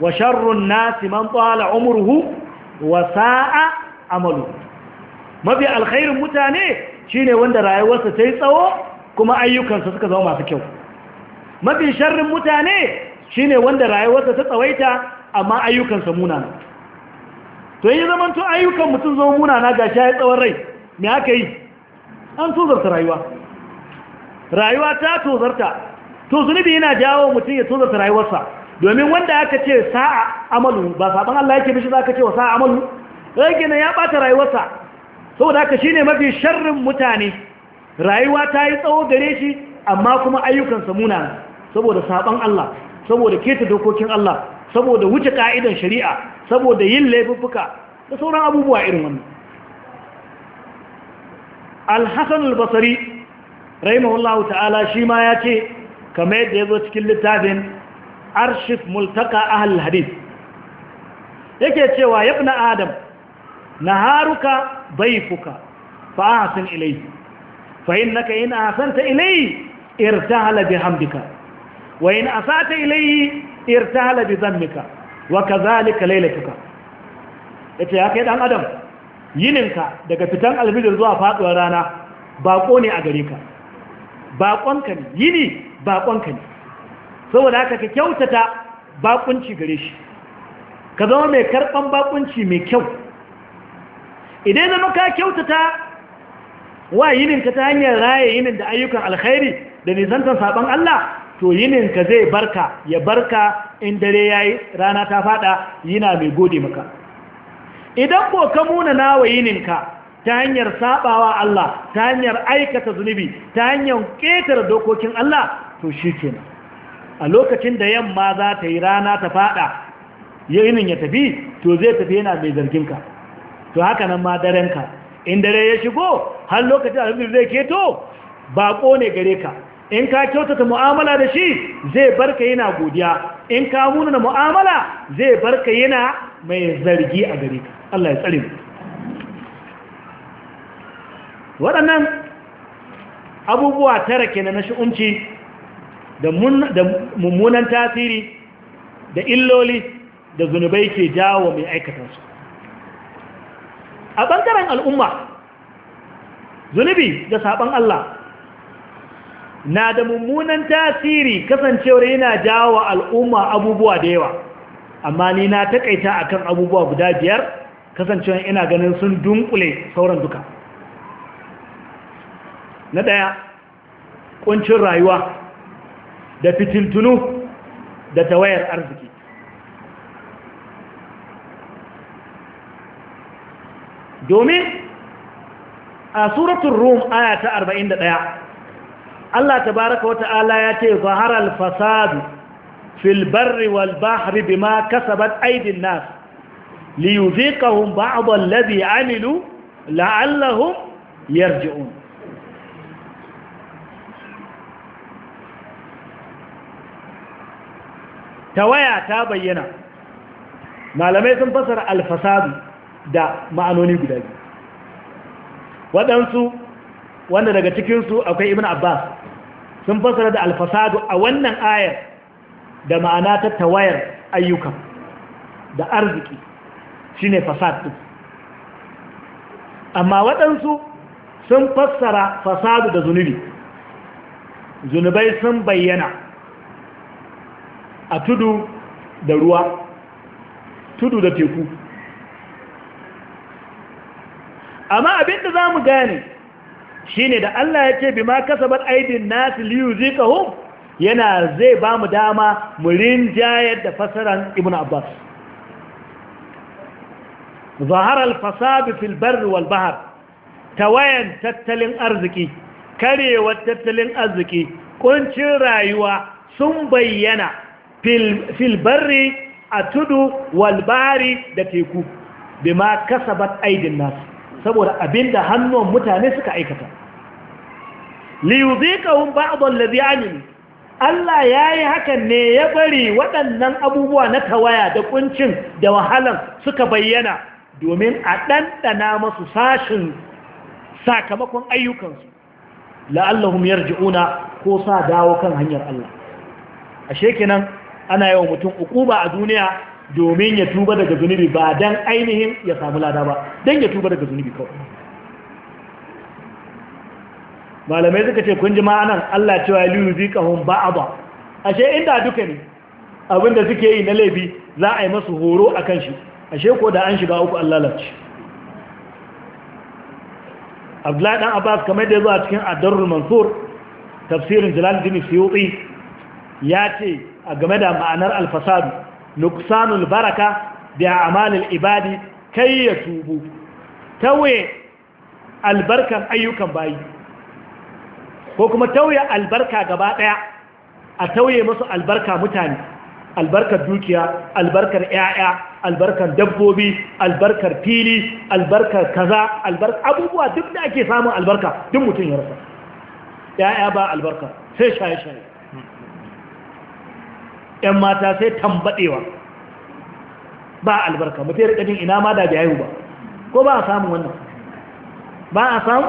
wa sharrun nasi man tsala umurhu wasa'a amalu mafi alkhairin mutane shine wanda rayuwarsa ta yi tsawo kuma ayyukansa suka zama masu kyau mafi sharrin mutane shine wanda rayuwarsa ta tsawaita amma ayyukansa munana to yi zaman to ayyukan mutum zo munana ga ya tsawon rai me aka yi an tozarta rayuwa rayuwa ta tozarta to zunubi yana jawo mutum ya tozarta rayuwarsa domin wanda aka ce sa'a amalu ba saban Allah yake bishi zaka ce wa sa'a amalu rage ne ya bata rayuwarsa saboda haka ne mafi sharrin mutane rayuwa ta yi tsawo gare shi amma kuma ayyukansa muna saboda saban Allah saboda keta dokokin Allah saboda wuce ka'idan shari'a saboda yin laifuffuka da sauran abubuwa irin wannan al-hasan al ta'ala shi ma ya ce kamar yadda ya zo cikin littafin arshif multaka ahal hadith yake cewa yabna adam naharuka dayfuka fa ahsin ilayhi fa innaka in ahsanta ilayhi irtahala bihamdika wa in asata ilayhi irtahala bidhammika wa kadhalika laylatuka yace ya kai dan adam yininka daga fitan albidir zuwa faduwar rana bako ne a gare ka bakonka ne yini bakonka ne saboda haka ka kyautata bakunci gare shi ka zama mai karban bakunci mai kyau idan zama ka kyautata wa yininka ta hanyar raye yinin da ayyukan alkhairi da nisantar saban Allah to yininka zai barka ya barka in dare ya yi rana ta fada yina mai gode maka idan ko ka muna nawa yininka ta hanyar sabawa Allah ta hanyar aikata zunubi ta hanyar ƙetare dokokin Allah to shi kenan a lokacin da yamma za ta yi rana ta fada yi ya tafi to zai tafi yana mai zarginka to haka nan ma darenka in dare ya shigo har lokacin alhamdulillah zai keto baƙo ne gare ka in ka kyautata mu'amala da shi zai barka yana godiya in ka muna mu'amala zai barka yana mai zargi a gare ka Allah ya tsare mu waɗannan abubuwa tara kenan na shi'unci da mummunan tasiri da illoli da zunubai ke jawo mai aikatansu a ɓangaren al'umma zunubi da saɓon Allah na da mummunan tasiri kasancewar yana jawo al'umma abubuwa da yawa amma ni na taƙaita akan abubuwa guda biyar kasancewar ina ganin sun dunkule sauran duka na ɗaya ƙuncin rayuwa da fitintunu da tawayar arziki domin a suratun rum aya ta 41 Allah tabaraka wa ta'ala ya ce zahara al-fasadu fil barri wal bahri bima kasabat aydin nas liyuziqahum ba'd allazi 'amilu la'allahum yarji'un tawaya ta bayyana malamai sun fasara alfasadu da ma'anoni guda biyu waɗansu wanda daga cikinsu akwai ibn abbas sun fasara da alfasadu a wannan ayar da ma'ana ta tawayar ayyuka da arziki shine fasad amma waɗansu sun fassara fasadu da zunubi zunubai sun bayyana a tudu da ruwa tudu da teku amma abinda za mu gane shi da Allah ya ce bi ma kasabar aidin nasu liyu zika yana zai ba mu dama mu rinjayar da fasaran ibn abbas Zaharar alfasadu fil wal bahar tawayan tattalin arziki karewar tattalin arziki kuncin rayuwa sun bayyana filbarri a tudu walbari da teku bi ma kasabat aidin nasu saboda abinda hannun mutane suka aikata liyuzikahum ba'dhal ladhi amilu Allah yayi hakan ne ya bari waɗannan abubuwa na tawaya da ƙuncin da wahalan suka bayyana domin a ɗanɗana masu sashin sakamakon ayyukansu la'allahum yarji'una ko sa dawo kan hanyar Allah ashe kenan ana yawan mutum ukuba a duniya domin ya tuba daga zunubi ba don ainihin ya samu lada ba don ya tuba daga zunubi kawai malamai suka ce kun ji ma'anan Allah cewa liyu a ba ashe inda duka ne abinda suke yi na laifi za a yi masu horo a kan shi ashe ko da an shiga uku an lalace abdullahi dan abbas kamar da ya zuwa cikin adarul mansur tafsirin jalaluddin suyuti ya ce A game da ma'anar alfasadu nuksanul baraka da a'malil ibadi kai ya tubu tawaye albarkan ayyukan bayi ko kuma tauye albarka gaba daya a tauye masu albarka mutane albarkar dukiya albarkar yaya albarkar dabbobi albarkar fili albarkar kaza albarkar abubuwa duk da ake samun albarka duk mutum ya rasa yaya ba albarka sai shaye-shaye 'yan mata sai tambadewa ba albarka mutai rika jin ina ma da jayu ba ko ba a samu wannan ba a samu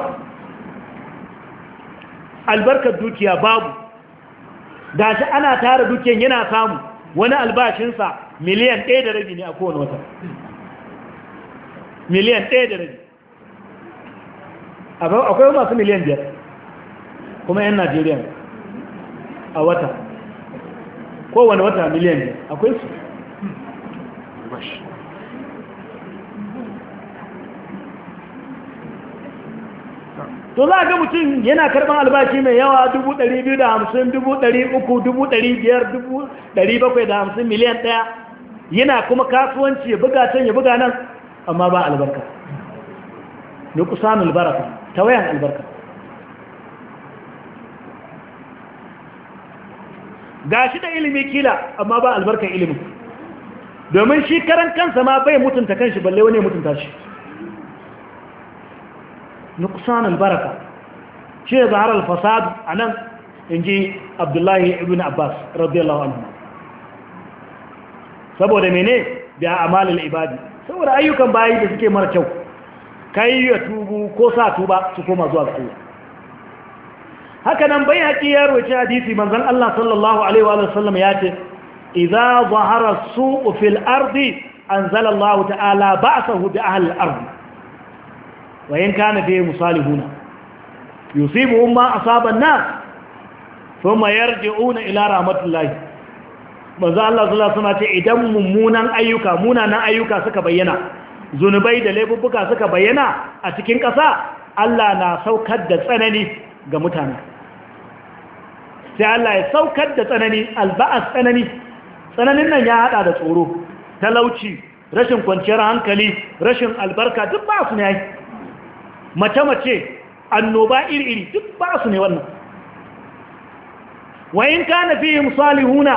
albarkar dukiya babu gashi ana tara dukiyan yana samu wani albashinsa miliyan ɗaya da rabi ne a kowane wata miliyan ɗaya da rabi akwai masu miliyan biyar kuma 'yan najeriya a wata kowane wata miliyan ne akwai su to za a ga mutum yana karban albashi mai yawa 250,000 300,000 500,750 miliyan daya yana kuma kasuwanci ya buga can ya buga nan amma ba albarka nukusan albarka wayan albarka Ga shi da ilimi kila amma ba albarkar ilimin domin shi karan kansa ma bai mutunta kanshi balle wani mutunta shi nuqsan baraka shi ya zahar alfasad in ji abdullahi ibn abbas radiyallahu anhu saboda mene bi amalin ibadi saboda ayyukan bayi da suke mara kyau kai ya tubu ko sa tuba su koma zuwa ga Allah haka nan bai haƙi ya roci hadisi manzan Allah sallallahu Alaihi wa sallam ya ce iza zahara su'u fil ardi an zalallahu ta'ala ba a sahu da ahal ardi wayan kana fiye misali huna yusibu a asaban na sun mayar ji'una ila rahmatullahi manzan Allah sallallahu suna ce idan mummunan ayyuka munanan ayyuka suka bayyana zunubai da laifuffuka suka bayyana a cikin ƙasa Allah na saukar da tsanani ga mutane sai Allah ya saukar da tsanani alba'as tsanani tsananin nan ya hada da tsoro talauci rashin kwanciyar hankali rashin albarka duk ba su ne mace-mace annoba iri-iri duk ba su ne wannan Wa in kana fiye musalihuna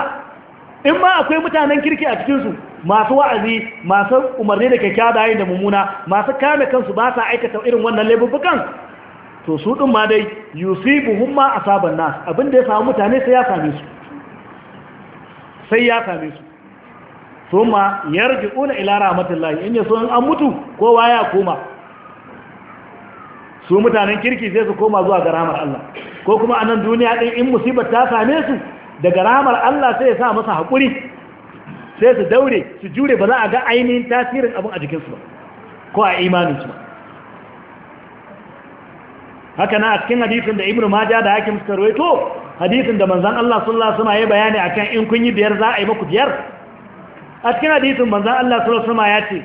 in ma akwai mutanen kirki a cikinsu masu wa'azi masu umarni da kyakkyawa da da mummuna masu kame kansu ba sa aikata irin wannan laifukan to su ɗin ma dai yusibuhum ma asaban nas abin da ya samu mutane sai ya same su sai ya same su thumma yarji'una ila rahmatillahi in yaso in an mutu kowa ya koma su mutanen kirki sai su koma zuwa ga rahmar Allah ko kuma anan duniya din in musibar ta same su daga ramar Allah sai ya sa masa hakuri sai su daure su jure ba za a ga ainihin tasirin abin a jikinsu ba ko a imaninsu ba haka na a cikin hadisin da ibnu majah da hakim suka rawaito hadisin da manzon Allah sallallahu alaihi wasallam ya bayani akan in kun yi biyar za a yi muku biyar a cikin hadisin manzon Allah sallallahu alaihi wasallam ya ce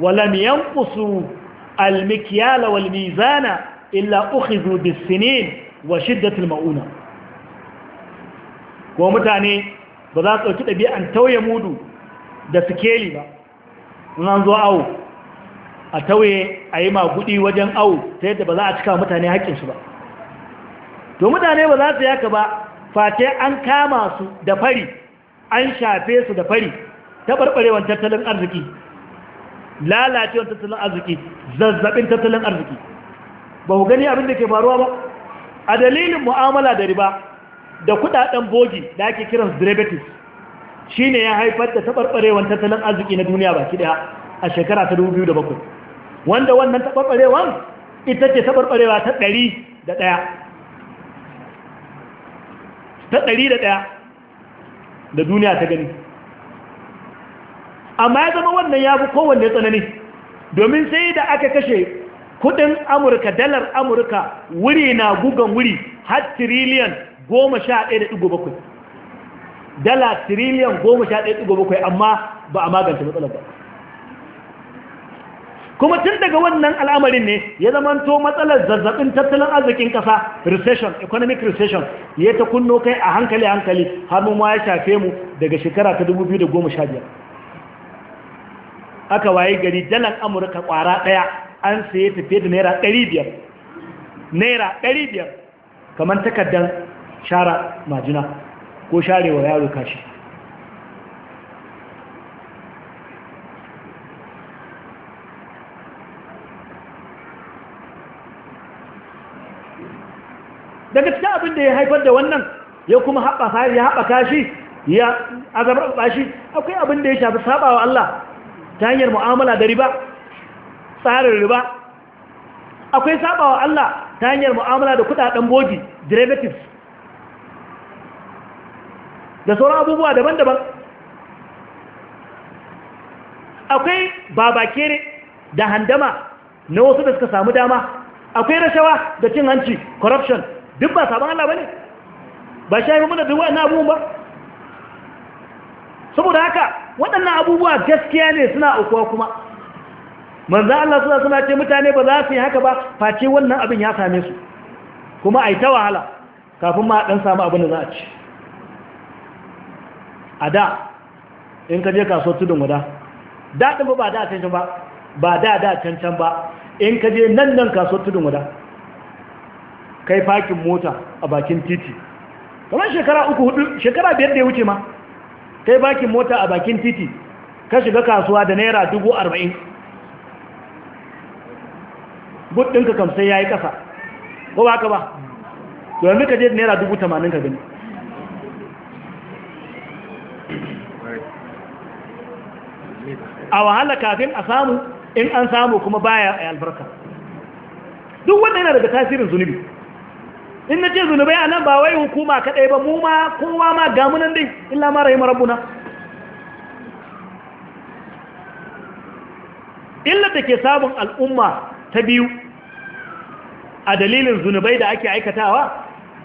walam yanqusu al-mikyala illa ukhidhu bis-sinin wa shiddatil mauna ko mutane ba za su dauki dabi'an tauye mudu da sikeli ba nan zo awo a tauye a yi magudi wajen awu ta yadda ba za a cika mutane haƙƙinsu ba to mutane ba za su yaka ba face an kama su da fari an shafe su da fari taɓarɓarewar tattalin arziki lalacewar tattalin arziki zazzabin tattalin arziki ba ku gani abin da ke faruwa ba a dalilin mu'amala da riba da kuɗaɗen bogi da ake kiran derivatives shine ya haifar da taɓarɓarewar tattalin arziki na duniya baki ɗaya a shekara ta 2007 wanda wannan taɓarɓarewan ita ce taɓarɓarewa ta ɗari da ɗaya ta ɗari da ɗaya da duniya ta gani amma ya zama wannan ya fi kowanne tsanani domin sai da aka kashe kudin amurka dalar amurka wuri na gugan wuri har tiriliyan goma sha ɗaya da ɗigo bakwai dala tiriliyan goma sha ɗaya da ɗigo bakwai amma ba a magance matsalar ba kuma tun daga wannan al'amarin ne ya zamanto matsalar zazzabin tattalin arzikin ƙasa recession economic recession ya ta kunno kai a hankali hankali har mu ma ya shafe mu daga shekara ta 2015 aka waye gari dalar amurka kwara ɗaya an saye tafiye da naira 500 naira 500 kamar takardar shara majina ko sharewa yaro kashi daga cikin abin da ya haifar da wannan ya kuma haɓaka ya shi ya azabar shi akwai abin da ya shafi sabawa Allah ta hanyar mu'amala da riba tsarin riba akwai sabawa Allah ta hanyar mu'amala da kudaden bogi derivatives da sauran abubuwa daban-daban akwai babakere da handama na wasu da suka samu dama akwai rashawa da cin hanci corruption duk ba sabon Allah ba ne ba shi haifi muna duk waɗannan abubuwan ba saboda haka waɗannan abubuwa gaskiya ne suna aukuwa kuma manzan Allah suna suna ce mutane ba za su yi haka ba face wannan abin ya same su kuma a yi ta wahala kafin ma ɗan samu abin da za a ci a da in ka je kasuwar tudun wada daɗin ba ba da cancan ba ba da da cancan ba in ka je nan nan kasuwar tudun wada kai fakin mota a bakin titi kamar shekara uku hudu shekara biyar da ya wuce ma kai bakin mota a bakin titi ka shiga kasuwa da naira dubu arba'in kam kamsai ya yi ƙasa ko ba ka ba domin ka je da naira dubu tamanin ka gani a wahala kafin a samu in an samu kuma baya a albarka duk wanda yana daga tasirin zunubi in na ce zunubai a nan ba wai hukuma kaɗai ba mu ma kowa ma gamunan dai illa mara yi marabuna. Illar da ke samun al'umma ta biyu a dalilin zunubai da ake aikatawa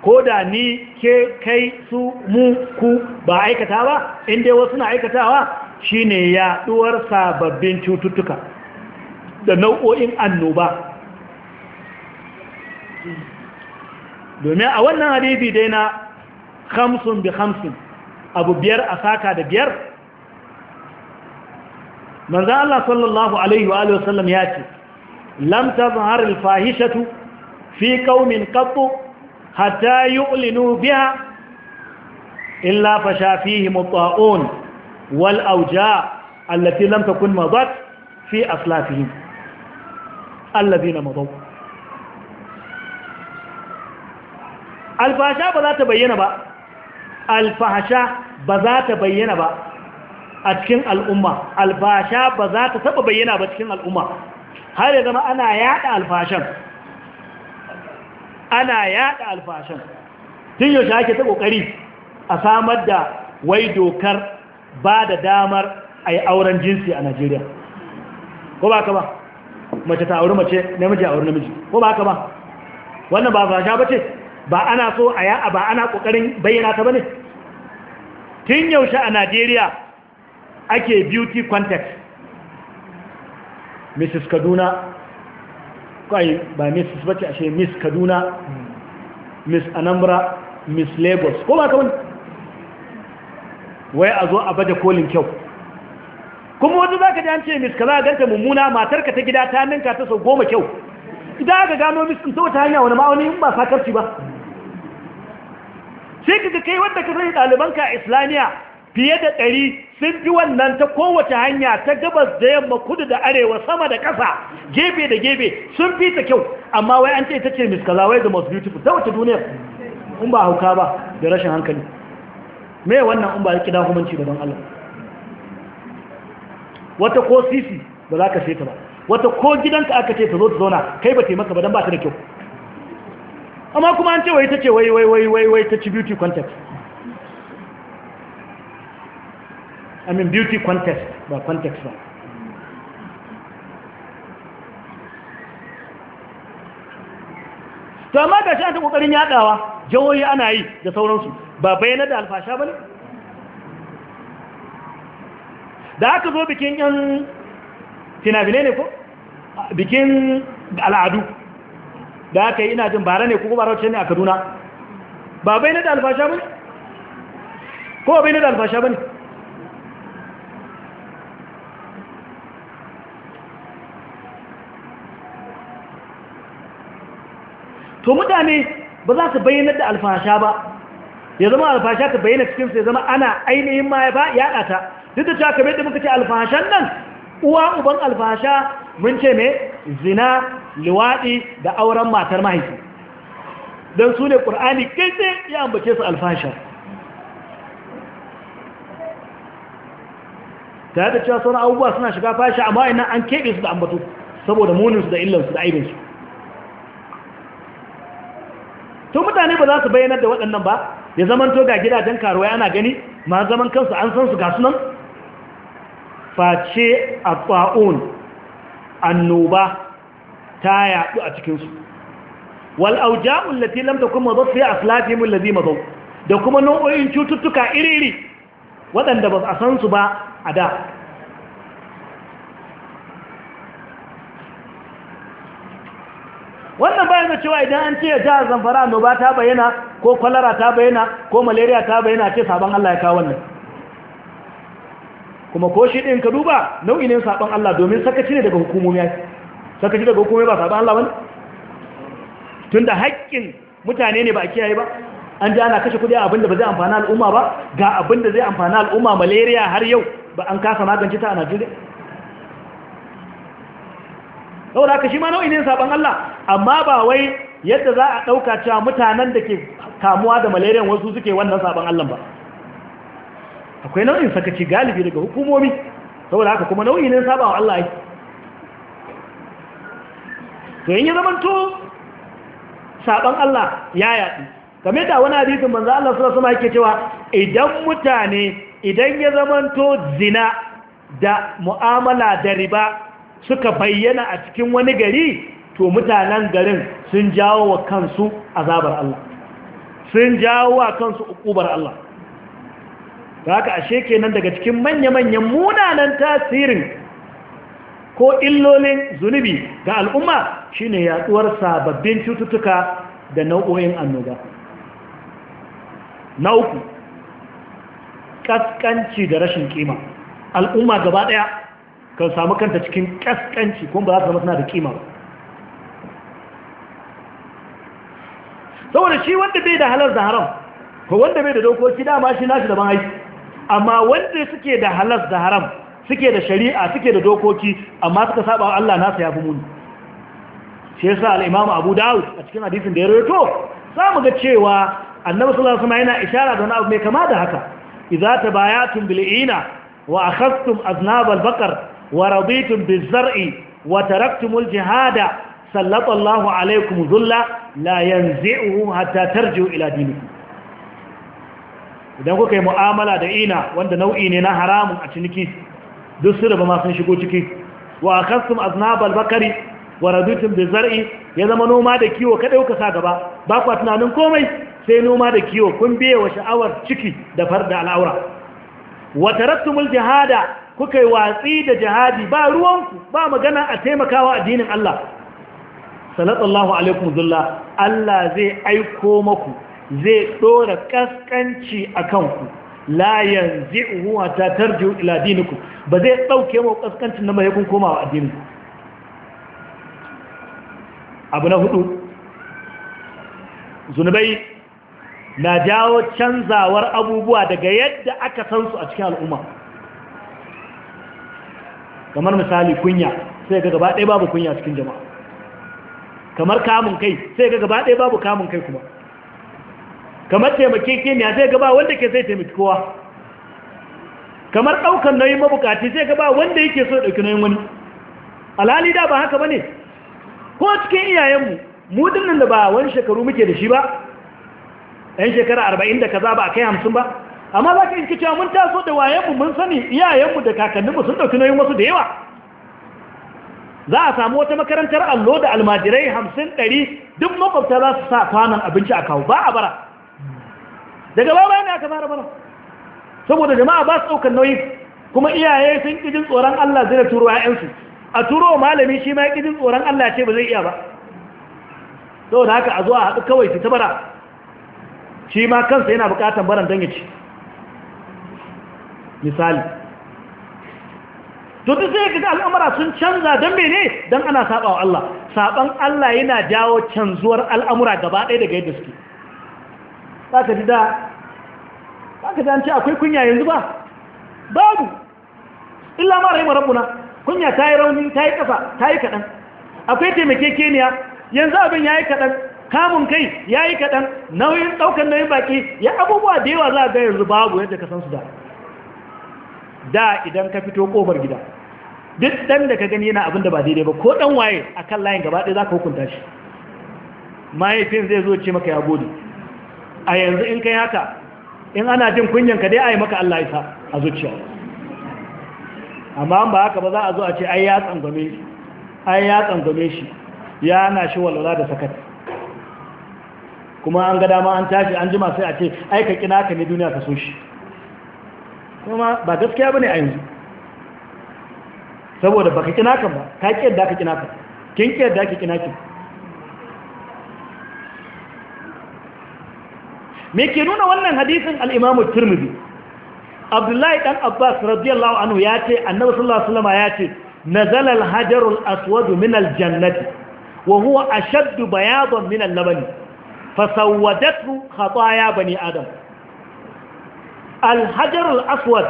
ko da ni ke kai su mu ku ba aikata ba inda wasu suna aikatawa shine yaɗuwar sababbin cututtuka da nau'o'in annoba domin a wannan hadisi dai na hamsin bi hamsin abu biyar a saka da biyar manzan Allah sallallahu Alaihi wa sallam ya ce lamta tazhar al fi qaumin qattu hatta yu'linu biya, in fasha fihi muta'un wal awja allati lamta takun madat fi aslafihim na madaw alfahasha ba za ta bayyana ba a cikin al'umma alfahasha ba za ta taba bayyana ba cikin al'umma har ya zama ana yaɗa alfahashan ana yada alfahashan tun yaushe ake ta ƙoƙari a samar da wai dokar ba da damar a yi auren jinsi a najeriya ko ba ka ba mace ta auri mace namiji a auri namiji ko ba ka ba wannan ba fasha ba ce ba ana so a ya'a ba ana kokarin bayyana ta bane tun yaushe a Najeriya ake beauty contest Mrs Kaduna kai ba Mrs bace ashe Miss Kaduna Miss Anambra Miss Lagos ko ba ka wani wai a zo a baje kolin kyau kuma wanda za ka ji an ce miss kaza ganta mummuna matarka ta gida ta ninka ta sau goma kyau idan aka gano miss ta wata hanya wani ma'auni ba sakarci ba sai ka kai wanda ka sani ɗalibanka a Islamiyya fiye da ɗari sun fi wannan ta kowace hanya ta gabas da yamma kudu da arewa sama da ƙasa gefe da gefe sun fi ta kyau amma wai an ce ita ce miskala wai the most beautiful ta wata duniya in ba hauka ba da rashin hankali me wannan in ba ya kida hukumanci daban Allah wata ko sisi ba za ka sai ta ba wata ko gidanka aka ce ta zo ta zauna kai ba taimaka ba don ba ta da kyau amma kuma an ce wai ta ce wai wai wai wai wai ta ci beauty contest I mean beauty contest ba contest ba to amma ga shi an ta kokarin yadawa jawoyi ana yi da sauransu ba bayyana da alfasha ba ne da aka zo bikin yan finafinai ne ko bikin al'adu da aka yi ina jin bara ne kuma barauce ne a kaduna ba bai na da alfasha ba ne ko bai na da alfasha ba ne to mutane ba za su bayyana da alfasha ba ya zama alfasha ta bayyana cikinsu ya zama ana ainihin ma ya ba ya ɗata duk da cewa kamar da muka ce alfashan nan uwa uban alfasha mun ce ne zina liwaɗi da auren matar mahaifi don su ne ƙur'ani kai ya ambace su alfasha ta da cewa sauran abubuwa suna shiga fasha amma ina an keɓe su da ambatu saboda muninsu da illansu da aibinsu to mutane ba za su bayyanar da waɗannan ba ya zamanto ga gidajen karuwa ana gani ma zaman kansu an san su ga sunan face a fa'un annoba ta yaɗu a cikinsu wal'auja'un lati lamta kuma zo yi a filafimin ma mazau da kuma nau'o'in cututtuka iri-iri waɗanda ba a san su ba a da wannan bayan da cewa idan an ce ya jihar zamfara annoba ta bayyana ko kwalara ta bayyana ko malaria ta bayyana ce sabon Allah ya kawo wannan kuma ko shi ɗin ka duba nau'i ne saɓon Allah domin sakaci ne daga hukumomi sakaci daga hukumomi ba saɓon Allah wani tun da haƙƙin mutane ne ba a kiyaye ba an ji ana kashe kuɗi abinda ba zai amfana al'umma ba ga abinda zai amfana al'umma malaria har yau ba an kasa magance ta a najeriya saboda haka shi ma nau'i ne saɓon Allah amma ba wai yadda za a ɗauka cewa mutanen da ke kamuwa da malaria wasu suke wannan saɓon Allah ba akwai nau'in sakaci galibi daga hukumomi saboda haka kuma nau'i ne saba wa Allah to yin ya zamanto saban Allah ya yaɗu game da wani hadisin manzo Allah sallallahu alaihi yake cewa idan mutane idan ya zamanto zina da mu'amala da riba suka bayyana a cikin wani gari to mutanen garin sun jawo wa kansu azabar Allah sun jawo wa kansu ukubar Allah ta haka ashe kenan daga cikin manya-manyan munanan tasirin ko illolin zunubi ga al'umma shine yatsuwar sababbin cututtuka da nau'o'in annoba na uku kaskanci da rashin kima al'umma gaba daya kan samu kanta cikin kaskanci kuma ba za su zama suna da kima ba saboda shi wanda bai da halar da haram ko wanda bai da dokoki dama shi nashi da ban aiki amma wanda suke da halas da haram suke da shari'a suke da dokoki amma suka saba wa Allah nasa yafi muni shi yasa al-Imam Abu Dawud a cikin hadisin da ya rawaito zamu ga cewa Annabi sallallahu alaihi wasallam yana ishara da wani abu mai kama da haka idza tabayatum bil'ina wa akhadhtum aznab al-baqar wa raditum biz-zar'i wa taraktumul jihada sallata alaikum zulla dhulla la yanzi'uhu hatta tarji'u ila dinikum idan kuka yi mu'amala da ina wanda nau'i ne na haramun a ciniki duk su ba ma sun shigo ciki wa akastum aznabal bakari wa rabitum bi zar'i ya zama noma da kiwo kada kuka sa gaba ba kwa tunanin komai sai noma da kiwo kun biye wa sha'awar ciki da farda al'aura wa tarattumul jihada kuka yi watsi da jihadi ba ruwanku ba magana a taimakawa addinin Allah sallallahu alaikum zulla Allah zai aiko maku zai ɗora ƙasƙanci a kanku la yanzu huwa ta tarjiyu ila ba zai ɗauke mawa ƙasƙancin na mai kun koma a dinku abu na hudu zunubai na jawo canzawar abubuwa daga yadda aka san su a cikin al'umma kamar misali kunya sai ga gaba ɗaya babu kunya cikin jama'a kamar kamun kai sai ga gaba ɗaya babu kamun kai kuma kamar taimakekeniya zai gaba wanda ke zai taimake kowa kamar ɗaukar nauyin mabukaci zai gaba wanda yake so ɗauki nauyin wani alhali da ba haka ba ne ko cikin iyayenmu mudin da ba wani shekaru muke da shi ba yan shekara arba'in da kaza ba a kai hamsin ba amma za ka iske cewa mun taso da wayenmu mun sani iyayenmu da kakanninmu sun ɗauki nauyin wasu da yawa za a samu wata makarantar allo da almajirai hamsin ɗari duk makwabta za su sa kwanan abinci a kawo ba a bara daga baba ne aka fara bara saboda jama'a ba su ɗaukar nauyi kuma iyaye sun ƙijin tsoron Allah zai turo 'yansu a turo malami shi ma ƙijin tsoron Allah ce ba zai iya ba saboda haka a zuwa haɗu kawai su tabara shi ma kansa yana buƙatar baran don ya ci misali to duk sai ga al'amura sun canza don mene don ana saɓa wa Allah saɓan Allah yana jawo canzuwar al'amura gaba ɗaya daga yadda suke za ka ji da ba ka ji akwai kunya yanzu ba babu illa ma rahimu rabbuna kunya ta yi rauni ta yi ƙasa ta yi kaɗan akwai keniya, yanzu abin ya yi kaɗan kamun kai ya yi kaɗan nauyin ɗaukar nauyin baƙi ya abubuwa da yawa za a ga yanzu babu yadda ka san su da da idan ka fito ƙofar gida duk ɗan da ka gani yana abin da ba daidai ba ko ɗan waye a kan layin gaba ɗaya za ka hukunta shi mahaifin zai zo ce maka ya gode a yanzu in kai haka in ana jin kunyanka dai a yi maka Allah isa a zuciya amma ba haka ba za a zo a ce ai ya tsangwame shi ai ya tsangwame shi ya na shi walwala da sakat kuma an ga dama an tashi an jima sai a ce ai ka kina ka ne duniya ka so shi kuma ba gaskiya bane a yanzu saboda baka kina ka ba ka kiyar da ka kina ka kin kiyar da ka kina kin me ke nuna wannan hadisin alimamu imamu abdullahi dan abbas radiyallahu anhu ya ce annabi sallallahu alaihi ya ce nazala al aswad min al-jannati wa huwa Baya bayadan min al-laban fasawwadathu khataaya bani adam Alhajarul aswad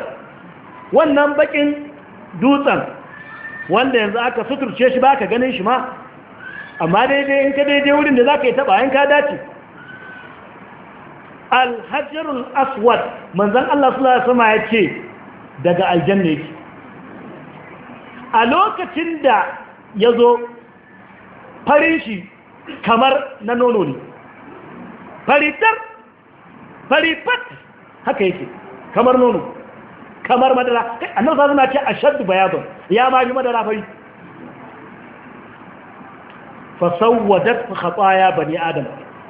wannan bakin dutsen wanda yanzu aka suturce shi baka ganin shi ma amma daidai in ka daidai wurin da zaka yi taba in ka dace alhajirul aswad manzan Allah lafi sama ya ce daga aljanna yake a lokacin da ya zo farin shi kamar na nono ne faritar farifat haka yake kamar nono kamar madara kai a nan alaihi ce a ce ashaddu ya ma madara fari fasawwadat khataya bani adam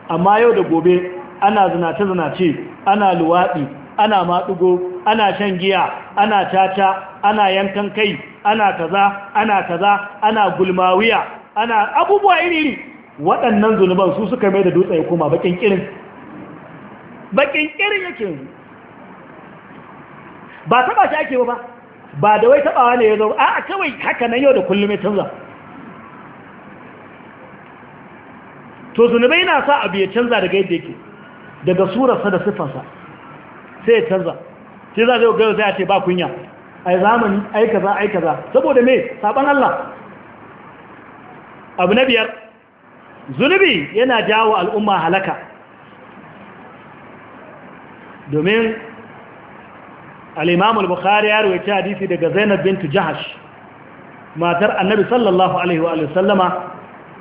amma yau da gobe ana zinace-zinace ana luwaɗi ana maɗugo ana shan giya ana caca ana yankan kai ana kaza ana kaza ana gulmawiya ana abubuwa iri-iri waɗannan zunuban su suka mai da dutse kuma bakin kirin bakin kirin yake ba taɓa shi ake ba ba da wai taɓawa ne ya zo a kawai haka nan yau da kullum ya canza to zunubai na sa abu ya canza daga yadda yake daga surarsa da siffarsa sai ya canza sai za zai gaya sai a ce ba kunya a zamani ai kaza ai kaza saboda me saban Allah abu na biyar zunubi yana jawo al'umma halaka domin al'imam al-bukhari ya rawaita hadisi daga zainab bintu jahash matar annabi sallallahu alaihi wa sallama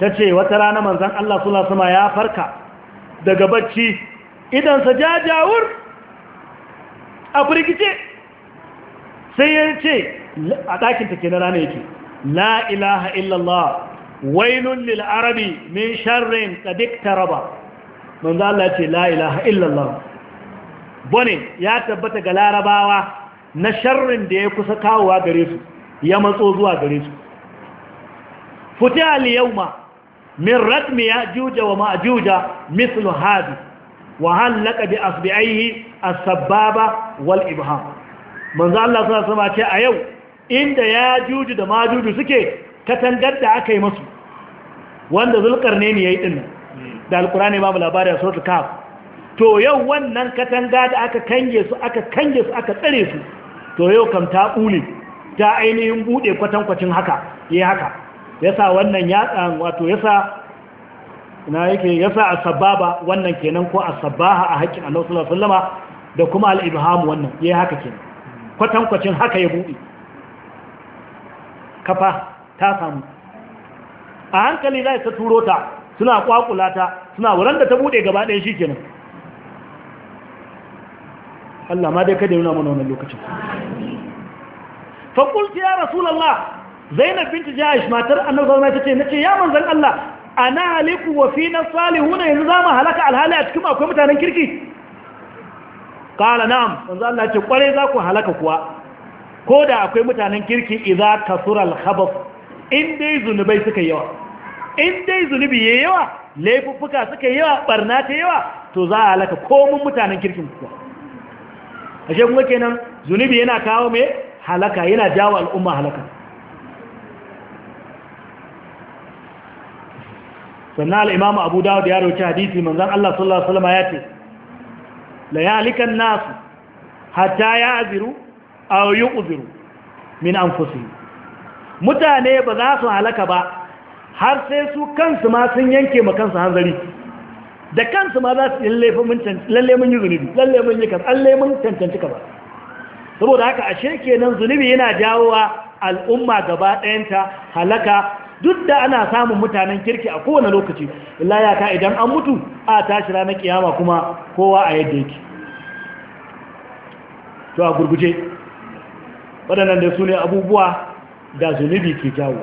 ta ce wata rana manzan Allah sula sama ya farka daga bacci idansa jajawar a firgice sai ya ce a ɗakinta ke na rana yake la ilaha illallah wailun lil arabi min sharrin qadik taraba za Allah ce la ilaha illallah bone ya tabbata ga larabawa na sharrin da ya kusa kawowa gare su ya matso zuwa gare su futiha al ma, min ratmi ya juja wa ma juja mithlu wa halaka bi asbi'aihi as-sababa wal ibham manzo Allah sallallahu alaihi ce a yau inda ya juju da majuju suke katangar da aka yi musu wanda ne yayi din da alqur'ani babu labari a suratul kaf to yau wannan katanga da aka kange su aka kange su aka tsare su to yau kam ta ƙule ta ainihin bude kwatankwacin haka yayi haka yasa wannan ya wato yasa ina yake yasa asbaba wannan kenan ko asbaha a haƙin Allah sallallahu alaihi wasallama da kuma al-ibham wannan yi haka kenan kwatankwacin haka ya bude kafa ta samu a hankali za ta turo ta suna kwakulata, suna wurin da ta bude gaba ɗaya shikenan Allah ma dai kada nuna mana wannan lokacin fa qulti ya rasulullah zainab bint jahish matar annabawa sallallahu alaihi tace nace ya manzon Allah ana haliku wa fi na salihuna yanzu za mu halaka alhali a cikin akwai mutanen kirki kala na'am yanzu Allah ce kwarai za ku halaka kuwa ko da akwai mutanen kirki iza ka al in dai zunubai suka yawa in dai zunubi ya yawa laifuffuka suka yawa barna ta yawa to za a halaka komun mutanen kirkin kuwa a kuma kenan zunubi yana kawo mai halaka yana jawo al'umma halaka sannan al'imamu abu da ya rauci hadisi manzan Allah sallallahu Alaihi wasallam ya ce layalikan nasu hata ya aziru a yi uziru min an mutane ba za su halaka ba har sai su kansu ma sun yanke ma kansu hanzari da kansu ma za su lalle mun yi zunubi lalle mun yi kansu lalle mun cancanci ba saboda haka ashe kenan zunubi yana jawowa al'umma gaba ɗayanta halaka duk da ana samun mutanen kirki a kowane lokaci ya ka idan an mutu a tashi ranar kiyama kuma kowa a yadda yake to a gurguje waɗannan da su ne abubuwa da zunubi ke jawo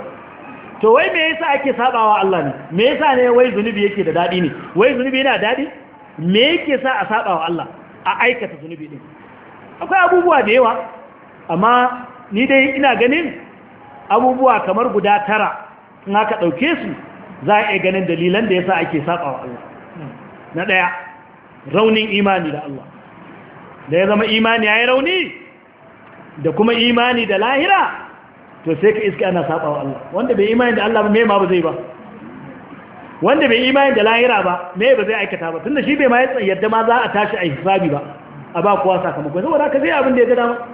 to wai me yasa ake sabawa Allah ne me yasa ne wai zunubi yake da dadi ne wai zunubi yana dadi me yake sa a sabawa Allah a aikata zunubi din akwai abubuwa da yawa amma ni dai ina ganin abubuwa kamar guda tara in aka ɗauke su za a iya ganin dalilan da ya sa ake saƙa wa Allah na ɗaya raunin imani da Allah da ya zama imani ya yi rauni da kuma imani da lahira to sai ka iska ana saƙa wa Allah wanda bai imani da Allah mai ma ba zai ba wanda bai imani da lahira ba mai ba zai aikata ba tun da shi bai ma yadda ma za a tashi a hisabi ba a ba kowa sakamakon saboda ka zai abin da ya gada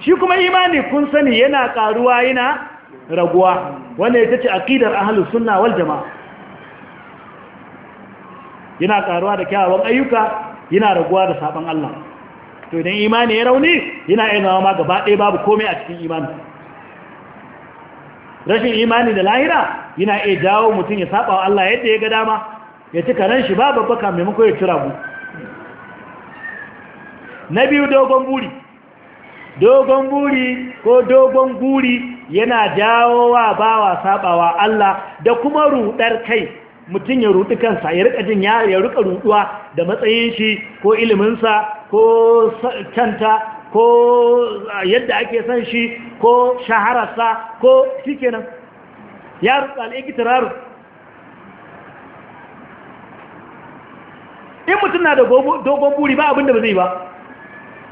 shi kuma imani kun sani yana ƙaruwa yana raguwa wanda ita ce aqidar ahlus sunna wal jamaa yana karuwa da kyawawan ayyuka yana raguwa da saban Allah to idan imani ya rauni yana ainawa ma gaba ɗaya babu komai a cikin imani rashin imani da lahira yana iya jawo mutum ya saba wa Allah yadda ya ga dama ya ci karen shi ba babbaka maimakon ya cira mu na biyu dogon buri dogon buri ko dogon guri yana jawowa bawa sabawa Allah da kuma rudar kai mutum ya rudu kansa ya rika jin ya rika ruduwa da matsayin shi ko iliminsa ko canta ko yadda ake san shi ko shahararsa ko shikenan ya rudu al'ikitirar in mutum na da dogon buri ba abinda ba zai ba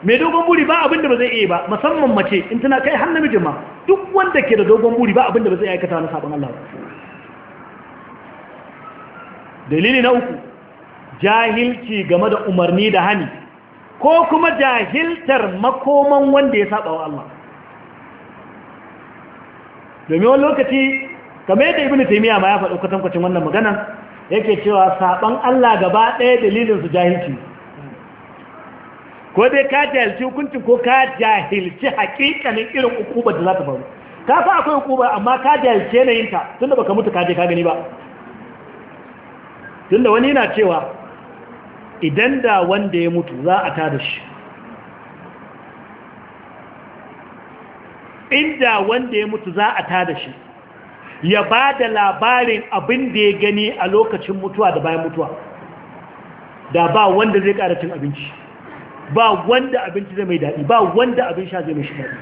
mai dogon buri ba abin da ba zai iya ba musamman mace in tana kai har namijin ma duk wanda ke da dogon buri ba abin da ba zai aikata na sabon Allah dalili na uku jahilci game da umarni da hani ko kuma jahiltar makoman wanda ya saba wa Allah domin wani lokaci kamar yadda ibn taimiyya ma ya faɗi kwatankwacin wannan magana yake cewa saban Allah gaba ɗaya dalilinsu jahilci ko dai ka jahilci hukuncin ko ka jahilci hakikanin irin hukubar da za ta faru ka fa akwai ukuba amma ka jahilce na yinta da baka mutu ka je ka gani ba tunda wani yana cewa idan da wanda ya mutu za a tada shi inda wanda ya mutu za a tada shi ya ba da labarin abin da ya gani a lokacin mutuwa da bayan mutuwa da ba wanda zai ƙara cin abinci ba wanda abinci zai mai daɗi ba wanda abin sha zai mai shi daɗi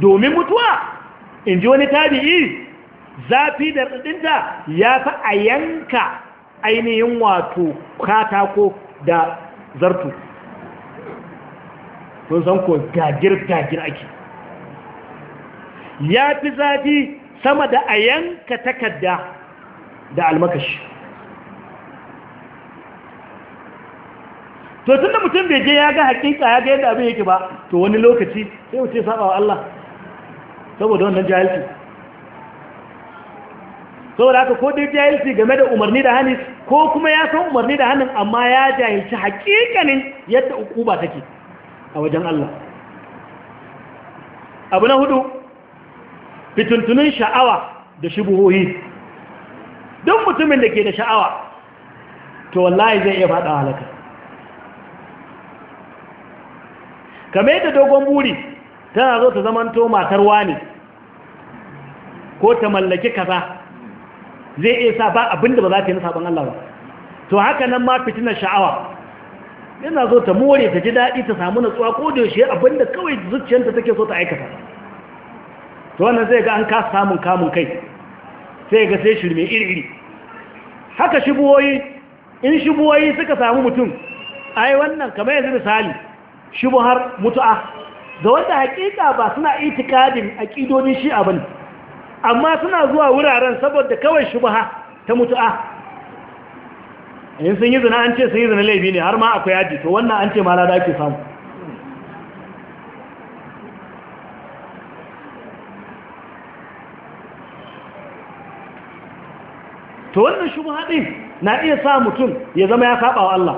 domin mutuwa in ji wani tabi'i zafi da ɗinta ya fi a yanka ainihin wato katako da zartu sun san ko gagir-gagir ake ya fi zafi sama da a yanka takarda da almakashi to tun da mutum bai je ya ga hakika ya ga yadda abin yake ba to wani lokaci sai mutum saba wa Allah saboda wannan jahilci saboda haka ko dai jahilci game da umarni da hannu ko kuma ya san umarni da hannun amma ya jahilci hakikanin yadda ukuba take a wajen Allah abu na hudu fituntunin sha'awa da shubuhohi duk mutumin da ke da sha'awa to wallahi zai iya faɗawa halaka kamar yadda dogon buri tana zo ta zamanto matar wani ko ta mallaki kaza zai iya sa ba abinda ba za ta yi na sabon Allah ba to haka nan ma fitinar sha'awa yana zo ta more ta ji daɗi ta samu natsuwa ko da yaushe abinda kawai zuciyarta take so ta aikata to wannan zai ga an kasa samun kamun kai sai ga sai shirme iri-iri haka shibuwoyi in shibuwoyi suka samu mutum ai wannan kamar yanzu misali shubuhar mutu'a ga wanda hakika ba suna itikadin aƙidodin shi'a bane amma suna zuwa wuraren saboda kawai shubuha ta mutu'a in sun yi zina an ce sun yi zina laifi ne har ma akwai yaji to wannan an ce mala da ake samu to wannan shubuha din na iya sa mutum ya zama ya saba wa Allah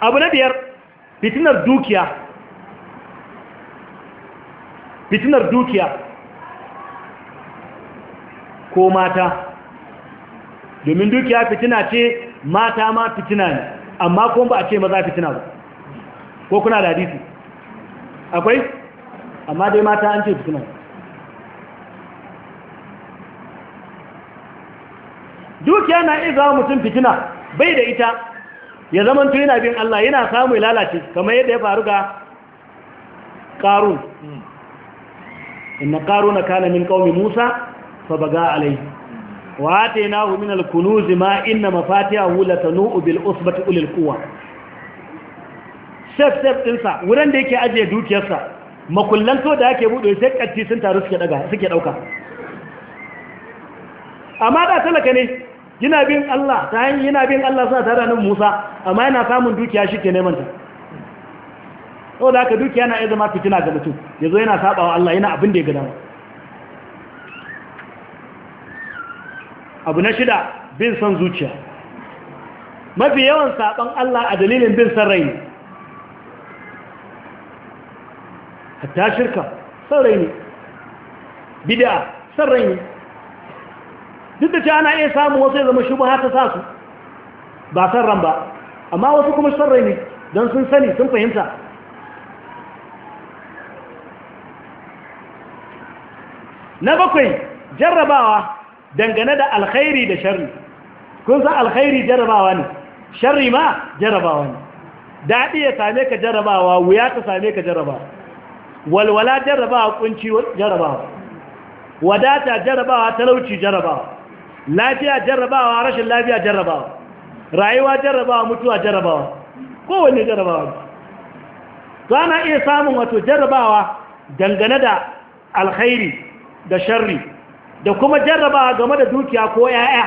abu na biyar fitinar dukiya fitinar dukiya ko mata domin dukiya fitina ce mata ma fitina ne amma kuma ba a ce maza fitina ba ko kuna da hadisi akwai amma dai mata an ce fitina dukiya na iya zama mutum fitina bai da ita ya zaman tuni yana bin Allah yana samu lalace kamar yadda ya faru ga qarun inna na kana min qaumi musa fa baga alai wa atainahu min al-kunuz ma inna mafatihahu latanu bil usbati ulil quwwa chef chef dinsa wurin da yake ajiye dukiyarsa makullanto da yake buɗe sai katti sun taru suke ɗauka. amma da talaka ne yana bin Allah ta hanyar yana bin Allah suna tare nan Musa amma yana samun dukiya shi ke neman ta saboda haka dukiya na iya zama fitina ga mutum ya zo yana sabawa Allah yana abin da ya gada abu na shida bin son zuciya mafi yawan saban Allah a dalilin bin son rai ne hatta shirka son rai ne bid'a son rai ne duk da ce ana iya samun wasu ya zama shubha ta sa su ba san ran ba amma wasu kuma san rai ne don sun sani sun fahimta na bakwai jarrabawa dangane da alkhairi da sharri kun san alkhairi jarrabawa ne sharri ma jarrabawa ne daɗi ya same ka jarrabawa wuya ta same ka jarrabawa walwala jarrabawa kunci jarrabawa wadata jarrabawa talauci jarrabawa lafiya jarrabawa rashin lafiya jarrabawa rayuwa jarrabawa mutuwa jarrabawa kowanne jarrabawa to ana iya samun wato jarrabawa dangane da alkhairi da sharri da kuma jarrabawa game da dukiya ko 'ya'ya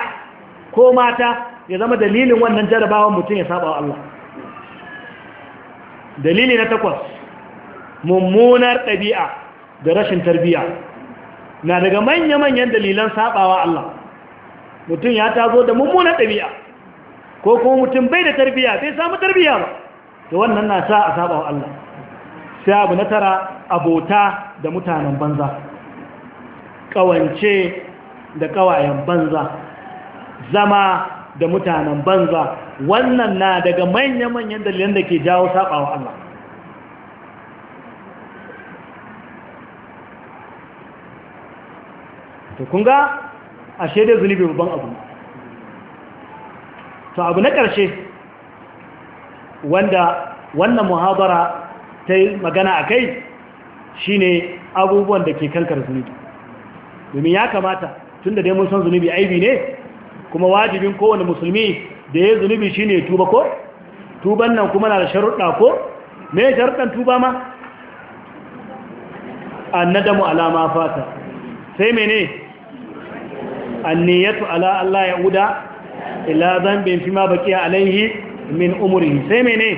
ko mata ya zama dalilin wannan jarrabawa mutum ya saba wa Allah dalili na takwas mummunar ɗabi'a da rashin tarbiyya na daga manya-manyan dalilan sabawa Allah mutum ya tazo da mummunan ɗabi'a ko kuma mutum bai da tarbiya bai samu tarbiya ba to wannan na sa a saba wa Allah sai abu na tara abota da mutanen banza ƙawance da ƙawayen banza zama da mutanen banza wannan na daga manya-manyan dalilan da ke jawo saba wa Allah to kunga ashe dai zunubi babban abu to abu na ƙarshe wanda wannan muhabara ta magana a kai shine abubuwan da ke kankar zunubi domin ya kamata tun da dai mun san zunubi aibi ne kuma wajibin kowane musulmi da ya zunubi shine tuba ko tuban nan kuma na da sharuɗa ko me sharuɗan tuba ma nadamu alama fata sai mene anniyatu ala Allah ya uda ila zambin fi ma baqiya alaihi min umrihi sai mene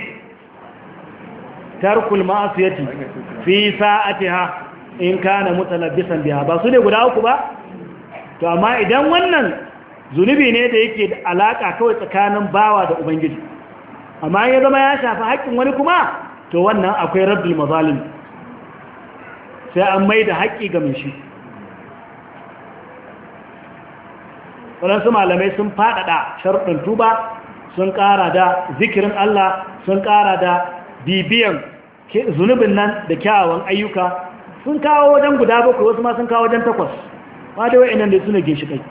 tarkul ma'asiyati fi sa'atiha in kana mutalabbisan biha ba su ne guda uku ba to amma idan wannan zunubi ne da yake da alaka kawai tsakanin bawa da ubangiji amma ya zama ya shafi haƙƙin wani kuma to wannan akwai raddul mazalim sai an mai da haƙƙi ga mai shi waɗansu malamai sun faɗaɗa sharɗin tuba sun ƙara da zikirin Allah sun ƙara da bibiyan zunubin nan da kyawawan ayyuka sun kawo wajen guda bakwai wasu ma sun kawo wajen takwas ba da wa'in nan da suna kai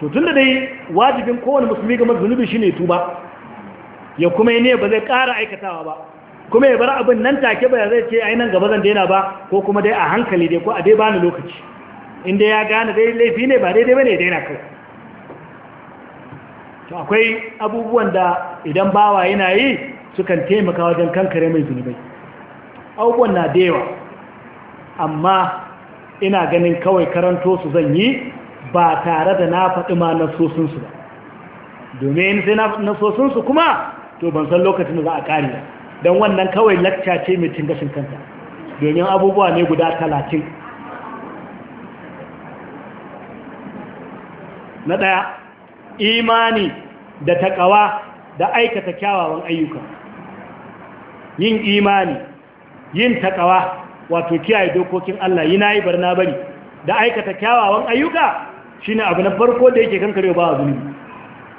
to tun da dai wajibin kowane musulmi game zunubi shine ne tuba ya kuma yi ne ba zai ƙara aikatawa ba kuma ya bar abin nan take ba ya zai ce nan gaba zan daina ba ko kuma dai a hankali dai ko a dai bani lokaci inda ya gane dai laifi ne ba daidai bane daina kai to akwai abubuwan da idan bawa yana yi sukan taimaka wajen kankare mai zunubai abubuwan na da yawa amma ina ganin kawai karanto su zan yi ba tare da na faɗi ma nasosinsu ba domin sai nasosinsu kuma to ban san lokacin da za a ƙari don wannan kawai lakca ce mai cin gashin kanta domin abubuwa ne guda talatin na ɗaya imani da taƙawa da aikata kyawawan ayyuka yin imani yin taƙawa wato kiyaye dokokin Allah yi na bar na bari da aikata kyawawan ayyuka shi ne abu na farko da yake kankare ba zunubi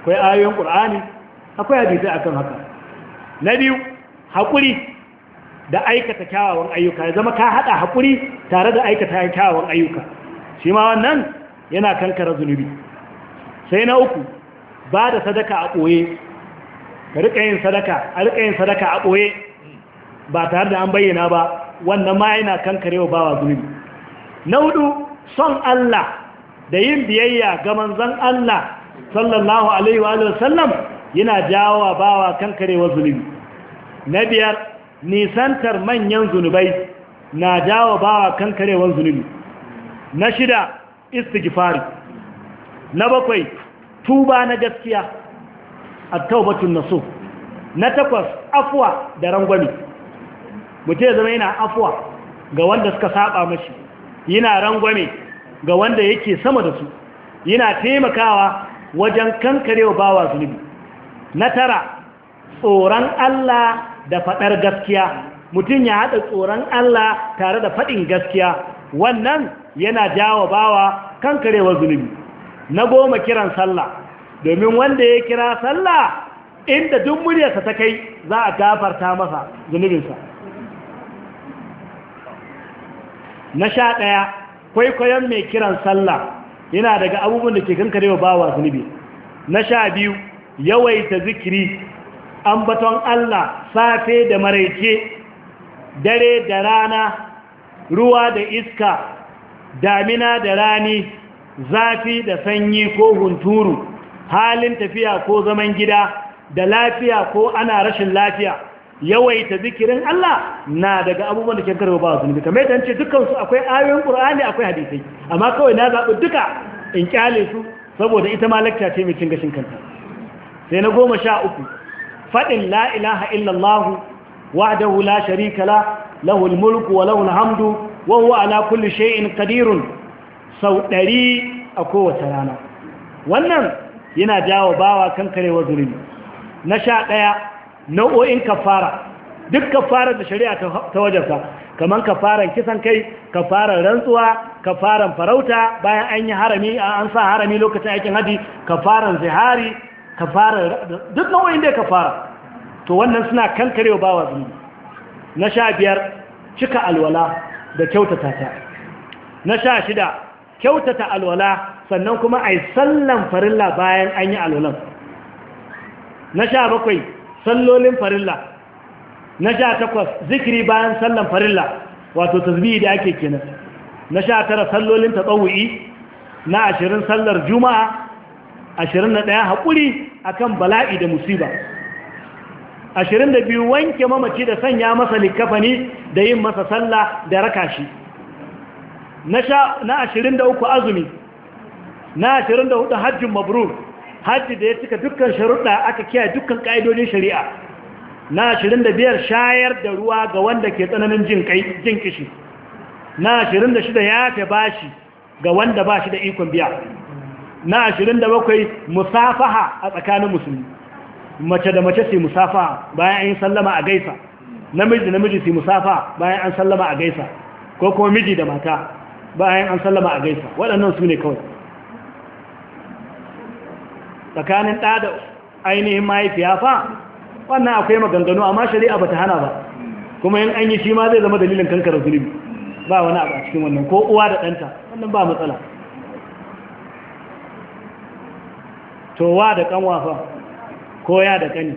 akwai ayoyin Qur'ani akwai a kan haka na biyu haƙuri da aikata kyawawan ayyuka ya zama ka haɗa haƙuri tare da aikata kyawawan ayyuka shi ma wannan yana kankara zunubi sai na uku ba da sadaka a ɓoye ka riƙa yin sadaka a riƙa yin sadaka a ɓoye ba tare da an bayyana ba wannan ma yana kankarewa bawa zunubi na hudu son Allah da yin biyayya ga manzon Allah sallallahu alaihi wa sallam yana jawo bawa kankarewa zunubi na biyar nisantar manyan zunubai na jawo bawa kankarewan zunubi na shida istighfari na bakwai tuba na gaskiya a taubatun so, na takwas afuwa, da rangwani mutum ya zama yana afuwa ga wanda suka saba mashi yana rangwame ga wanda yake sama da su yana taimakawa wajen kankarewa bawa zunubi na tara tsoron Allah da faɗar gaskiya mutum ya haɗa tsoron Allah tare da faɗin gaskiya wannan yana jawo bawa kankarewa zunubi na goma kiran sallah domin wanda ya kira sallah inda duk muryarsa ta kai za a gafarta masa zunubinsa na sha ɗaya kwaikwayon mai kiran sallah yana daga abubuwan da ke kankarewa bawa zunubi na sha biyu yawaita zikiri ambaton Allah safe da maraice dare da rana ruwa da iska damina da rani zafi da sanyi ko hunturu halin tafiya ko zaman gida da lafiya ko ana rashin lafiya yawaita zikirin Allah na daga abubuwan da ke karba ba zunubi kamar yadda ce dukansu akwai ayoyin Qur'ani akwai hadisai amma kawai na zaɓi duka in kyale su saboda ita ma lakta ce mai cin gashin kanta sai na goma sha uku faɗin la ilaha illallah wahdahu la sharika la lahul mulku wa lahul hamdu wa huwa ala kulli shay'in qadirun sau ɗari a kowace rana wannan yana jawo bawa kankarewa zurimi na sha ɗaya nau'o'in kafara duk kafarar da shari'a ta wajarsa kamar kafaran kisan kai kafaran rantsuwa kafaran farauta bayan an yi harami an sa harami lokacin aikin haji kafaran zihari kafaran duk nau'o'in da ya kafara to wannan suna kankarewa bawa zurimi na sha biyar cika alwala da kyautata ta na sha shida kyautata alwala sannan kuma a yi sallan farilla bayan an yi alwalan na sha bakwai sallolin farilla na sha takwas zikiri bayan sallan farilla wato tasbihi da ake kenan na sha tara sallolin taɓawu'i na ashirin sallar juma'a ashirin na ɗaya haƙuri akan bala'i da musiba ashirin da biyu wanke mamaci da sanya masa likafani da yin masa sallah da raka shi na 23 azumi na 24 hajjin mabrur hajji da ya cika dukkan sharuɗa aka kiyaye dukkan ƙa'idodin shari'a na 25 shayar da ruwa ga wanda ke tsananin jin kishi na 26 ya ta bashi ga wanda ba shi da ikon biya na 27 musafaha a tsakanin musulmi mace da mace sai musafaha bayan an yi sallama a gaisa namiji da namiji sai musafaha bayan an sallama a gaisa ko kuma miji da mata bayan an sallama a gaisa waɗannan su ne kawai tsakanin ɗa da ainihin mahaifiya fa wannan akwai maganganu amma shari'a ba ta hana ba kuma yin an yi shi ma zai zama dalilin kankara zunubi ba wani abu a cikin wannan ko uwa da ɗanta wannan ba matsala towa da ƙanwa fa ko ya da ƙani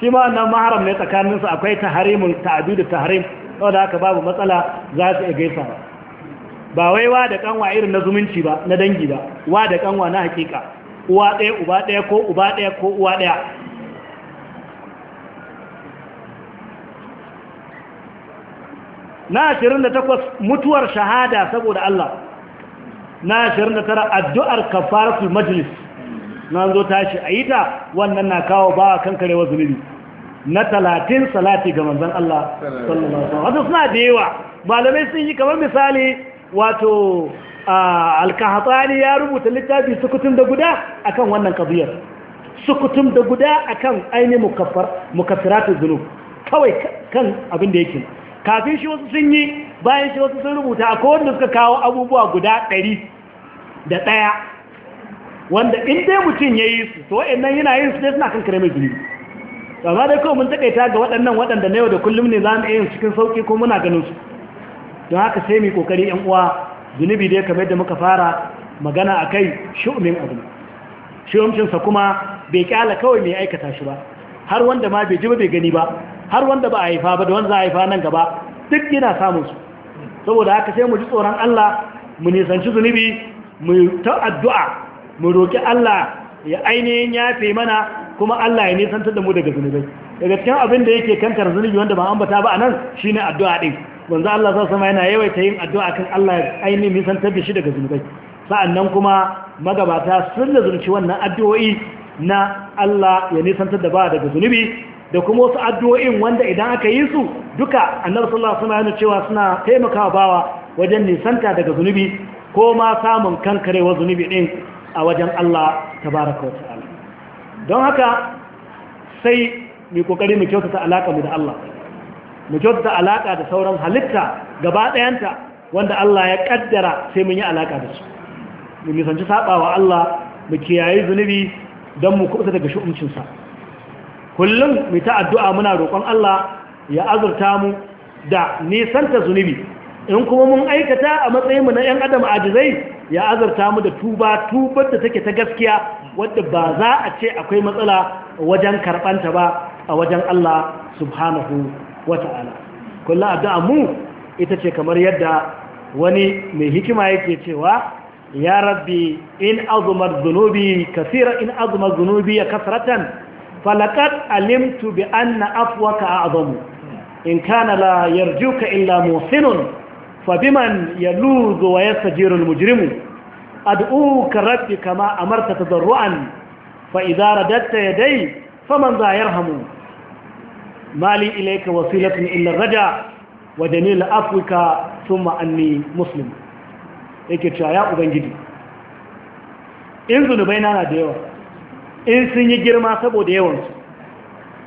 shi ma wannan maharam ne tsakaninsu akwai taharimul ta'adu da taharim wadda haka babu matsala za su iya gaisa ba ba wai wa da kanwa irin na zumunci ba na dangi ba wa da kanwa na hakika uwa ɗaya uba ɗaya ko uba ɗaya ko uwa ɗaya na 28 mutuwar shahada saboda Allah na 29 addu'ar kafaratul majlis na zo tashi a yi ta wannan na kawo ba kankarewa zulubi na 30 salati ga manzon Allah sallallahu alaihi wasallam suna da yawa malamai sun yi kamar misali wato alkahatani ya rubuta littafi sukutun da guda akan wannan kabiyar sukutun da guda akan ainihin mukaffiratu zunub kawai kan abin da yake kafin shi wasu sun yi bayan shi wasu sun rubuta a kowanne suka kawo abubuwa guda ɗari da ɗaya wanda in dai mutum ya yi su to waɗannan yana yin su dai suna kan mai to amma dai kawai mun takaita ga waɗannan waɗanda na yau da kullum ne za mu iya yin cikin sauƙi ko muna ganin su don haka sai mai kokari yan uwa zunubi dai kamar da muka fara magana a kai shu'umin abu shu'umcinsa kuma bai kyala kawai mai aikata shi ba har wanda ma bai ji ba bai gani ba har wanda ba a haifa ba da wanda za a haifa nan gaba duk yana samun su saboda haka sai mu ji tsoron Allah mu nisanci zunubi mu ta mu roki Allah ya ainihin yafe mana kuma Allah ya nisantar da mu daga zunubai daga cikin abin da yake kankar zunubi wanda ba ambata ba a shi shine addu'a din Wanzu Allah sallallahu alaihi yana yawaita yin addu'a kan Allah ya ainihin nisantar da shi daga zunubai sa'annan kuma magabata sun lazumci wannan addu'o'i na Allah ya nisantar da ba daga zunubi da kuma wasu addu'o'in wanda idan aka yi su duka annabi sallah alaihi wasallam yana cewa suna taimakawa bawa wajen nisanta daga zunubi ko ma samun kankarewar zunubi din a wajen Allah ta wa ta'ala don haka sai mu kokari mu kyautata alaƙa mu da Allah mu jodda alaƙa da sauran halitta gaba ɗayanta wanda Allah ya ƙaddara sai mun yi alaka da su mu saɓa sabawa Allah mu kiyaye zunubi don mu kubuta daga shu'umcinsa kullum mu ta addu'a muna roƙon Allah ya azurta mu da nisanta zunubi in kuma mun aikata a matsayin mu na 'yan adam ajizai ya azurta mu da tuba tubar da take ta gaskiya wadda ba za a ce akwai matsala wajen karɓanta ba a wajen Allah subhanahu wa ta'ala kullum addu'a mu ita ce kamar yadda wani mai hikima yake cewa ya rabbi in azumar zunubi kasira in azumar zunubi ya kasratan falakat alimtu bi anna a a'zamu in kana la yarjuka illa muhsinun fabiman yaluzu wa yastajiru almujrimu ad'uka rabbi kama amarta tadarruan fa ya radadta yaday faman za yarhamu mali ilaika wasilatun illa raja wa jamil Afrika sun anni muslim yake cewa ya ubangiji in zunubai na na da yawa in sun yi girma saboda yawansu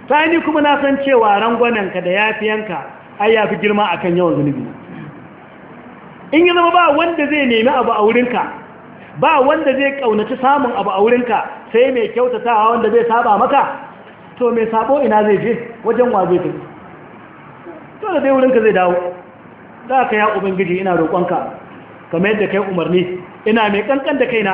ta ni kuma na san cewa rangwananka da yafiyanka ai ya fi girma akan yawan zunubi in yi zama ba wanda zai nemi abu a wurinka ba wanda zai kaunaci samun abu a wurinka sai mai kyautatawa wanda zai saba maka to mai sabo ina zai je wajen wa zai to da dai wurinka zai dawo za ka ya ubangiji ina roƙonka kamar yadda kai umarni ina mai kankan da kaina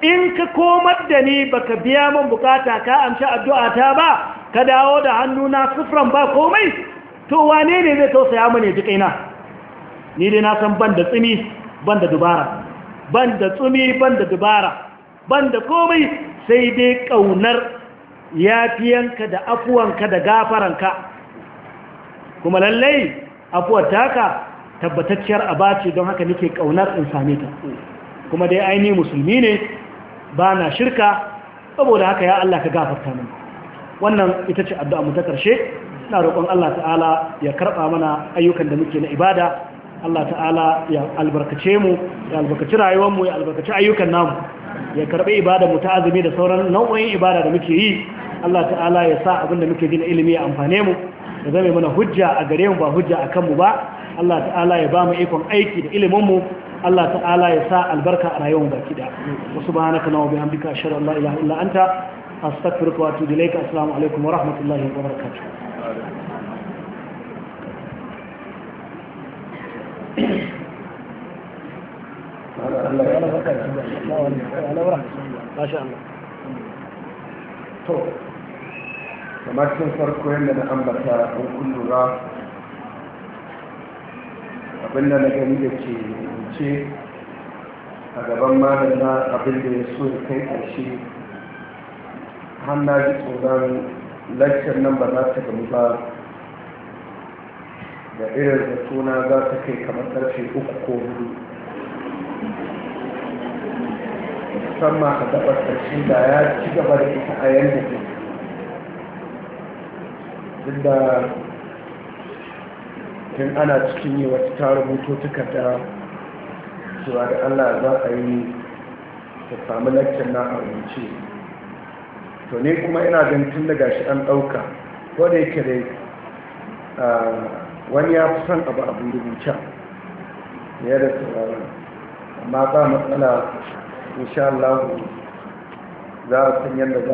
in ka komar da ni baka biya min bukata ka amshi addu'a ta ba ka dawo da hannuna sufran ba komai to wane ne zai tausaya ne ji kaina ni dai na san ban da tsimi ban da dubara ban da tsumi ban da dubara ban da komai sai dai ƙaunar. yafiyanka da afuwanka da gafaranka kuma lallai afuwar taka tabbatacciyar abaci don haka nake kaunar in same ta kuma dai aini musulmi ne ba na shirka saboda haka ya Allah ka gafarta mana wannan ita ce addu'a mu ta karshe ina roƙon Allah ta'ala ya karɓa mana ayyukan da muke na ibada Allah ta'ala ya albarkace mu ya albarkaci rayuwar mu ya albarkaci ayyukan namu ya karɓi ibada mu ta azumi da sauran nau'o'in ibada da muke yi Allah ta'ala ya sa abin da muke gina ilimi ya amfane mu ya zame mana hujja a gare mu ba hujja a kanmu ba Allah ta'ala ya ba mu ikon aiki da ilimin mu Allah ta'ala ya sa albarka a rayuwar baki da wa subhanaka wa bihamdika ashhadu an la ilaha illa anta astaghfiruka wa atubu ilayka assalamu alaikum wa rahmatullahi wa barakatuh kamar cin farko yadda na ambata an kullura abinda na gani da ke wuce a gaban malar na abinda ya so da kai ƙarshe hannar ji tsoron lakcin nan ba za ta gami ba da irin da suna za ta kai kamar ƙarfe uku ko hudu musamman a gabar ƙarshe da ya ci gaba da ita a yanzu. inda tun ana cikin yi wata ta rubuto takarda cewa da allah za a yi ta sami lakcin na a rubuce to ne kuma ina gan tun daga shi an ɗauka ko da yake dai wani ya fi son abu abin rubuce ya da sauraron amma ba matsala sha Allah za a san yadda za